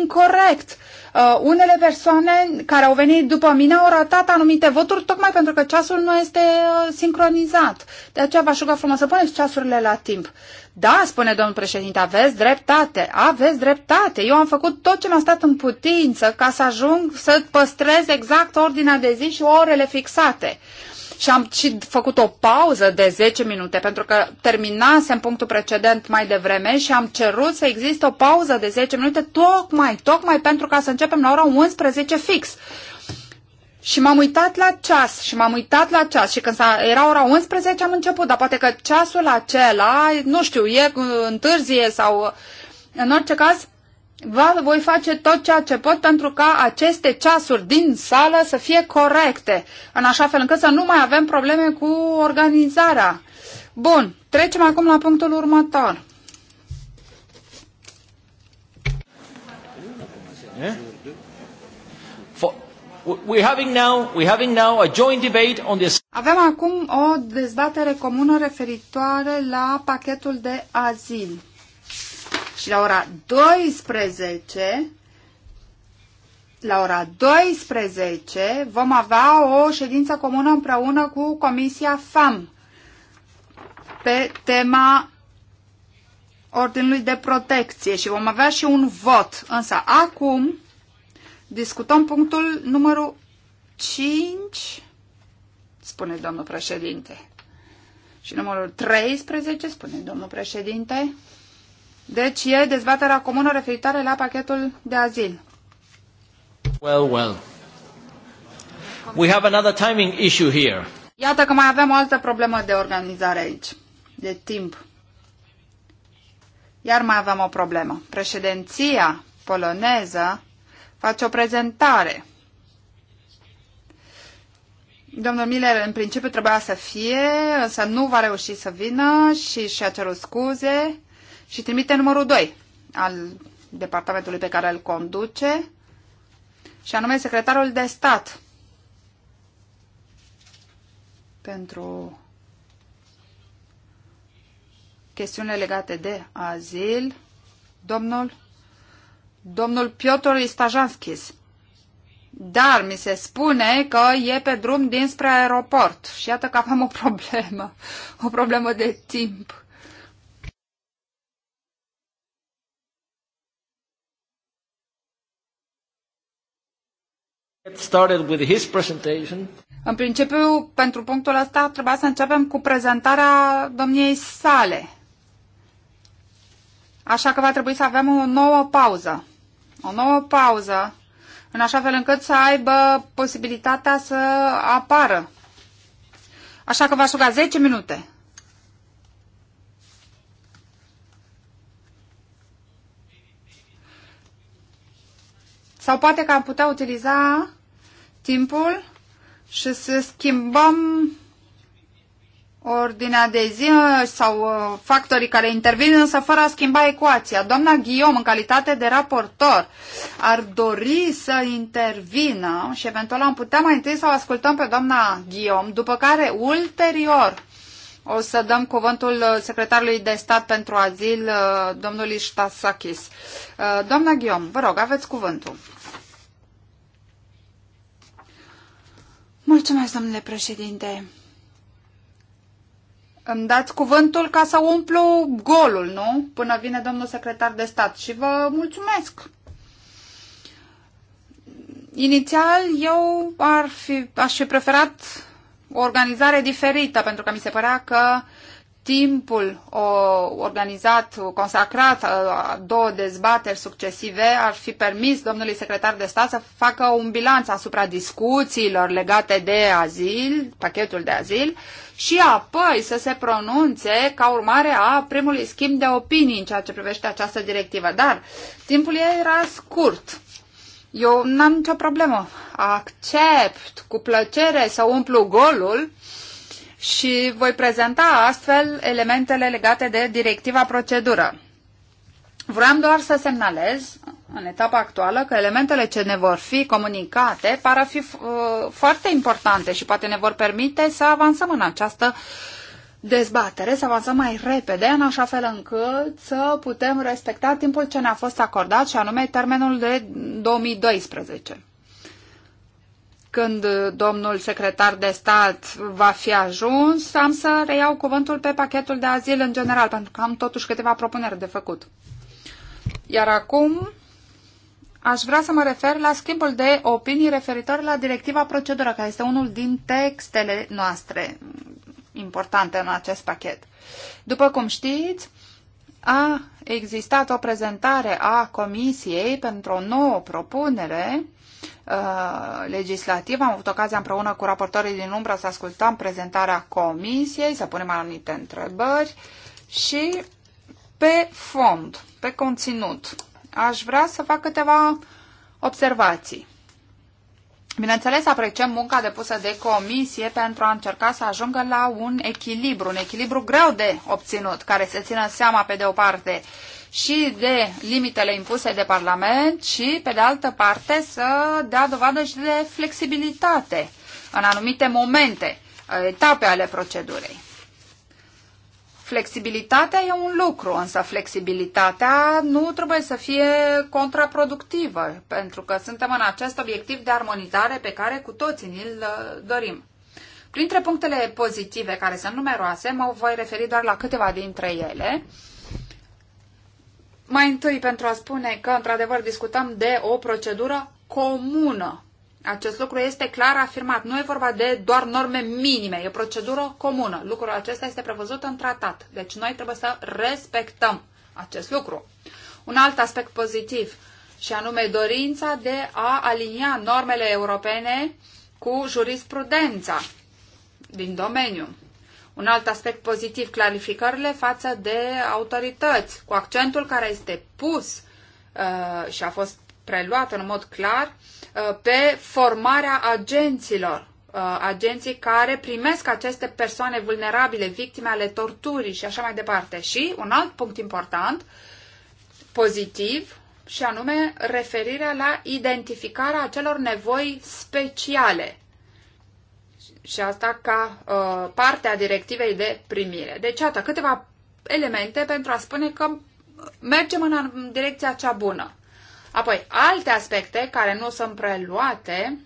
incorrect. Uh, unele persoane care au venit după mine au ratat anumite voturi tocmai pentru că ceasul nu este uh, sincronizat. De aceea v-aș ruga frumos să puneți ceasurile la timp. Da, spune domnul președinte, aveți dreptate, aveți dreptate. Eu am făcut tot ce mi-a stat în putință ca să ajung să păstrez exact ordinea de zi și orele fixate. Uh, și am și făcut o pauză de 10 minute, pentru că terminasem punctul precedent mai devreme și am cerut să existe o pauză de 10 minute tocmai, tocmai pentru ca să începem la ora 11 fix. Și m-am uitat la ceas și m-am uitat la ceas și când era ora 11 am început, dar poate că ceasul acela, nu știu, e întârzie sau... În orice caz, vă voi face tot ceea ce pot pentru ca aceste ceasuri din sală să fie corecte, în așa fel încât să nu mai avem probleme cu organizarea. Bun, trecem acum la punctul următor. Eh? Avem acum o dezbatere comună referitoare la pachetul de azil. Și la ora 12, la ora 12 vom avea o ședință comună împreună cu Comisia FAM pe tema Ordinului de Protecție și vom avea și un vot. Însă acum discutăm punctul numărul 5, spune domnul președinte. Și numărul 13, spune domnul președinte. Deci e dezbaterea comună referitoare la pachetul de azil. Well, well. We have another timing issue here. Iată că mai avem o altă problemă de organizare aici, de timp. Iar mai avem o problemă. Președinția poloneză face o prezentare. Domnul Miller în principiu trebuia să fie, însă nu va reuși să vină și și-a cerut scuze și trimite numărul 2 al departamentului pe care îl conduce, și anume secretarul de stat pentru chestiunile legate de azil, domnul, domnul Piotr Istajanskis. Dar mi se spune că e pe drum dinspre aeroport și iată că avem o problemă, o problemă de timp. Get started with his presentation. În principiu, pentru punctul ăsta, trebuia să începem cu prezentarea domniei sale. Așa că va trebui să avem o nouă pauză. O nouă pauză, în așa fel încât să aibă posibilitatea să apară. Așa că vă aș ruga 10 minute. Sau poate că am putea utiliza timpul și să schimbăm ordinea de zi uh, sau uh, factorii care intervin, însă fără a schimba ecuația. Doamna Ghiom, în calitate de raportor, ar dori să intervină și eventual am putea mai întâi să o ascultăm pe doamna Ghiom, după care ulterior o să dăm cuvântul uh, secretarului de stat pentru azil, domnului Ștasakis. Doamna Ghiom, vă rog, aveți cuvântul. Mulțumesc, domnule președinte. Îmi dați cuvântul ca să umplu golul, nu? Până vine domnul secretar de stat și vă mulțumesc. Inițial, eu ar fi, aș fi preferat o organizare diferită, pentru că mi se părea că uh, timpul organizat, consacrat a două dezbateri succesive ar fi permis domnului secretar de stat să facă un bilanț asupra discuțiilor legate de azil, pachetul de azil, și apoi să se pronunțe ca urmare a primului schimb de opinii în ceea ce privește această directivă. Dar timpul era scurt. Eu n-am nicio problemă. Accept cu plăcere să umplu golul și voi prezenta astfel elementele legate de directiva procedură. Vreau doar să semnalez în etapa actuală că elementele ce ne vor fi comunicate par a fi uh, foarte importante și poate ne vor permite să avansăm în această dezbatere, să avansăm mai repede, în așa fel încât să putem respecta timpul ce ne-a fost acordat și anume termenul de 2012 când uh, domnul secretar de stat va fi ajuns, am să reiau cuvântul pe pachetul de azil în general, pentru că am totuși câteva propuneri de făcut. Iar acum aș vrea să mă refer la schimbul de opinii referitor la directiva procedură, care este unul din textele noastre importante în acest pachet. După cum știți, a existat o prezentare a Comisiei pentru o nouă propunere Uh, legislativ. Am avut ocazia împreună cu raportorii din umbră să ascultăm prezentarea comisiei, să punem anumite întrebări și pe fond, pe conținut, aș vrea să fac câteva observații. Bineînțeles, apreciem munca depusă de comisie pentru a încerca să ajungă la un echilibru, un echilibru greu de obținut, care se țină seama, pe de o parte, și de limitele impuse de Parlament și, pe de altă parte, să dea dovadă și de flexibilitate în anumite momente, eh, etape ale procedurei. Flexibilitatea e un lucru, însă flexibilitatea nu trebuie să fie contraproductivă, pentru că suntem în acest obiectiv de armonizare pe care cu toții ni-l eh, dorim. Printre punctele pozitive, care sunt numeroase, mă voi referi doar la câteva dintre ele. Mai întâi pentru a spune că, într-adevăr, discutăm de o procedură comună. Acest lucru este clar afirmat. Nu e vorba de doar norme minime, e o procedură comună. Lucrul acesta este prevăzut în tratat. Deci noi trebuie să respectăm acest lucru. Un alt aspect pozitiv și anume dorința de a alinia normele europene cu jurisprudența din domeniu. Un alt aspect pozitiv, clarificările față de autorități, cu accentul care este pus uh, și a fost preluat în mod clar uh, pe formarea agenților, uh, agenții care primesc aceste persoane vulnerabile, victime ale torturii și așa mai departe. Și un alt punct important, pozitiv, și anume referirea la identificarea acelor nevoi speciale și asta ca uh, parte a directivei de primire. Deci, iată, câteva elemente pentru a spune că uh, mergem în direcția cea bună. Apoi, alte aspecte care nu sunt preluate,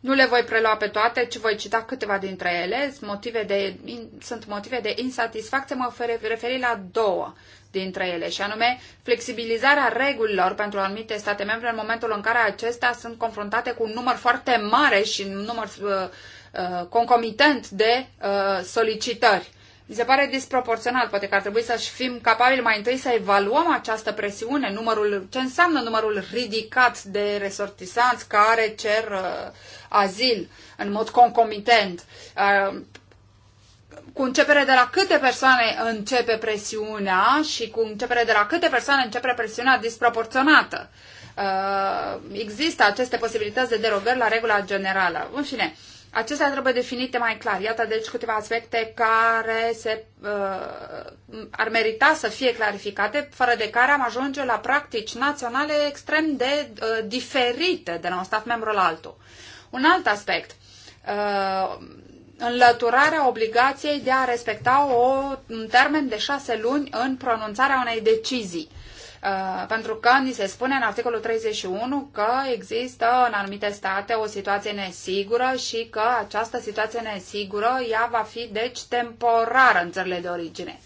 nu le voi prelua pe toate, ci voi cita câteva dintre ele. Sunt motive de, in, sunt motive de insatisfacție, mă referi la două dintre ele, și anume flexibilizarea regulilor pentru anumite state membre în momentul în care acestea sunt confruntate cu un număr foarte mare și un număr uh, uh concomitent de uh, solicitări. Mi se pare disproporțional, poate că ar trebui să fim capabili mai întâi să evaluăm această presiune, numărul, ce înseamnă numărul ridicat de resortisanți care cer uh, azil în mod concomitent. Uh, cu începere de la câte persoane începe presiunea și cu începere de la câte persoane începe presiunea disproporționată. Uh, există aceste posibilități de derogări la regula generală. În fine, Acestea trebuie definite mai clar. Iată, deci, câteva aspecte care se, uh, ar merita să fie clarificate, fără de care am ajunge la practici naționale extrem de uh, diferite de la un stat membru la altul. Un alt aspect. Uh, înlăturarea obligației de a respecta o, un termen de șase luni în pronunțarea unei decizii. Uh, pentru că ni se spune în articolul 31 că există în anumite state o situație nesigură și că această situație nesigură ea va fi deci temporară în țările de origine.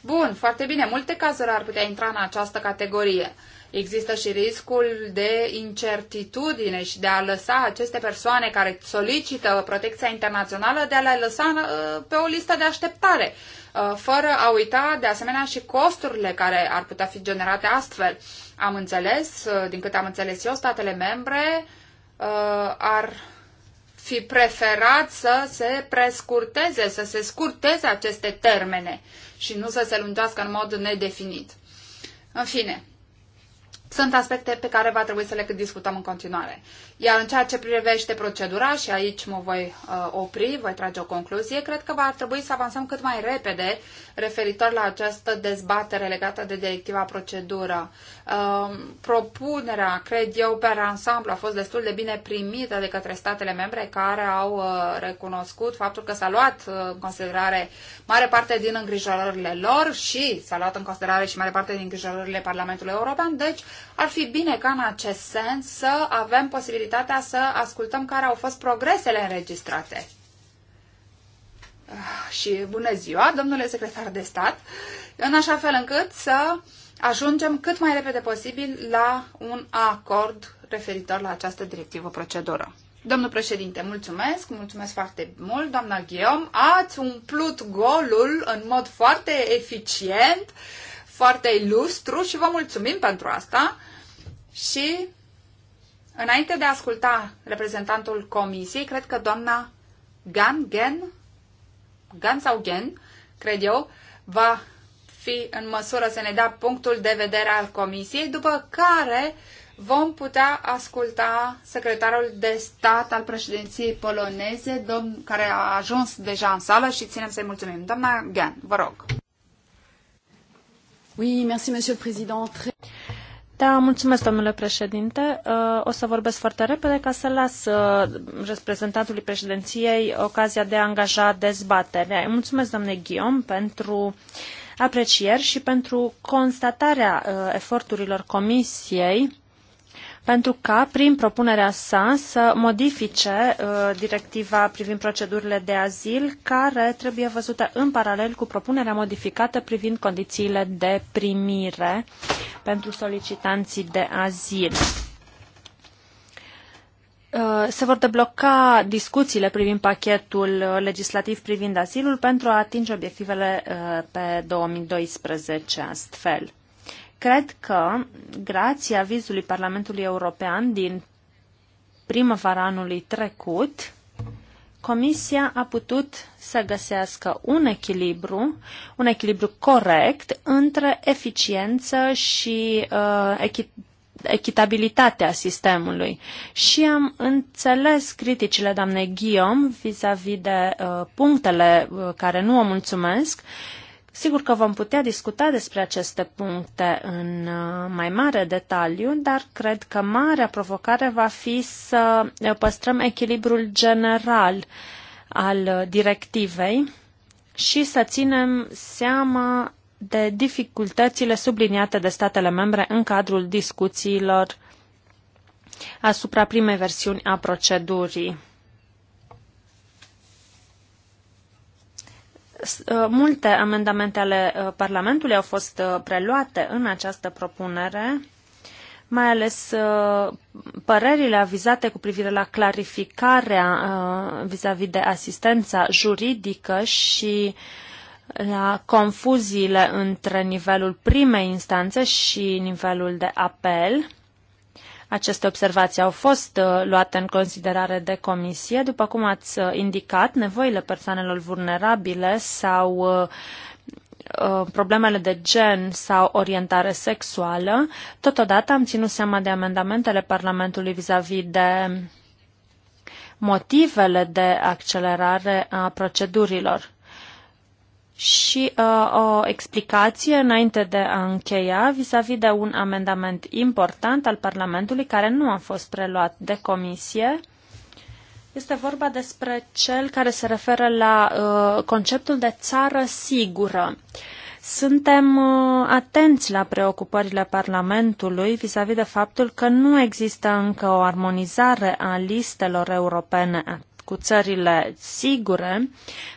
Bun, foarte bine, multe cazuri ar putea intra în această categorie. Există și riscul de incertitudine și de a lăsa aceste persoane care solicită protecția internațională, de a le lăsa uh, pe o listă de așteptare, uh, fără a uita de asemenea și costurile care ar putea fi generate astfel. Am înțeles, uh, din câte am înțeles eu, statele membre ar fi preferat să se prescurteze, să se scurteze aceste termene și nu să se lungească în mod nedefinit. În fine, sunt aspecte pe care va trebui să le discutăm în continuare. Iar în ceea ce privește procedura, și aici mă voi uh, opri, voi trage o concluzie, cred că va trebui să avansăm cât mai repede referitor la această dezbatere legată de directiva procedură. Uh, propunerea, cred eu, pe ansamblu a fost destul de bine primită de către statele membre care au uh, recunoscut faptul că s-a luat uh, în considerare mare parte din îngrijorările lor și s-a luat în considerare și mare parte din îngrijorările Parlamentului European, deci ar fi bine ca în acest sens să avem posibilitatea posibilitatea să ascultăm care au fost progresele înregistrate. Ah, și bună ziua, domnule secretar de stat, în așa fel încât să ajungem cât mai repede posibil la un acord referitor la această directivă procedură. Domnul președinte, mulțumesc, mulțumesc foarte mult, doamna Ghiom. Ați umplut golul în mod foarte eficient, foarte ilustru și vă mulțumim pentru asta. Și Înainte de a asculta reprezentantul comisiei, cred că doamna Gan, Gen, Gan sau Gen, cred eu, va fi în măsură să ne dea punctul de vedere al comisiei, după care vom putea asculta secretarul de stat al președinției poloneze, domn, care a ajuns deja în sală și ținem să-i mulțumim. Doamna Gan, vă rog. Oui, merci, monsieur le président. Da, mulțumesc, domnule președinte. Uh, o să vorbesc foarte repede ca să las uh, reprezentantului președinției ocazia de a angaja dezbaterea. Mulțumesc, domnule Ghiom, pentru aprecieri și pentru constatarea uh, eforturilor comisiei pentru ca, prin propunerea sa, să modifice uh, directiva privind procedurile de azil, care trebuie văzută în paralel cu propunerea modificată privind condițiile de primire pentru solicitanții de azil. Uh, se vor debloca discuțiile privind pachetul uh, legislativ privind azilul pentru a atinge obiectivele uh, pe 2012 astfel. Cred că, grație avizului Parlamentului European din primăvara anului trecut, Comisia a putut să găsească un echilibru, un echilibru corect între eficiență și uh, echi- echitabilitatea sistemului. Și am înțeles criticile doamnei Guillaume vis-a-vis de uh, punctele uh, care nu o mulțumesc Sigur că vom putea discuta despre aceste puncte în uh, mai mare detaliu, dar cred că marea provocare va fi să uh, păstrăm echilibrul general al uh, directivei și să ținem seama de dificultățile subliniate de statele membre în cadrul discuțiilor asupra primei versiuni a procedurii. Uh, multe amendamente ale uh, Parlamentului au fost uh, preluate în această propunere, mai ales părerile avizate cu privire la clarificarea vis-a-vis -vis de asistența juridică și la confuziile între nivelul primei instanțe și nivelul de apel aceste observații au fost uh, luate în considerare de comisie. După cum ați uh, indicat, nevoile persoanelor vulnerabile sau uh, problemele de gen sau orientare sexuală. Totodată am ținut seama de amendamentele Parlamentului vis-a-vis -vis de motivele de accelerare a procedurilor și uh, o explicație înainte de a încheia vis-a-vis -vis de un amendament important al Parlamentului care nu a fost preluat de comisie. Este vorba despre cel care se referă la uh, conceptul de țară sigură. Suntem uh, atenți la preocupările Parlamentului vis-a-vis -vis de faptul că nu există încă o armonizare a listelor europene a cu țările sigure,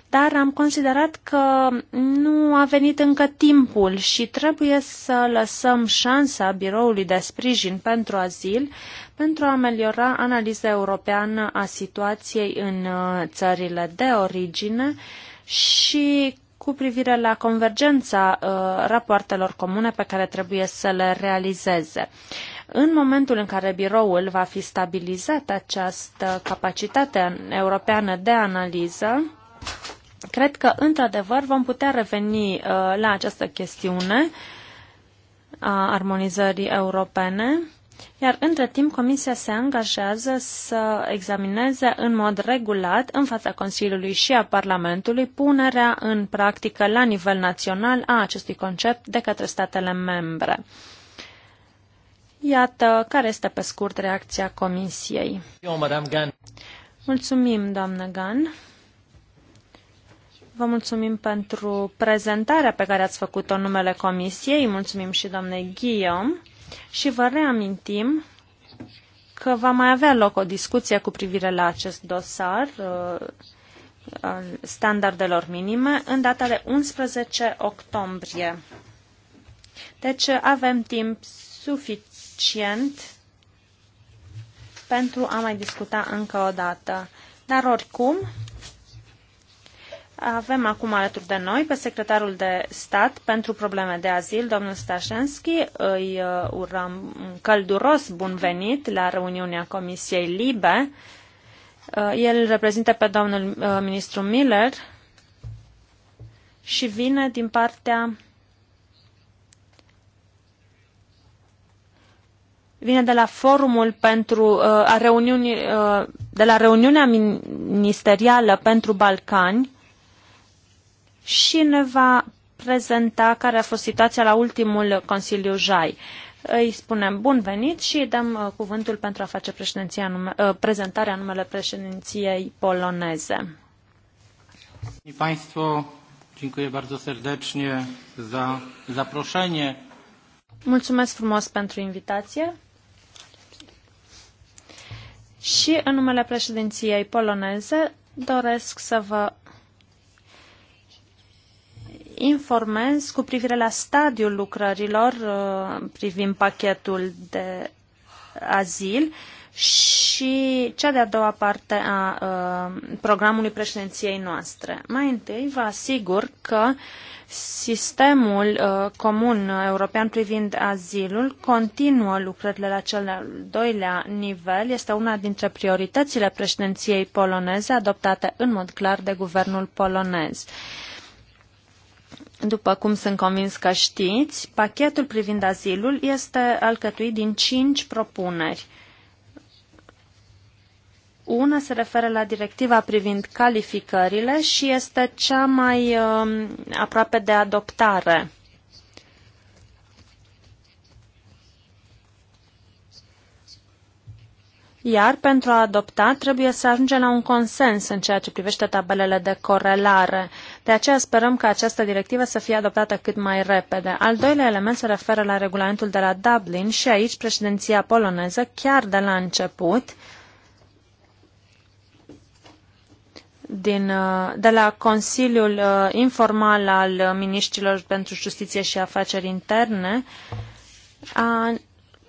dar am considerat că nu a venit încă timpul și trebuie să lăsăm șansa Biroului de Sprijin pentru Azil pentru a ameliora analiza europeană a situației în uh, țările de origine și cu privire la convergența uh, rapoartelor comune pe care trebuie să le realizeze. Uh, în momentul în care biroul va fi stabilizat această capacitate europeană de analiză, cred că, într-adevăr, vom putea reveni uh, la această chestiune a armonizării europene. Iar între timp, Comisia se angajează să examineze în mod regulat, în fața Consiliului și a Parlamentului, punerea în practică la nivel național a acestui concept de către statele membre. Iată care este pe scurt reacția Comisiei. Mulțumim, doamnă Gan. Vă mulțumim pentru prezentarea pe care ați făcut-o în numele Comisiei. Mulțumim și doamnei Guillaume și vă reamintim că va mai avea loc o discuție cu privire la acest dosar uh, standardelor minime în data de 11 octombrie. Deci avem timp suficient suficient pentru a mai discuta încă o dată. Dar oricum, avem acum alături de noi pe secretarul de stat pentru probleme de azil, domnul Stașenski. Îi uh, urăm călduros bun venit la reuniunea Comisiei Libe. Uh, el reprezintă pe domnul uh, ministru Miller și vine din partea vine de la forumul pentru uh, a reuniuni, uh, de la reuniunea ministerială pentru Balcani și ne va prezenta care a fost situația la ultimul Consiliu Jai. Îi spunem bun venit și îi dăm uh, cuvântul pentru a face președinția nume, prezentarea numele președinției poloneze. za Mulțumesc frumos pentru invitație și în numele președinției poloneze doresc să vă informez cu privire la stadiul lucrărilor uh, privind pachetul de azil și cea de-a doua parte a uh, programului președinției noastre. Mai întâi vă asigur că uh, Sistemul uh, comun european privind azilul continuă lucrările la cel de-al doilea nivel. Este una dintre prioritățile președinției poloneze adoptate în mod clar de guvernul polonez. După cum sunt convins că știți, pachetul privind azilul este alcătuit din cinci propuneri. Una se referă la directiva privind calificările și este cea mai uh, aproape de adoptare. Iar pentru a adopta trebuie să ajungem la un consens în ceea ce privește tabelele de corelare. De aceea sperăm că această directivă să fie adoptată cât mai repede. Al doilea element se referă la regulamentul de la Dublin și aici președinția poloneză, chiar de la început, uh, din, uh, de la Consiliul uh, Informal al Ministrilor pentru Justiție și Afaceri Interne a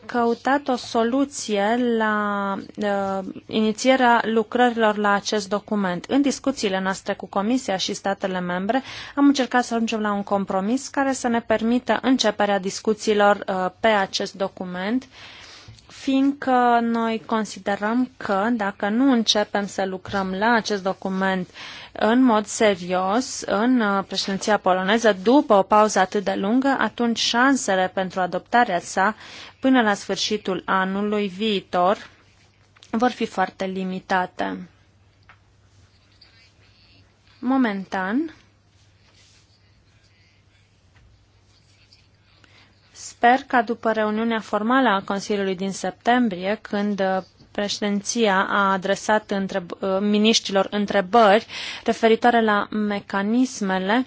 căutat o soluție la uh, inițierea lucrărilor la acest document. În discuțiile noastre cu Comisia și statele membre am încercat să ajungem la un compromis care să ne permită începerea discuțiilor uh, pe acest document uh, fiindcă noi considerăm că dacă nu începem să lucrăm la acest document în mod serios în uh, președinția poloneză după o pauză atât de lungă, atunci șansele pentru adoptarea sa până la sfârșitul anului viitor vor fi foarte limitate. Momentan, Sper ca după reuniunea formală a Consiliului din septembrie, când uh, președinția a adresat întreb- uh, miniștilor întrebări referitoare la mecanismele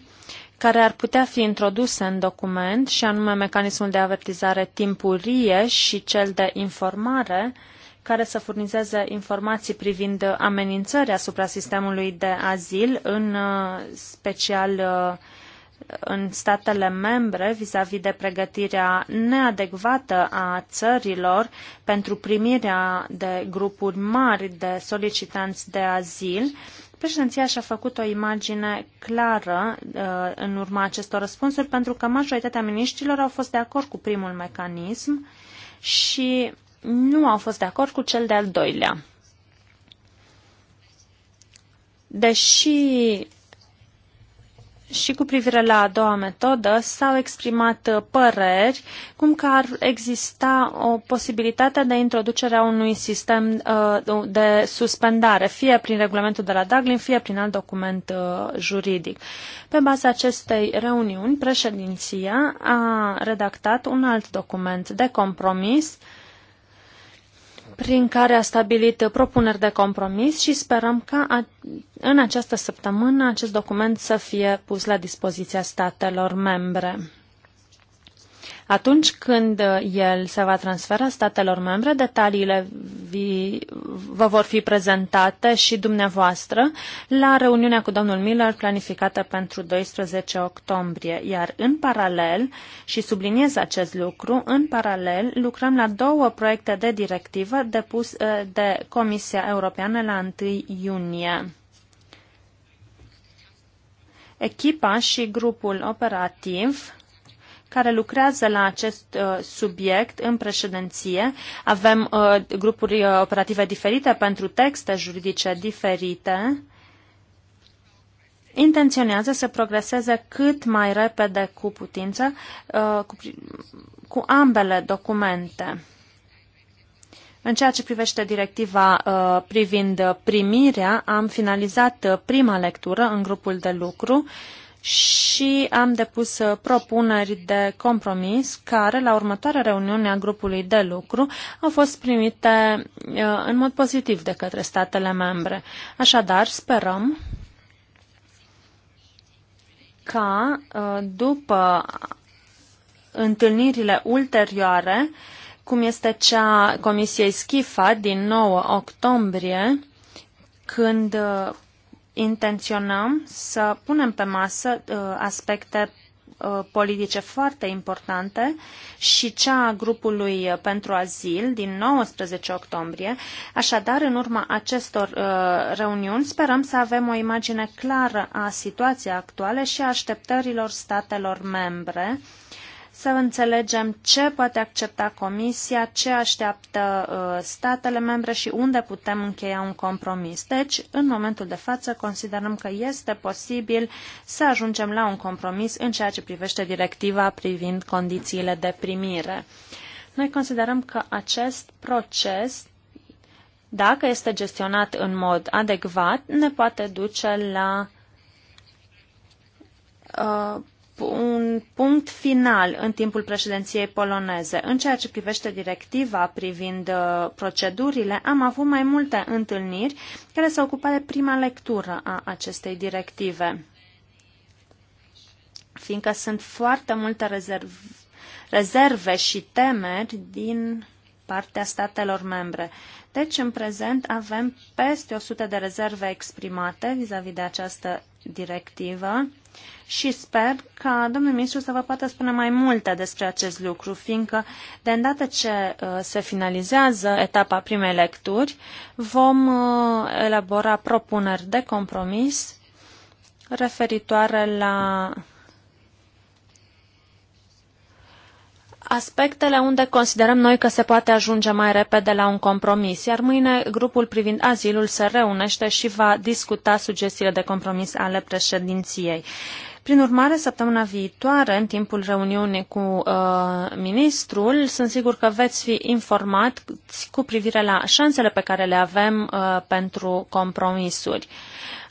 care ar putea fi introduse în document, și anume mecanismul de avertizare timpurie și cel de informare, care să furnizeze informații privind amenințări asupra sistemului de azil, în uh, special uh, în statele membre vis-a-vis de pregătirea neadecvată a țărilor pentru primirea de grupuri mari de solicitanți de azil, Președinția și-a făcut o imagine clară uh, în urma acestor răspunsuri, pentru că majoritatea miniștrilor au fost de acord cu primul mecanism și nu au fost de acord cu cel de-al doilea. Deși și cu privire la a doua metodă s-au exprimat uh, păreri cum că ar exista o posibilitate de introducerea unui sistem uh, de suspendare, fie prin regulamentul de la Dublin, fie prin alt document uh, juridic. Pe baza acestei reuniuni, președinția a redactat un alt document de compromis prin care a stabilit propuneri de compromis și sperăm ca în această săptămână acest document să fie pus la dispoziția statelor membre. Atunci când uh, el se va transfera statelor membre, detaliile vi, vă vor fi prezentate și dumneavoastră la reuniunea cu domnul Miller planificată pentru 12 octombrie. Iar în paralel, și subliniez acest lucru, în paralel lucrăm la două proiecte de directivă depus uh, de Comisia Europeană la 1 iunie. Echipa și grupul operativ care lucrează la acest uh, subiect în președinție. Avem uh, grupuri uh, operative diferite pentru texte juridice diferite. Intenționează să progreseze cât mai repede cu putință uh, cu, cu ambele documente. În ceea ce privește directiva uh, privind primirea, am finalizat uh, prima lectură în grupul de lucru. Uh, și am depus uh, propuneri de compromis care, la următoarea reuniune a grupului de lucru, au fost primite uh, în mod pozitiv de către statele membre. Așadar, sperăm ca uh, după întâlnirile ulterioare, cum este cea Comisiei Schifa din 9 octombrie, când intenționăm să punem pe masă uh, aspecte uh, politice foarte importante și cea a grupului uh, pentru azil din 19 octombrie. Așadar, în urma acestor reuniuni, sperăm să avem o imagine clară a situației actuale și a așteptărilor statelor membre uh, să înțelegem ce poate accepta Comisia, ce așteaptă uh, statele membre și unde putem încheia un compromis. Deci, în momentul de față, considerăm că este posibil să ajungem la un compromis în ceea ce privește directiva privind condițiile de primire. Noi considerăm că acest proces dacă este gestionat în mod adecvat, ne poate duce la uh, un punct final în timpul președinției poloneze. În ceea ce privește directiva privind uh, procedurile, am avut mai multe întâlniri care s-au ocupat de prima lectură a acestei directive. Fiindcă sunt foarte multe rezerv rezerve și temeri din partea statelor membre. Deci, în prezent, avem peste 100 de rezerve exprimate vis-a-vis -vis de această directivă și sper ca domnul ministru să vă poată spune mai multe despre acest lucru, fiindcă de îndată ce uh, se finalizează etapa primei lecturi, vom uh, elabora propuneri de compromis referitoare la aspectele unde considerăm noi că se poate ajunge mai repede la un compromis, iar mâine grupul privind azilul se reunește și va discuta sugestiile de compromis ale președinției. Prin urmare, săptămâna viitoare, în timpul reuniunii cu uh, ministrul, sunt sigur că veți fi informat cu privire la șansele pe care le avem uh, pentru compromisuri.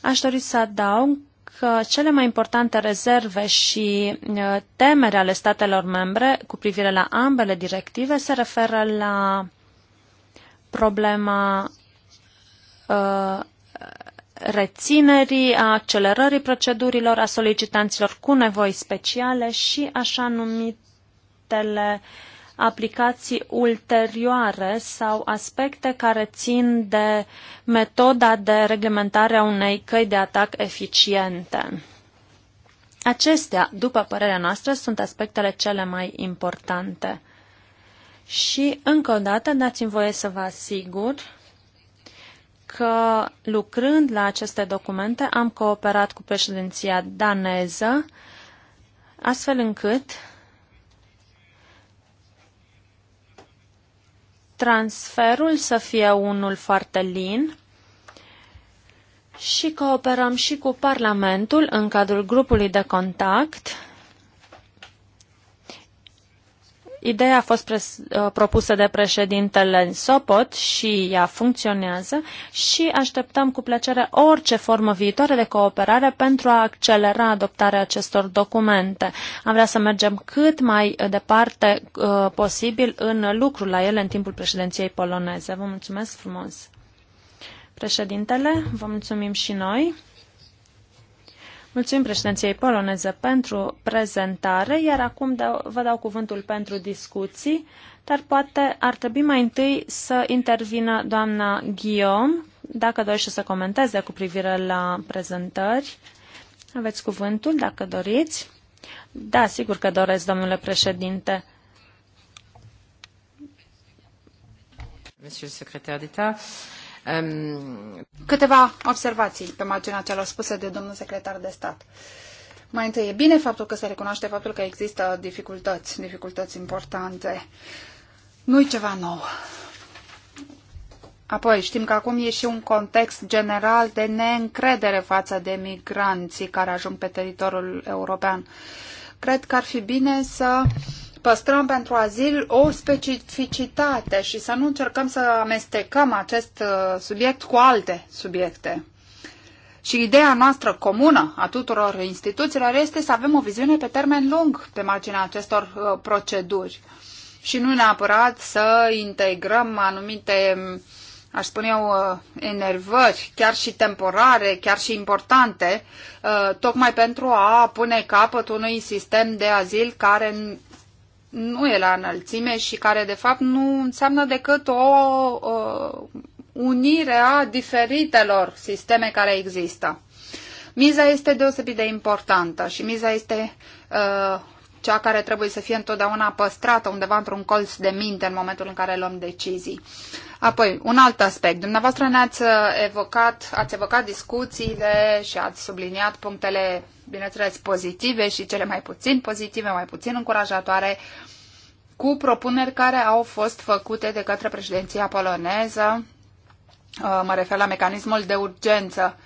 Aș dori să adaug că cele mai importante rezerve și uh, temere ale statelor membre cu privire la ambele directive se referă la problema uh, reținerii, a accelerării procedurilor, a solicitanților cu nevoi speciale și așa numitele uh, aplicații ulterioare sau aspecte care țin de metoda de reglementare a unei căi de atac eficiente. Acestea, după părerea noastră, sunt aspectele cele mai importante. Și, încă o dată, dați-mi voie să vă asigur că, lucrând la aceste documente, am cooperat cu președinția daneză, astfel încât transferul să fie unul foarte lin și cooperăm și cu Parlamentul în cadrul grupului de contact Ideea a fost pres, uh, propusă de președintele Sopot și ea funcționează și așteptăm cu plăcere orice formă viitoare de cooperare pentru a accelera adoptarea acestor documente. Am vrea să mergem cât mai departe uh, posibil în lucru la ele în timpul președinției poloneze. Vă mulțumesc frumos! Președintele, vă mulțumim și noi. Mulțumim președinției poloneze pentru prezentare, iar acum dau, vă dau cuvântul pentru discuții, dar poate ar trebui mai întâi să intervină doamna Guillaume, dacă dorește să comenteze cu privire la prezentări. Aveți cuvântul, dacă doriți. Da, sigur că doresc, domnule președinte. Monsieur le secrétaire d'État, um, câteva observații pe marginea celor spuse de domnul secretar de stat. Mai întâi, e bine faptul că se recunoaște faptul că există dificultăți, dificultăți importante. Nu-i ceva nou. Apoi, știm că acum e și un context general de neîncredere față de migranții care ajung pe teritoriul european. Cred că ar fi bine să uh, păstrăm pentru azil o specificitate și să nu încercăm să amestecăm acest uh, subiect cu alte subiecte. Și ideea noastră comună a tuturor instituțiilor este să avem o viziune pe termen lung pe marginea acestor uh, proceduri și nu neapărat să integrăm anumite, aș spune eu, uh, enervări, chiar și temporare, chiar și importante, tocmai pentru a pune capăt unui sistem de azil care nu e la înălțime și care de fapt nu înseamnă decât o, o unire a diferitelor sisteme care există. Miza este deosebit de importantă și miza este uh, cea care trebuie să fie întotdeauna păstrată undeva într-un colț de minte în momentul în care luăm decizii. Apoi, un alt aspect. Dumneavoastră ne-ați evocat, ați evocat discuțiile și ați subliniat punctele bineînțeles, pozitive și cele mai puțin pozitive, mai puțin încurajatoare, cu propuneri care au fost făcute de către președinția poloneză, uh, mă refer la mecanismul de urgență,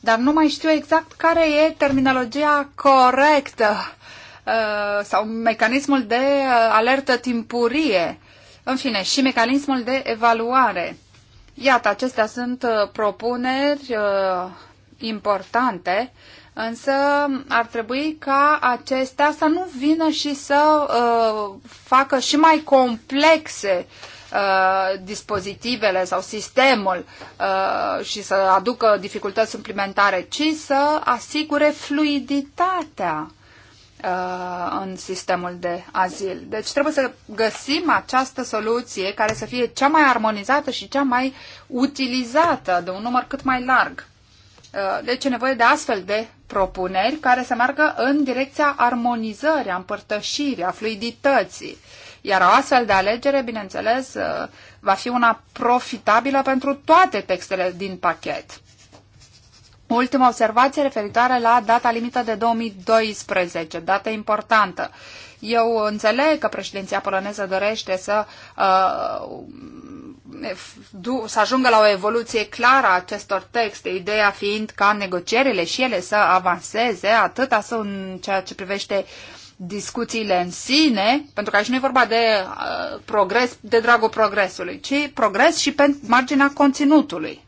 dar nu mai știu exact care e terminologia corectă uh, sau mecanismul de uh, alertă timpurie, în fine, și mecanismul de evaluare. Iată, acestea sunt propuneri importante Însă ar trebui ca acestea să nu vină și să uh, facă și mai complexe uh, dispozitivele sau sistemul uh, și să aducă dificultăți suplimentare, ci să asigure fluiditatea uh, în sistemul de azil. Deci trebuie să găsim această soluție care să fie cea mai armonizată și cea mai utilizată de un număr cât mai larg. Uh, deci e nevoie de astfel de propuneri care să meargă în direcția armonizării, a împărtășirii, a fluidității. Iar o astfel de alegere, bineînțeles, uh, va fi una profitabilă pentru toate textele din pachet. Ultima observație referitoare la data limită de 2012, dată importantă. Eu înțeleg că președinția poloneză dorește să uh, să ajungă la o evoluție clară a acestor texte, ideea fiind ca negocierile și ele să avanseze, atât să în ceea ce privește discuțiile în sine, pentru că aici nu e vorba de uh, progres, de dragul progresului, ci progres și pe marginea conținutului.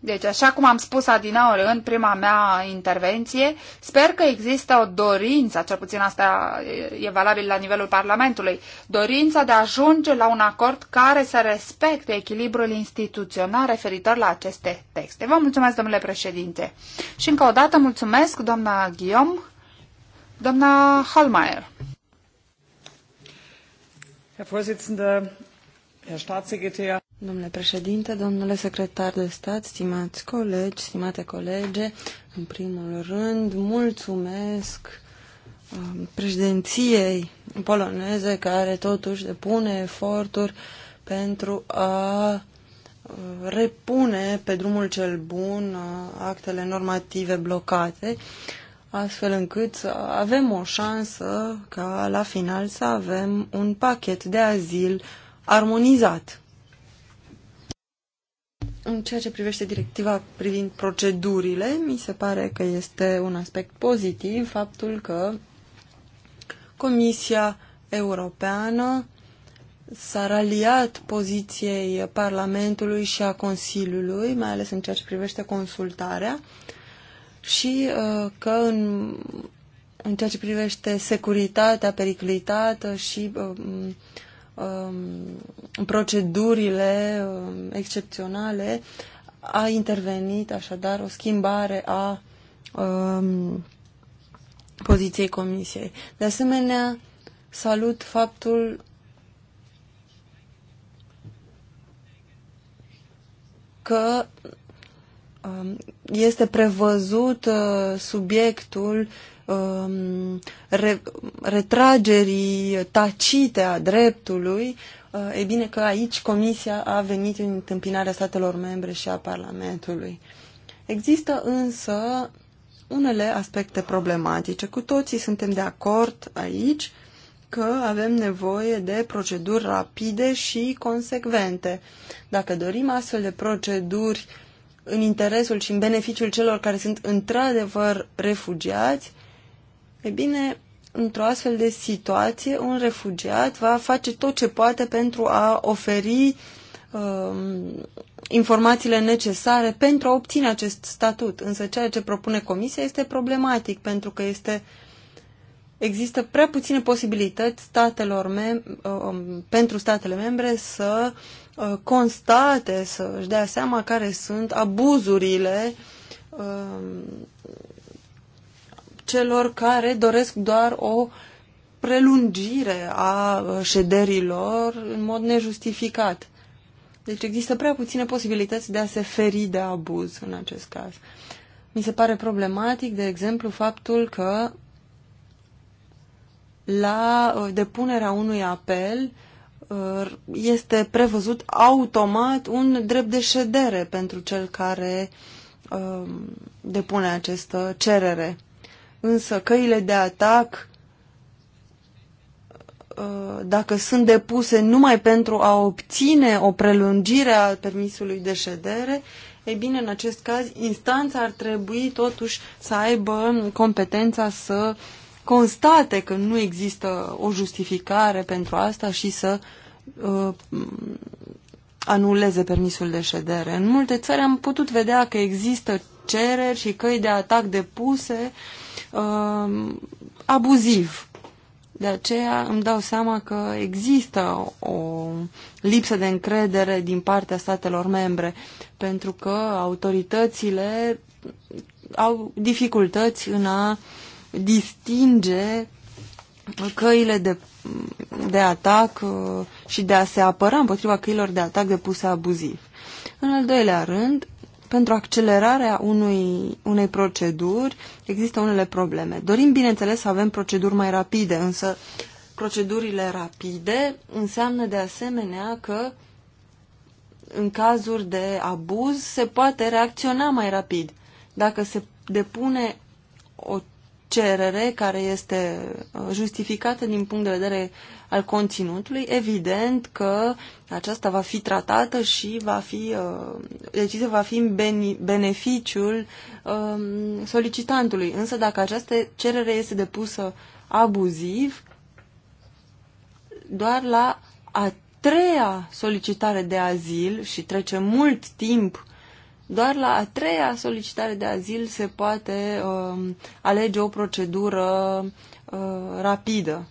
Deci, așa cum am spus adinaori în prima mea intervenție, sper că există o dorință, cel puțin asta e valabil la nivelul Parlamentului, dorința de a ajunge la un acord care să respecte echilibrul instituțional referitor la aceste texte. Vă mulțumesc, domnule președinte. Și încă o dată mulțumesc, doamna Guillaume, doamna Hallmeier. Herr Vorsitzender, Herr Staatssekretär, Domnule președinte, domnule secretar de stat, stimați colegi, stimate colege, în primul rând, mulțumesc um, președinției poloneze care totuși depune eforturi pentru a uh, repune pe drumul cel bun uh, actele normative blocate, astfel încât să avem o șansă ca la final să avem un pachet de azil armonizat. În ceea ce privește directiva privind procedurile, mi se pare că este un aspect pozitiv faptul că Comisia Europeană s-a raliat poziției Parlamentului și a Consiliului, mai ales în ceea ce privește consultarea, și uh, că în, în ceea ce privește securitatea periculitatea și uh, Um, procedurile um, excepționale, a intervenit așadar o schimbare a um, poziției Comisiei. De asemenea, salut faptul că um, este prevăzut uh, subiectul Um, re, retragerii tacite a dreptului, uh, e bine că aici Comisia a venit în întâmpinarea statelor membre și a Parlamentului. Există însă unele aspecte problematice. Cu toții suntem de acord aici că avem nevoie de proceduri rapide și consecvente. Dacă dorim astfel de proceduri în interesul și în beneficiul celor care sunt într-adevăr refugiați, E bine, într-o astfel de situație, un refugiat va face tot ce poate pentru a oferi um, informațiile necesare pentru a obține acest statut. Însă ceea ce propune Comisia este problematic, pentru că este există prea puține posibilități statelor mem- um, pentru statele membre să uh, constate, să-și dea seama care sunt abuzurile um, celor care doresc doar o prelungire a șederilor în mod nejustificat. Deci există prea puține posibilități de a se feri de abuz în acest caz. Mi se pare problematic, de exemplu, faptul că la uh, depunerea unui apel uh, este prevăzut automat un drept de ședere pentru cel care uh, depune această cerere însă căile de atac, uh, dacă sunt depuse numai pentru a obține o prelungire a permisului de ședere, ei bine, în acest caz, instanța ar trebui totuși să aibă competența să constate că nu există o justificare pentru asta și să uh, anuleze permisul de ședere. În multe țări am putut vedea că există cereri și căi de atac depuse uh, uh, abuziv. De aceea îmi dau seama că există o lipsă de încredere din partea statelor membre, pentru că autoritățile au dificultăți în a distinge căile de, de atac uh, și de a se apăra împotriva căilor de atac depuse abuziv. În al doilea rând, pentru accelerarea unui, unei proceduri există unele probleme. Dorim, bineînțeles, să avem proceduri mai rapide, însă procedurile rapide înseamnă de asemenea că în cazuri de abuz se poate reacționa mai rapid. Dacă se depune o cerere care este uh, justificată din punct de vedere al conținutului, evident că aceasta va fi tratată și va fi, uh, decizia va fi în beneficiul um, solicitantului. Însă dacă această cerere este depusă abuziv, doar la a treia solicitare de azil și trece mult timp doar la a treia solicitare de azil se poate uh, alege o procedură uh, rapidă.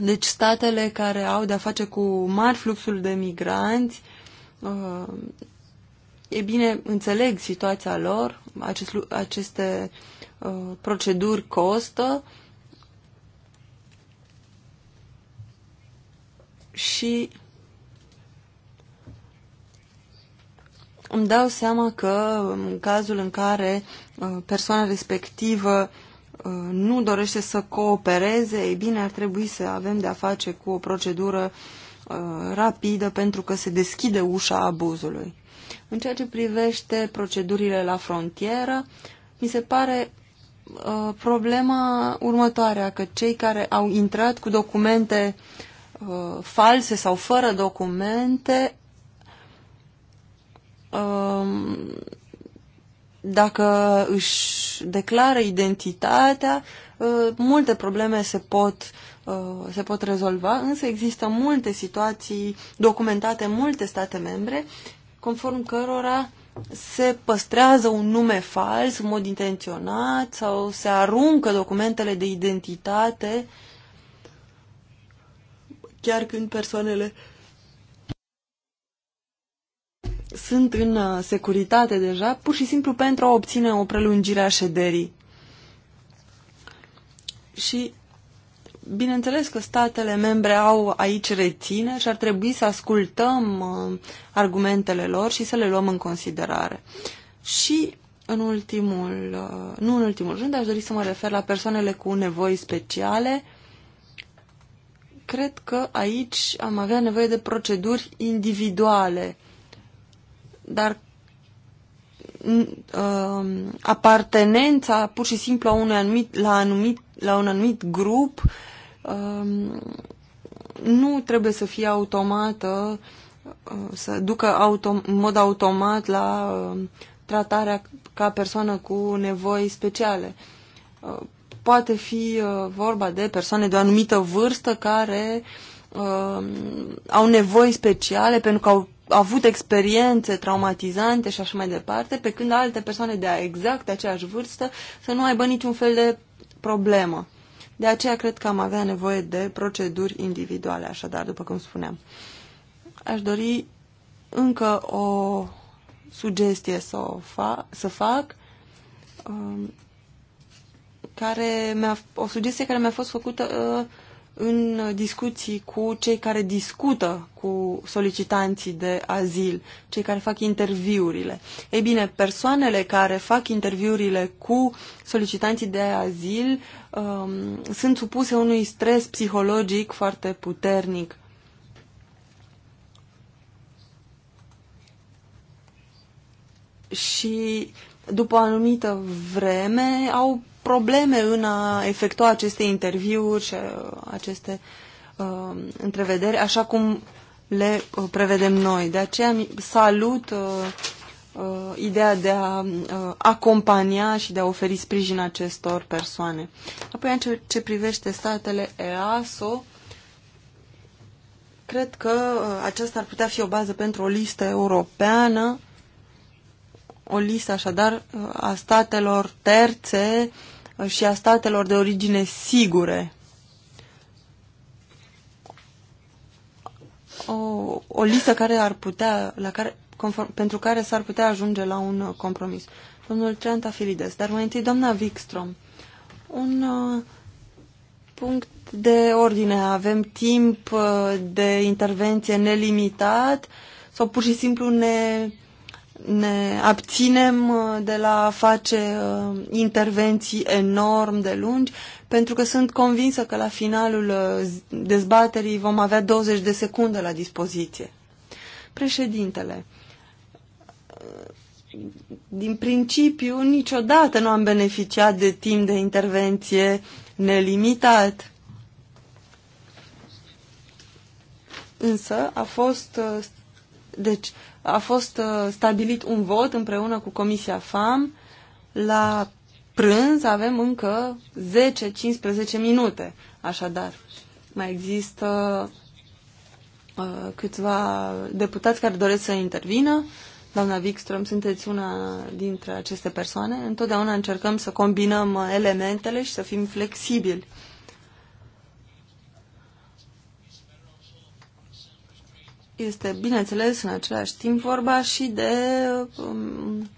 Deci statele care au de-a face cu mari fluxuri de migranți, uh, e bine, înțeleg situația lor, acest, aceste uh, proceduri costă și îmi dau seama că în cazul în care uh, persoana respectivă uh, nu dorește să coopereze, ei bine, ar trebui să avem de-a face cu o procedură uh, rapidă pentru că se deschide ușa abuzului. În ceea ce privește procedurile la frontieră, mi se pare problema următoarea, că cei care au intrat cu documente false sau fără documente Um, dacă își declară identitatea, uh, multe probleme se pot, uh, se pot rezolva, însă există multe situații documentate în multe state membre, conform cărora se păstrează un nume fals, în mod intenționat, sau se aruncă documentele de identitate, chiar când persoanele sunt în uh, securitate deja, pur și simplu pentru a obține o prelungire a șederii. Și bineînțeles că statele membre au aici reține și ar trebui să ascultăm uh, argumentele lor și să le luăm în considerare. Și în ultimul, uh, nu în ultimul rând, aș dori să mă refer la persoanele cu nevoi speciale. Cred că aici am avea nevoie de proceduri individuale dar mm, um, apartenența pur și simplu a unui anumit, la, anumit, la un anumit grup um, nu trebuie să fie automată, uh, să ducă autom, în mod automat la um, tratarea ca persoană cu nevoi speciale. Uh, poate fi uh, vorba de persoane de o anumită vârstă care au nevoi speciale pentru că au avut experiențe traumatizante și așa mai departe, pe când alte persoane de exact aceeași vârstă să nu aibă niciun fel de problemă. De aceea cred că am avea nevoie de proceduri individuale, așadar, după cum spuneam. Aș dori încă o sugestie să, o fa- să fac, um, care mi-a, o sugestie care mi-a fost făcută uh, în discuții cu cei care discută cu solicitanții de azil, cei care fac interviurile. Ei bine, persoanele care fac interviurile cu solicitanții de azil um, sunt supuse unui stres psihologic foarte puternic. Și după o anumită vreme au probleme în a efectua aceste interviuri și uh, aceste uh, întrevederi, așa cum le uh, prevedem noi. De aceea salut uh, uh, ideea de a uh, acompania și de a oferi sprijin acestor persoane. Apoi, în ce, ce privește statele EASO, cred că uh, aceasta ar putea fi o bază pentru o listă europeană, o listă așadar uh, a statelor terțe și a statelor de origine sigure. O, o listă care ar putea, la care, conform, pentru care s-ar putea ajunge la un compromis. Domnul Trenta Filides, dar mai întâi doamna Wikstrom. Un uh, punct de ordine. Avem timp uh, de intervenție nelimitat sau pur și simplu ne ne abținem uh, de la a face uh, intervenții enorm de lungi, pentru că sunt convinsă că la finalul uh, dezbaterii vom avea 20 de secunde la dispoziție. Președintele, din principiu, niciodată nu am beneficiat de timp de intervenție nelimitat. Însă a fost... Deci, a fost uh, stabilit un vot împreună cu Comisia FAM. La prânz avem încă 10-15 minute, așadar. Mai există uh, câțiva deputați care doresc să intervină. Doamna Wikström, sunteți una dintre aceste persoane. Întotdeauna încercăm să combinăm elementele și să fim flexibili. este, bineînțeles, în același timp vorba și de um,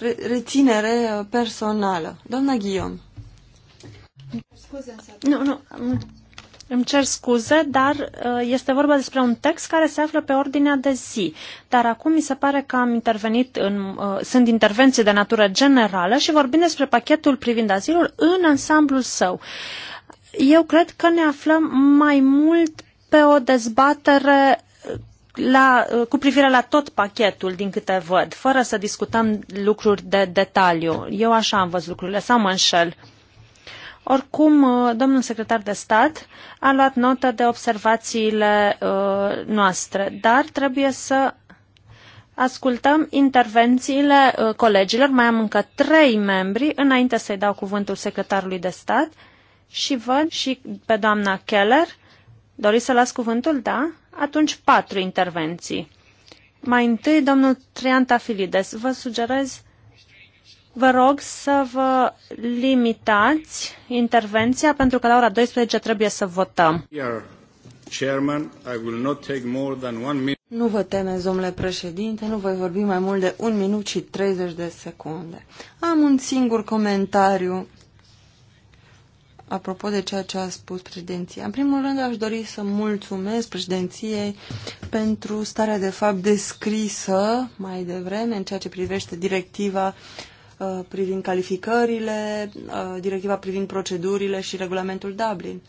re reținere personală. Doamna Ghion. Nu, nu. Îmi cer scuze, dar uh, este vorba despre un text care se află pe ordinea de zi. Dar acum mi se pare că am intervenit în, uh, sunt intervenții de natură generală și vorbim despre pachetul privind azilul în ansamblul său. Eu cred că ne aflăm mai mult pe o dezbatere la, cu privire la tot pachetul, din câte văd, fără să discutăm lucruri de detaliu. Eu așa am văzut lucrurile, sau mă înșel. Oricum, domnul secretar de stat a luat notă de observațiile uh, noastre, dar trebuie să ascultăm intervențiile uh, colegilor. Mai am încă trei membri înainte să-i dau cuvântul secretarului de stat și văd și pe doamna Keller Doriți să las cuvântul? Da? Atunci patru intervenții. Mai întâi, domnul Triantafilides, vă sugerez, vă rog să vă limitați intervenția, pentru că la ora 12 trebuie să votăm. Nu vă temeți, domnule președinte, nu voi vorbi mai mult de un minut și 30 de secunde. Am un singur comentariu apropo de ceea ce a spus președinția. În primul rând, aș dori să mulțumesc președinției pentru starea de fapt descrisă mai devreme în ceea ce privește directiva uh, privind calificările, uh, directiva privind procedurile și regulamentul Dublin.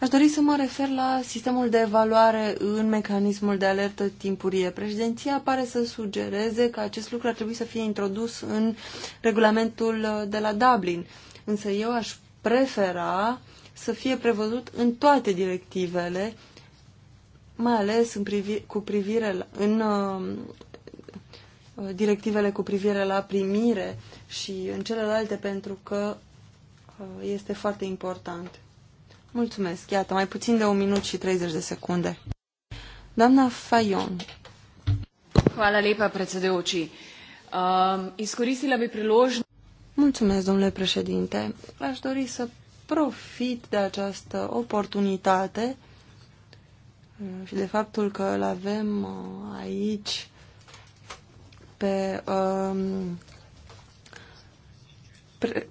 Aș dori să mă refer la sistemul de evaluare în mecanismul de alertă timpurie. Președinția pare să sugereze că acest lucru ar trebui să fie introdus în regulamentul uh, de la Dublin. Însă eu aș prefera să fie prevăzut în toate directivele, mai ales în privi, cu privire la, în uh, directivele cu privire la primire și în celelalte pentru că uh, este foarte important. Mulțumesc. Iată, mai puțin de un minut și 30 de secunde. Doamna Fayon. Hvala lepa, predsedujoči. Um, izkoristila bi priložnost Mulțumesc, domnule președinte. Aș dori să profit de această oportunitate uh, și de faptul că îl avem uh, aici pe, um,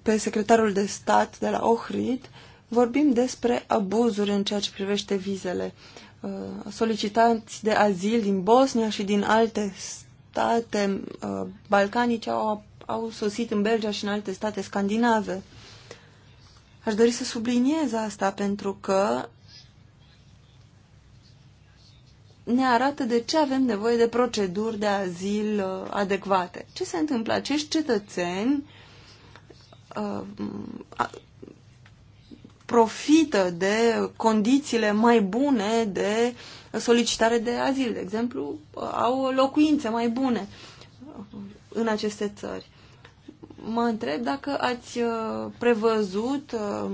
pe secretarul de stat de la Ohrid, vorbim despre abuzuri în ceea ce privește vizele. Uh, Solicitanți de azil din Bosnia și din alte state balcanice au au sosit în Belgia și în alte state scandinave. Aș dori să subliniez asta pentru că ne arată de ce avem nevoie de proceduri de azil uh, adecvate. Ce se întâmplă? Acești cetățeni uh, profită de condițiile mai bune de solicitare de azil. De exemplu, au locuințe mai bune în aceste țări mă întreb dacă ați uh, prevăzut uh,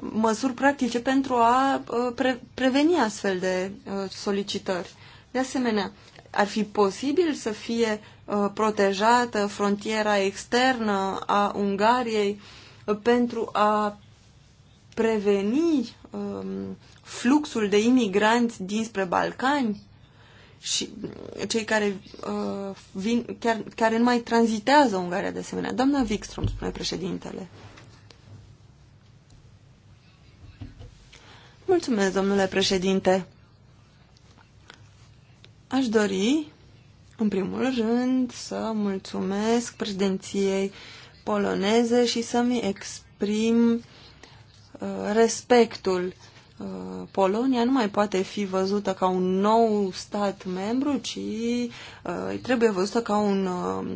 măsuri practice pentru a uh, preveni astfel de solicitări. De asemenea, ar fi posibil să fie protejată frontiera externă a Ungariei pentru a preveni um, fluxul de imigranți dinspre Balcani? și cei care uh, vin, chiar, care nu mai tranzitează Ungaria de asemenea. Doamna Wikström, spune președintele. Mulțumesc, domnule președinte. Aș dori, în primul rând, să mulțumesc președinției poloneze și să-mi exprim uh, respectul Uh, Polonia nu mai poate fi văzută ca un nou stat membru, ci uh, trebuie văzută ca un um,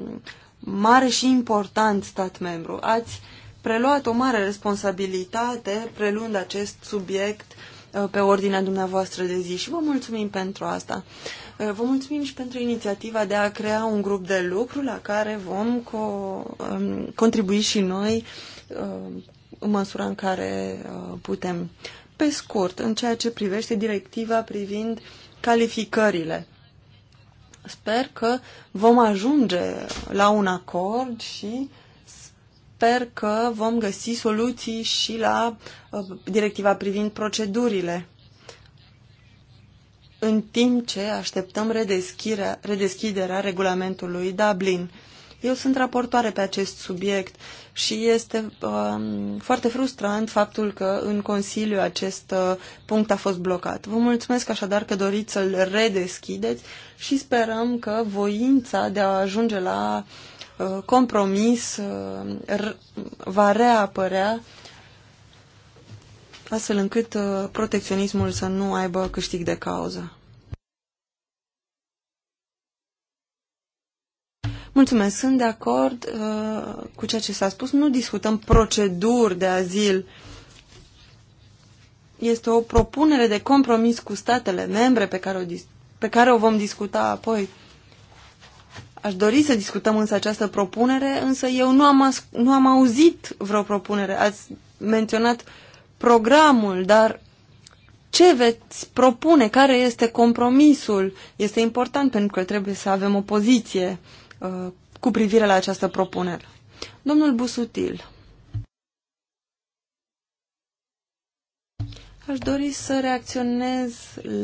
mare și important stat membru. Ați preluat o mare responsabilitate preluând acest subiect uh, pe ordinea dumneavoastră de zi și vă mulțumim pentru asta. Vă mulțumim și pentru inițiativa de a crea un grup de lucru la care vom co- um, contribui și noi în măsura în care putem. Pe scurt, în ceea ce privește directiva privind calificările, sper că vom ajunge la un acord și sper că vom găsi soluții și la uh, directiva privind procedurile. În timp ce așteptăm redeschiderea regulamentului Dublin. Eu sunt raportoare pe acest subiect și este um, foarte frustrant faptul că în Consiliu acest uh, punct a fost blocat. Vă mulțumesc așadar că doriți să-l redeschideți și sperăm că voința de a ajunge la uh, compromis uh, va reapărea astfel încât uh, protecționismul să nu aibă câștig de cauză. Mulțumesc, sunt de acord uh, cu ceea ce s-a spus. Nu discutăm proceduri de azil. Este o propunere de compromis cu statele membre pe care o, pe care o vom discuta apoi. Aș dori să discutăm însă această propunere, însă eu nu am, nu am auzit vreo propunere. Ați menționat programul, dar ce veți propune? Care este compromisul? Este important pentru că trebuie să avem o poziție Uh, cu privire la această propunere. Domnul Busutil. Aș dori să reacționez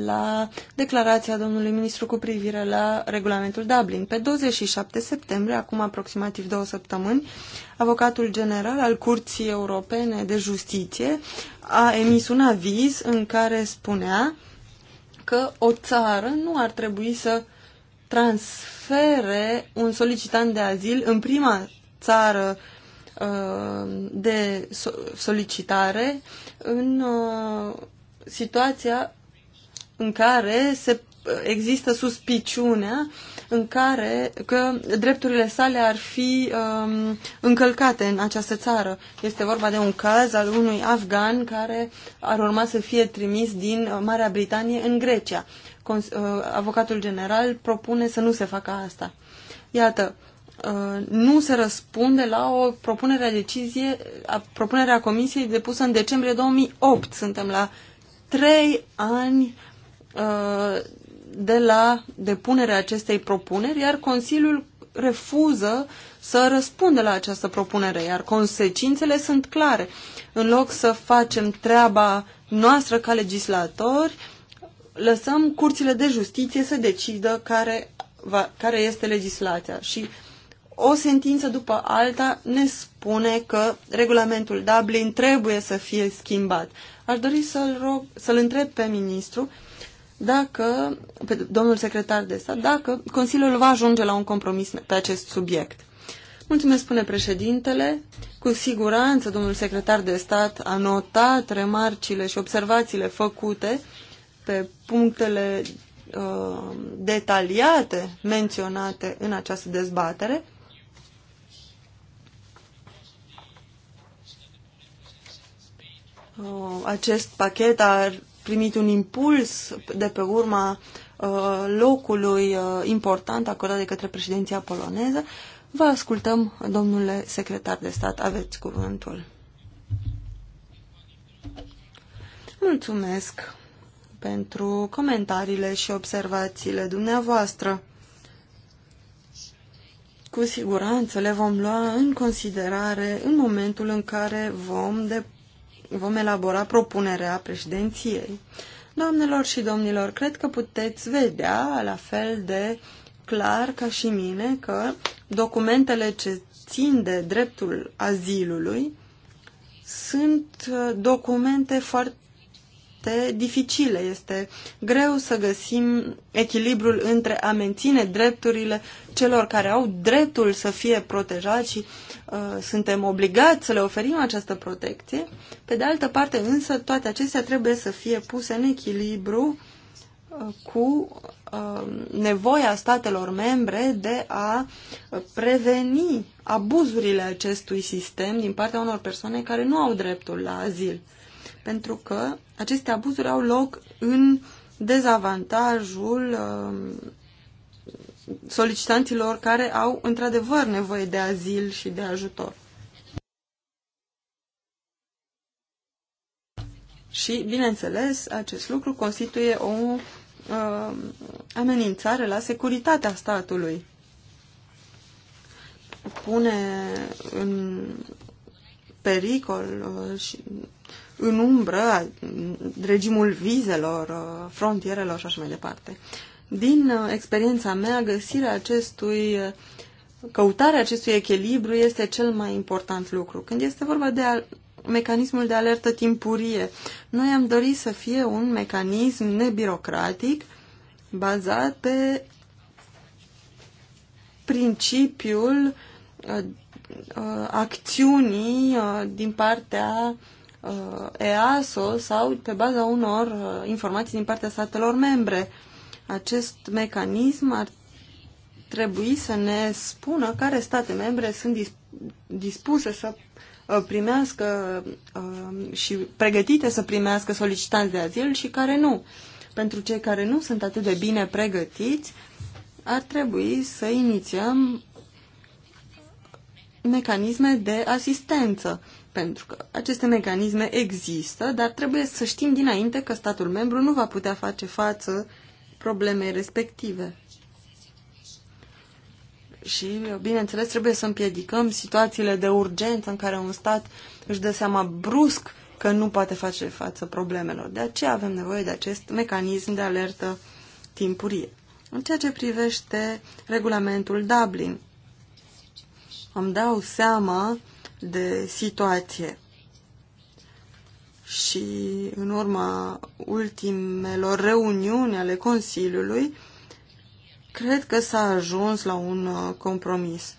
la declarația domnului ministru cu privire la regulamentul Dublin. Pe 27 septembrie, acum aproximativ două săptămâni, avocatul general al Curții Europene de Justiție a emis un aviz în care spunea că o țară nu ar trebui să transfere un solicitant de azil în prima țară uh, de solicitare în uh, situația în care se uh, există suspiciunea în care că drepturile sale ar fi um, încălcate în această țară. Este vorba de un caz al unui afgan care ar urma să fie trimis din Marea Britanie în Grecia. Uh, avocatul general propune să nu se facă asta. Iată, uh, nu se răspunde la o propunere a decizie, a propunerea comisiei depusă în decembrie 2008. Suntem la trei ani uh, de la depunerea acestei propuneri, iar Consiliul refuză să răspundă la această propunere, iar consecințele sunt clare. În loc să facem treaba noastră ca legislatori, uh, lăsăm curțile de justiție să decidă care, va, care este legislația. Și o sentință după alta ne spune că regulamentul Dublin trebuie să fie schimbat. Aș dori să-l, rog, să-l întreb pe ministru dacă, pe domnul secretar de stat, dacă Consiliul va ajunge la un compromis pe acest subiect. Mulțumesc, spune președintele. Cu siguranță, domnul secretar de stat a notat remarcile și observațiile făcute pe punctele uh, detaliate menționate în această dezbatere. Uh, acest pachet a primit un impuls de pe urma uh, locului uh, important acordat de către președinția poloneză. Vă ascultăm, domnule secretar de stat, aveți cuvântul. Mulțumesc pentru comentariile și observațiile dumneavoastră. Cu siguranță le vom lua în considerare în momentul în care vom, de, vom elabora propunerea președinției. Doamnelor și domnilor, cred că puteți vedea la fel de clar ca și mine că documentele ce țin de dreptul azilului sunt documente foarte este dificilă. Este greu să găsim echilibrul între a menține drepturile celor care au dreptul să fie protejați și uh, suntem obligați să le oferim această protecție. Pe de altă parte, însă, toate acestea trebuie să fie puse în echilibru uh, cu uh, nevoia statelor membre de a preveni abuzurile acestui sistem din partea unor persoane care nu au dreptul la azil pentru că aceste abuzuri au loc în dezavantajul um, solicitanților care au într-adevăr nevoie de azil și de ajutor. Și, bineînțeles, acest lucru constituie o uh, amenințare la securitatea statului. Pune în pericol uh, și în umbră regimul vizelor, uh, frontierelor și așa mai departe. Din uh, experiența mea, găsirea acestui, uh, căutarea acestui echilibru este cel mai important lucru. Când este vorba de al, mecanismul de alertă timpurie, noi am dorit să fie un mecanism nebirocratic bazat pe principiul acțiunii din partea Uh, EASO sau pe baza unor uh, informații din partea statelor membre. Acest mecanism ar trebui să ne spună care state membre sunt dispuse să uh, primească și pregătite să primească solicitanți de azil și care nu. Pentru cei care nu sunt atât de bine pregătiți, ar trebui să inițiem mecanisme de asistență. Pentru că aceste mecanisme există, dar trebuie să știm dinainte că statul membru nu va putea face față problemei respective. Și, bineînțeles, trebuie să împiedicăm situațiile de urgență în care un stat își dă seama brusc că nu poate face față problemelor. De aceea avem nevoie de acest mecanism de alertă timpurie. În ceea ce privește regulamentul Dublin, am dau seama de situație. Și în urma ultimelor reuniuni ale Consiliului, cred că s-a ajuns la un uh, compromis.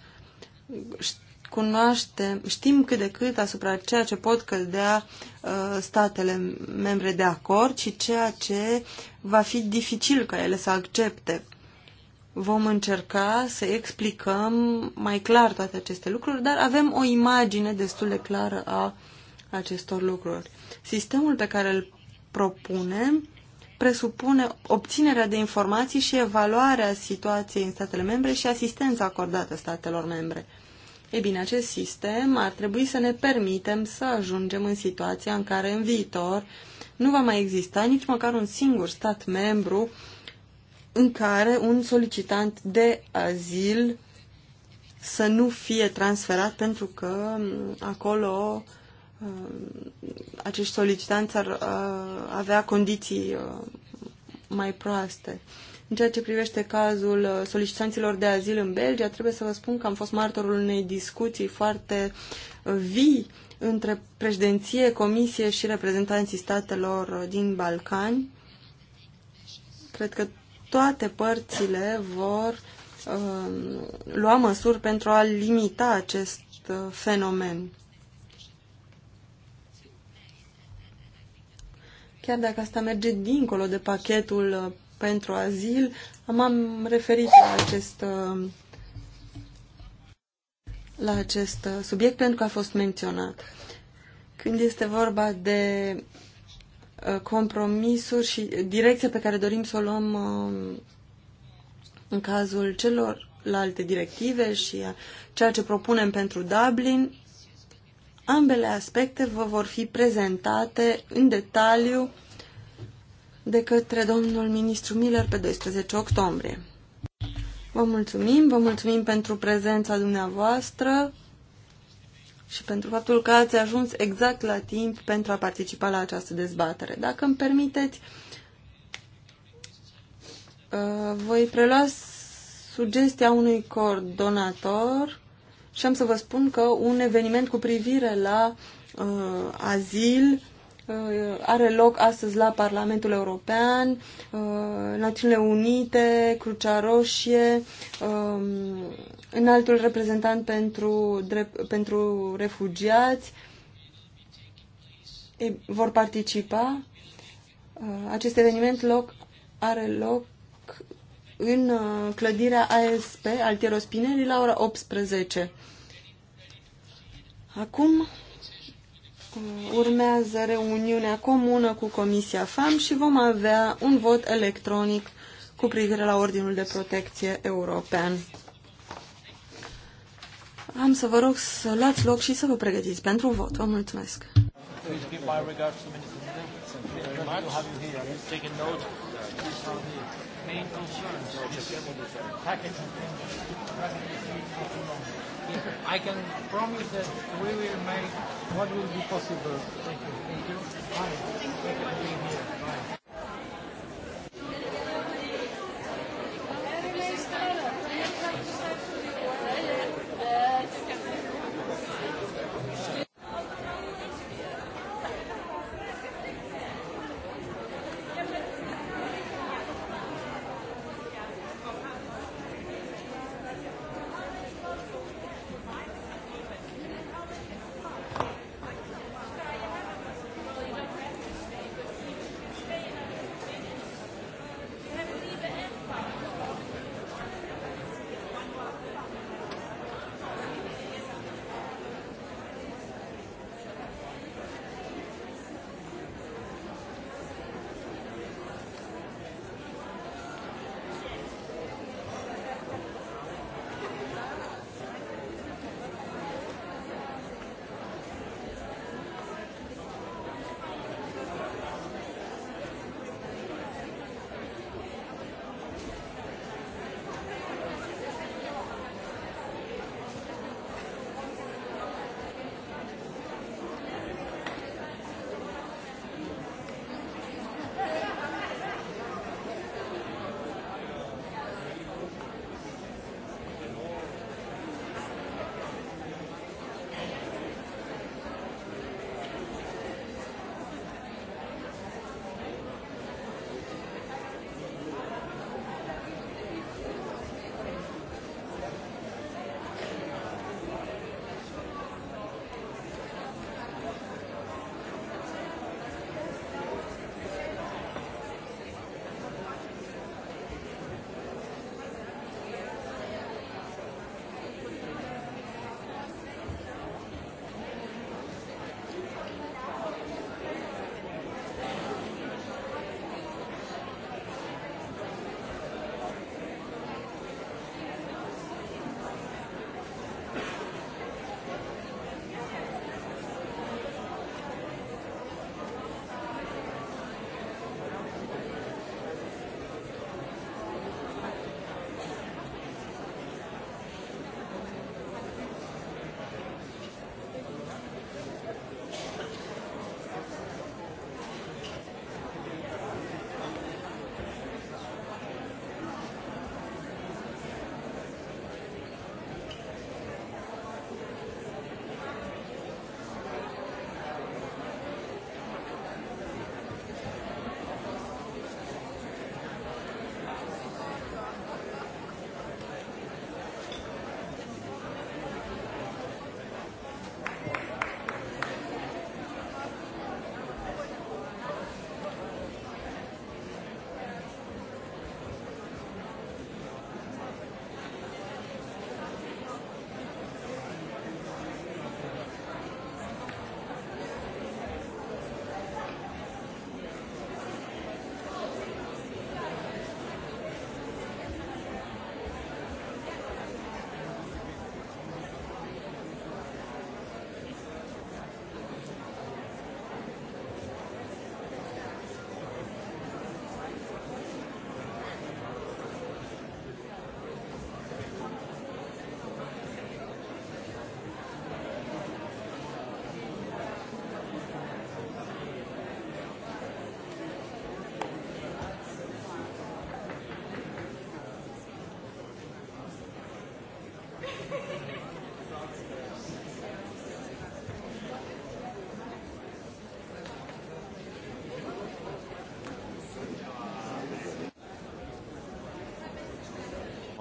Cunoaștem, știm cât de cât asupra ceea ce pot cădea uh, statele membre de acord și ceea ce va fi dificil ca ele să accepte vom încerca să explicăm mai clar toate aceste lucruri, dar avem o imagine destul de clară a acestor lucruri. Sistemul pe care îl propunem presupune obținerea de informații și evaluarea situației în statele membre și asistența acordată statelor membre. Ei bine, acest sistem ar trebui să ne permitem să ajungem în situația în care în viitor nu va mai exista nici măcar un singur stat membru în care un solicitant de azil să nu fie transferat pentru că mm, acolo mm, acești solicitanți ar uh, avea condiții uh, mai proaste. În ceea ce privește cazul uh, solicitanților de azil în Belgia, trebuie să vă spun că am fost martorul unei discuții foarte vii între președinție, comisie și reprezentanții statelor din Balcani. Cred că toate părțile vor uh, lua măsuri pentru a limita acest uh, fenomen. Chiar dacă asta merge dincolo de pachetul uh, pentru azil, m-am referit la acest, uh, la acest uh, subiect pentru că a fost menționat. Când este vorba de Uh, compromisuri și direcția pe care dorim să o luăm uh, în cazul celorlalte directive și ceea ce propunem pentru Dublin, ambele aspecte vă vor fi prezentate în detaliu de către domnul ministru Miller pe 12 octombrie. Vă mulțumim, vă mulțumim pentru prezența dumneavoastră și pentru faptul că ați ajuns exact la timp pentru a participa la această dezbatere. Dacă îmi permiteți, uh, voi prelua sugestia unui coordonator și am să vă spun că un eveniment cu privire la uh, azil Uh, are loc astăzi la Parlamentul European, uh, Națiunile Unite, Crucea Roșie, um, înaltul reprezentant pentru, drept, pentru refugiați vor participa. Uh, acest eveniment loc are loc în clădirea ASP, Altiero Spinelli, la ora 18. Acum urmează reuniunea comună cu Comisia FAM și vom avea un vot electronic cu privire la Ordinul de Protecție European. Am să vă rog să luați loc și să vă pregătiți pentru vot. Vă mulțumesc. Thank you very much main concerns I can promise that we will make what will be possible. Thank you. Thank you. Bye. Thank you Thank you. Bye.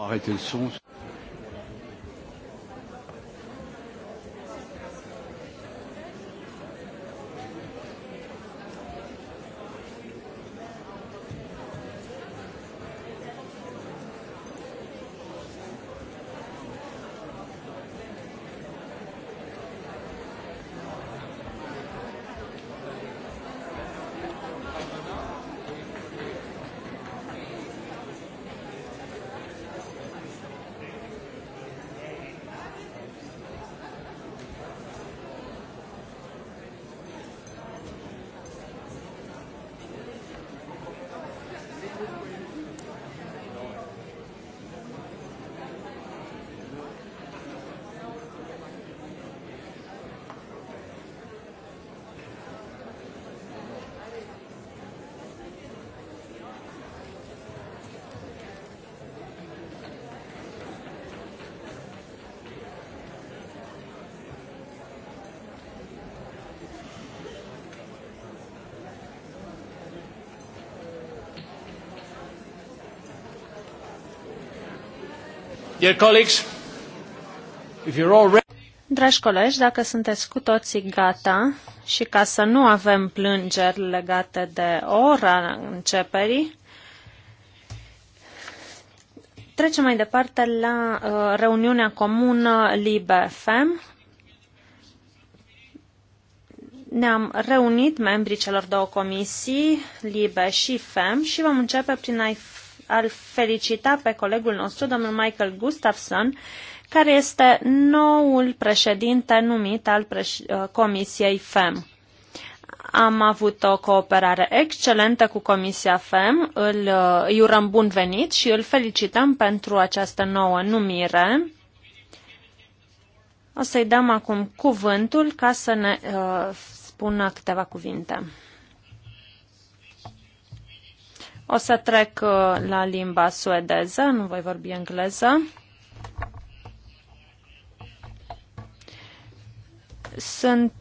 Arrêtez le son. Dragi colegi, dacă sunteți cu toții gata și ca să nu avem plângeri legate de ora începerii, trecem mai departe la uh, reuniunea comună LIBE-FEM. Ne-am reunit membrii celor două comisii, LIBE și FEM, și vom începe prin a-i al felicita pe colegul nostru, domnul Michael Gustafson, care este noul președinte numit al preș- uh, Comisiei FEM. Am avut o cooperare excelentă cu Comisia FEM, îl, uh, îi urăm bun venit și îl felicităm pentru această nouă numire. O să-i dăm acum cuvântul ca să ne uh, spună câteva cuvinte. O să trec uh, la limba suedeză, nu voi vorbi engleză. Sunt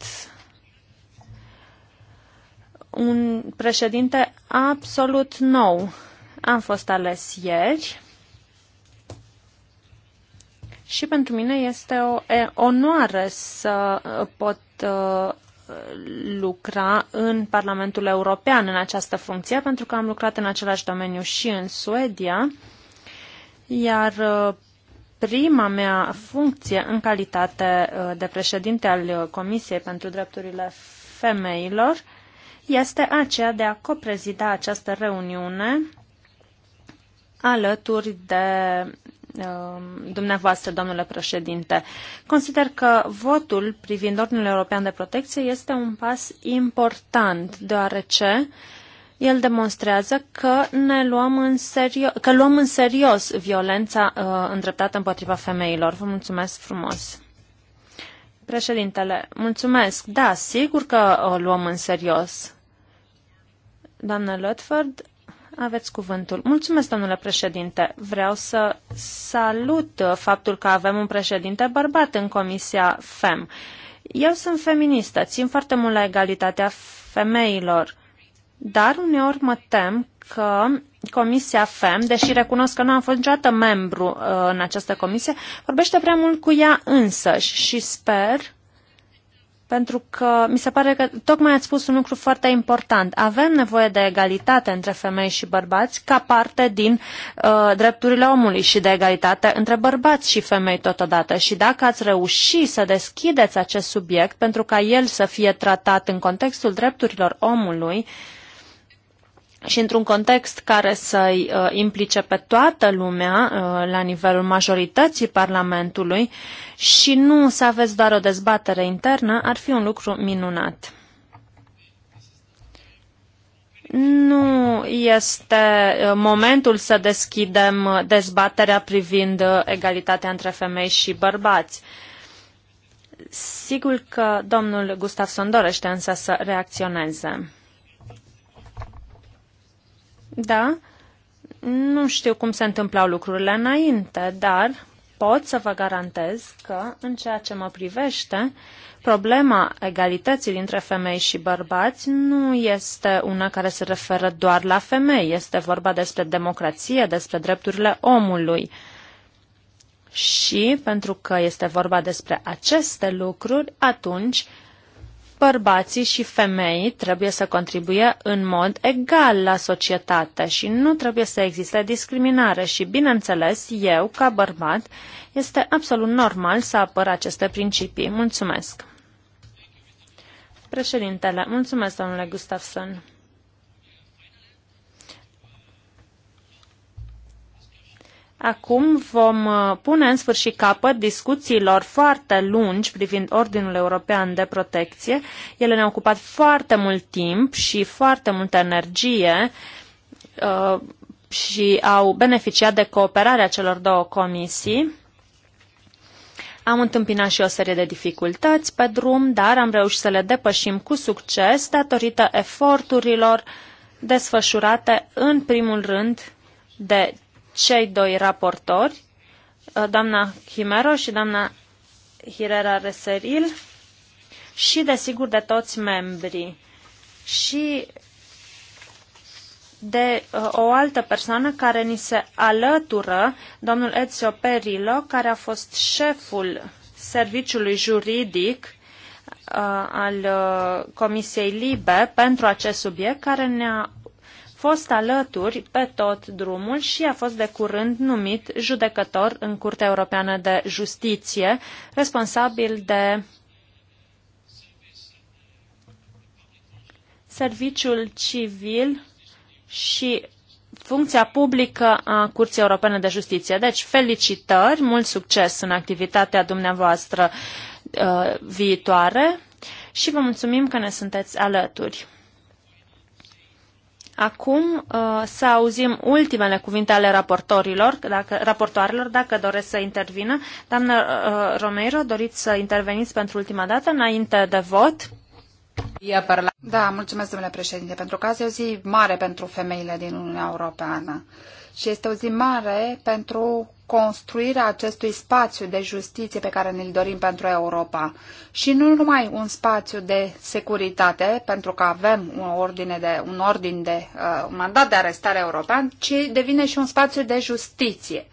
un președinte absolut nou. Am fost ales ieri și pentru mine este o onoare să pot uh, lucra în Parlamentul European în această funcție, pentru că am lucrat în același domeniu și în Suedia, iar uh, prima mea funcție în calitate uh, de președinte al Comisiei pentru Drepturile Femeilor este aceea de a coprezida această reuniune alături de Um, dumneavoastră, domnule președinte. Consider că votul privind Ordinul European de Protecție este un pas important, deoarece el demonstrează că ne luăm în serio- că luăm în serios violența uh, îndreptată împotriva femeilor. Vă mulțumesc frumos. Președintele, mulțumesc. Da, sigur că o luăm în serios. Doamna Lutford, aveți cuvântul. Mulțumesc, domnule președinte. Vreau să salut uh, faptul că avem un președinte bărbat în Comisia FEM. Eu sunt feministă, țin foarte mult la egalitatea femeilor, dar uneori mă tem că Comisia FEM, deși recunosc că nu am fost niciodată membru uh, în această comisie, vorbește prea mult cu ea însăși și sper pentru că mi se pare că tocmai ați spus un lucru foarte important. Avem nevoie de egalitate între femei și bărbați ca parte din uh, drepturile omului și de egalitate între bărbați și femei totodată. Și dacă ați reuși să deschideți acest subiect pentru ca el să fie tratat în contextul drepturilor omului, uh, și într-un context care să-i uh, implice pe toată lumea uh, la nivelul majorității Parlamentului și nu să aveți doar o dezbatere internă, ar fi un lucru minunat. Nu este uh, momentul să deschidem dezbaterea privind egalitatea între femei și bărbați. Sigur că domnul Gustafsson dorește însă să reacționeze. Da, nu știu cum se întâmplau lucrurile înainte, dar pot să vă garantez că, în ceea ce mă privește, problema egalității dintre femei și bărbați nu este una care se referă doar la femei. Este vorba despre democrație, despre drepturile omului. Și pentru că este vorba despre aceste lucruri, atunci bărbații și femeii trebuie să contribuie în mod egal la societate și nu trebuie să existe discriminare și, bineînțeles, eu, ca bărbat, este absolut normal să apăr aceste principii. Mulțumesc! Președintele, mulțumesc, domnule Gustafsson. Acum vom uh, pune în sfârșit capăt discuțiilor foarte lungi privind Ordinul European de Protecție. Ele ne-au ocupat foarte mult timp și foarte multă energie uh, și au beneficiat de cooperarea celor două comisii. Am întâmpinat și o serie de dificultăți pe drum, dar am reușit să le depășim cu succes datorită eforturilor desfășurate în primul rând de cei doi raportori, uh, doamna Chimero și doamna Hirera Reseril și, desigur, de toți membrii. Și de uh, o altă persoană care ni se alătură, domnul Ezio Perillo, care a fost șeful serviciului juridic uh, al uh, Comisiei Libe pentru acest subiect, care ne-a fost alături pe tot drumul și a fost de curând numit judecător în Curtea Europeană de Justiție, responsabil de serviciul civil și funcția publică a Curții Europene de Justiție. Deci, felicitări, mult succes în activitatea dumneavoastră uh, viitoare și vă mulțumim că ne sunteți alături. Acum uh, să auzim ultimele cuvinte ale raportorilor, dacă, raportoarelor, dacă doresc să intervină. Doamnă uh, Romero, doriți să interveniți pentru ultima dată înainte de vot? Da, mulțumesc, domnule președinte, pentru că azi e o zi mare pentru femeile din Uniunea Europeană și este o zi mare pentru construirea acestui spațiu de justiție pe care ne-l dorim pentru Europa. Și nu numai un spațiu de securitate, pentru că avem un, ordine de, un ordin de uh, un mandat de arestare european, ci devine și un spațiu de justiție.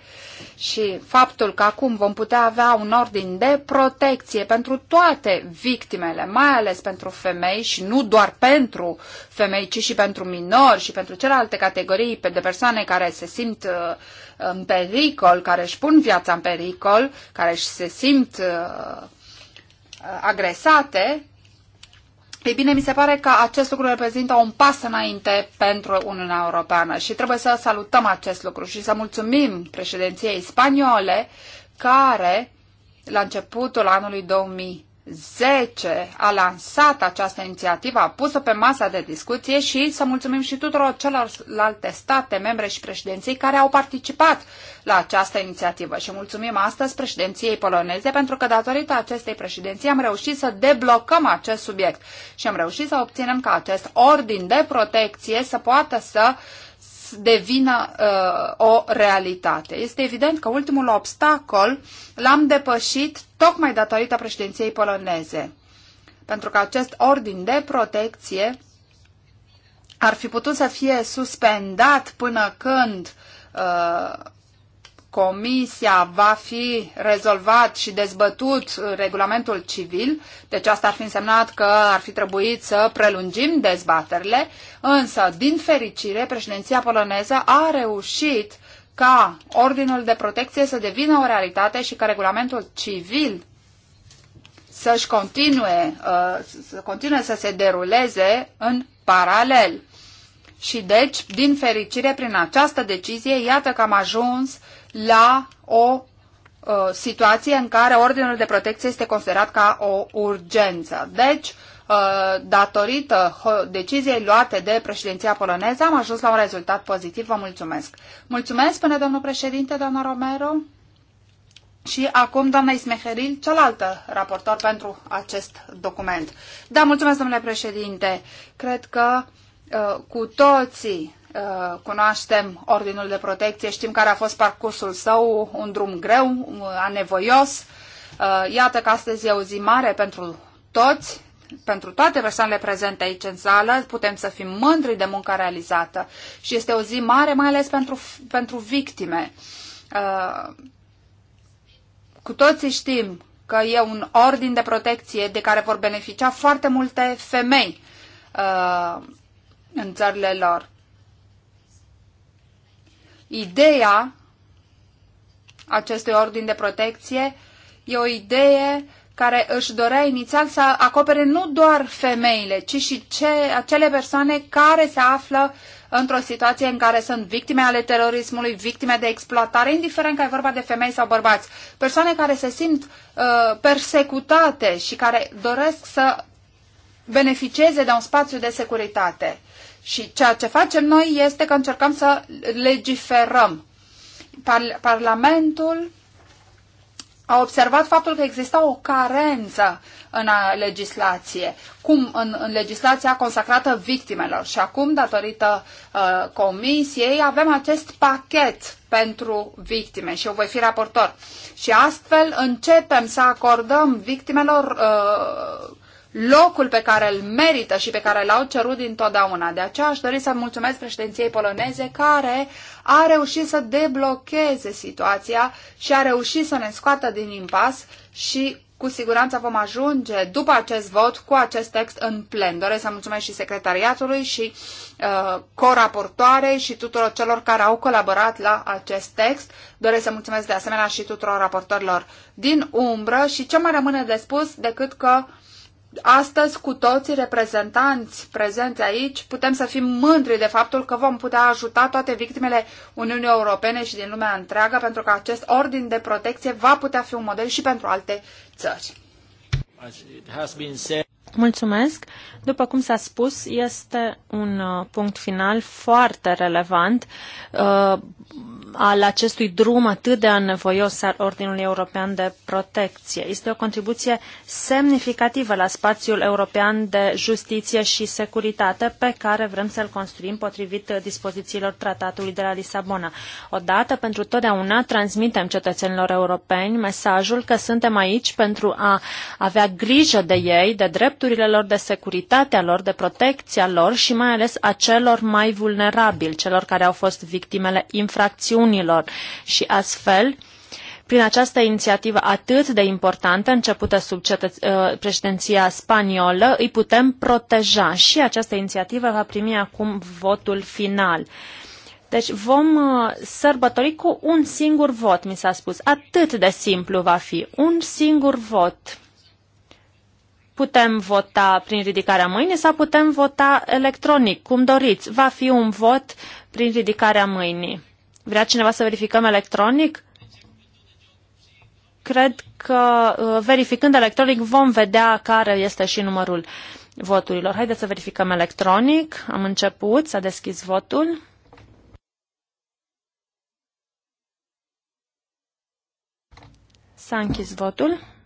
Și faptul că acum vom putea avea un ordin de protecție pentru toate victimele, mai ales pentru femei și nu doar pentru femei, ci și pentru minori și pentru celelalte categorii de persoane care se simt uh, în pericol, care își pun viața în pericol, care își se simt uh, uh, agresate, ei bine, mi se pare că acest lucru reprezintă un pas înainte pentru Uniunea Europeană și trebuie să salutăm acest lucru și să mulțumim președinției spaniole care, la începutul anului 2000, 2010 a lansat această inițiativă, a pus-o pe masa de discuție și să mulțumim și tuturor celorlalte state membre și președinții care au participat la această inițiativă. Și mulțumim astăzi președinției poloneze pentru că datorită acestei președinții am reușit să deblocăm acest subiect și am reușit să obținem ca acest ordin de protecție să poată să uh, devină uh, o realitate. Este evident că ultimul obstacol l-am depășit tocmai datorită președinției poloneze, pentru că acest ordin de protecție ar fi putut să fie suspendat până când uh, Comisia va fi rezolvat și dezbătut regulamentul civil, deci asta ar fi însemnat că ar fi trebuit să prelungim dezbaterile, însă, din fericire, președinția poloneză a reușit ca ordinul de protecție să devină o realitate și ca regulamentul civil să-și continue, uh, să continue să se deruleze în paralel. Și deci, din fericire, prin această decizie, iată că am ajuns la o uh, situație în care ordinul de protecție este considerat ca o urgență. Deci, uh, datorită deciziei luate de președinția poloneză, am ajuns la un rezultat pozitiv. Vă mulțumesc. Mulțumesc, spune domnul președinte, doamna Romero. Și acum, doamna Ismeheril, cealaltă raportor pentru acest document. Da, mulțumesc, domnule președinte. Cred că uh, cu toții Uh, cunoaștem Ordinul de Protecție, știm care a fost parcursul său, un drum greu, anevoios. Uh, iată că astăzi e o zi mare pentru toți, pentru toate persoanele prezente aici în sală, putem să fim mândri de munca realizată și este o zi mare, mai ales pentru, pentru victime. Uh, cu toții știm că e un ordin de protecție de care vor beneficia foarte multe femei în țările lor. Ideea acestui ordin de protecție e o idee care își dorea inițial să acopere nu doar femeile, ci și ce, acele persoane care se află într-o situație în care sunt victime ale terorismului, victime de exploatare, indiferent că e vorba de femei sau bărbați, persoane care se simt uh, persecutate și care doresc să beneficieze de un spațiu de securitate. Și ceea ce facem noi este că încercăm să legiferăm. Par- Parlamentul a observat faptul că exista o carență în legislație, cum în, în legislația consacrată victimelor. Și acum, datorită uh, comisiei, avem acest pachet pentru victime și eu voi fi raportor. Și astfel începem să acordăm victimelor uh, locul pe care îl merită și pe care l-au cerut dintotdeauna. De aceea aș dori să mulțumesc președinției poloneze care a reușit să deblocheze situația și a reușit să ne scoată din impas și cu siguranță vom ajunge după acest vot cu acest text în plen. Doresc să mulțumesc și secretariatului și uh, coraportoarei și tuturor celor care au colaborat la acest text. Doresc să mulțumesc de asemenea și tuturor raportorilor din umbră și ce mai rămâne de spus decât că uh, astăzi cu toții reprezentanți prezenți aici putem să fim mândri de faptul că vom putea ajuta toate victimele Uniunii Europene și din lumea întreagă pentru că acest ordin de protecție va putea fi un model și pentru alte țări. Mulțumesc. După cum s-a spus, este un uh, punct final foarte relevant uh, al acestui drum atât de anevoios al Ordinului European de Protecție. Este o contribuție semnificativă la spațiul european de justiție și securitate pe care vrem să-l construim potrivit dispozițiilor tratatului de la Lisabona. Odată pentru totdeauna transmitem cetățenilor europeni mesajul că suntem aici pentru a avea grijă de ei, de drepturile lor de securitate securitatea lor, de protecția lor și mai ales a celor mai vulnerabili, celor care au fost victimele infracțiunilor și astfel prin această inițiativă atât de importantă, începută sub cetăț- ă, președinția spaniolă, îi putem proteja și această inițiativă va primi acum votul final. Deci vom ă, sărbători cu un singur vot, mi s-a spus. Atât de simplu va fi. Un singur vot. Putem vota prin ridicarea mâinii sau putem vota electronic, cum doriți. Va fi un vot prin ridicarea mâinii. Vrea cineva să verificăm electronic? Cred că uh, verificând electronic vom vedea care este și numărul voturilor. Haideți să verificăm electronic. Am început, s-a deschis votul. S-a închis votul.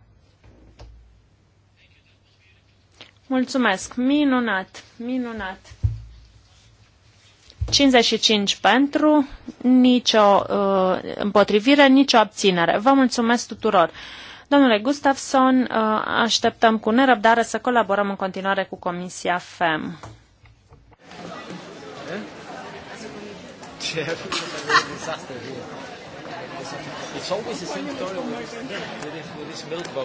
Mulțumesc. Minunat. Minunat. 55 pentru, nicio uh, împotrivire, nicio abținere. Vă mulțumesc tuturor. Domnule Gustafsson, uh, așteptăm cu nerăbdare să colaborăm în continuare cu Comisia FEM. It's always the same story with, this milk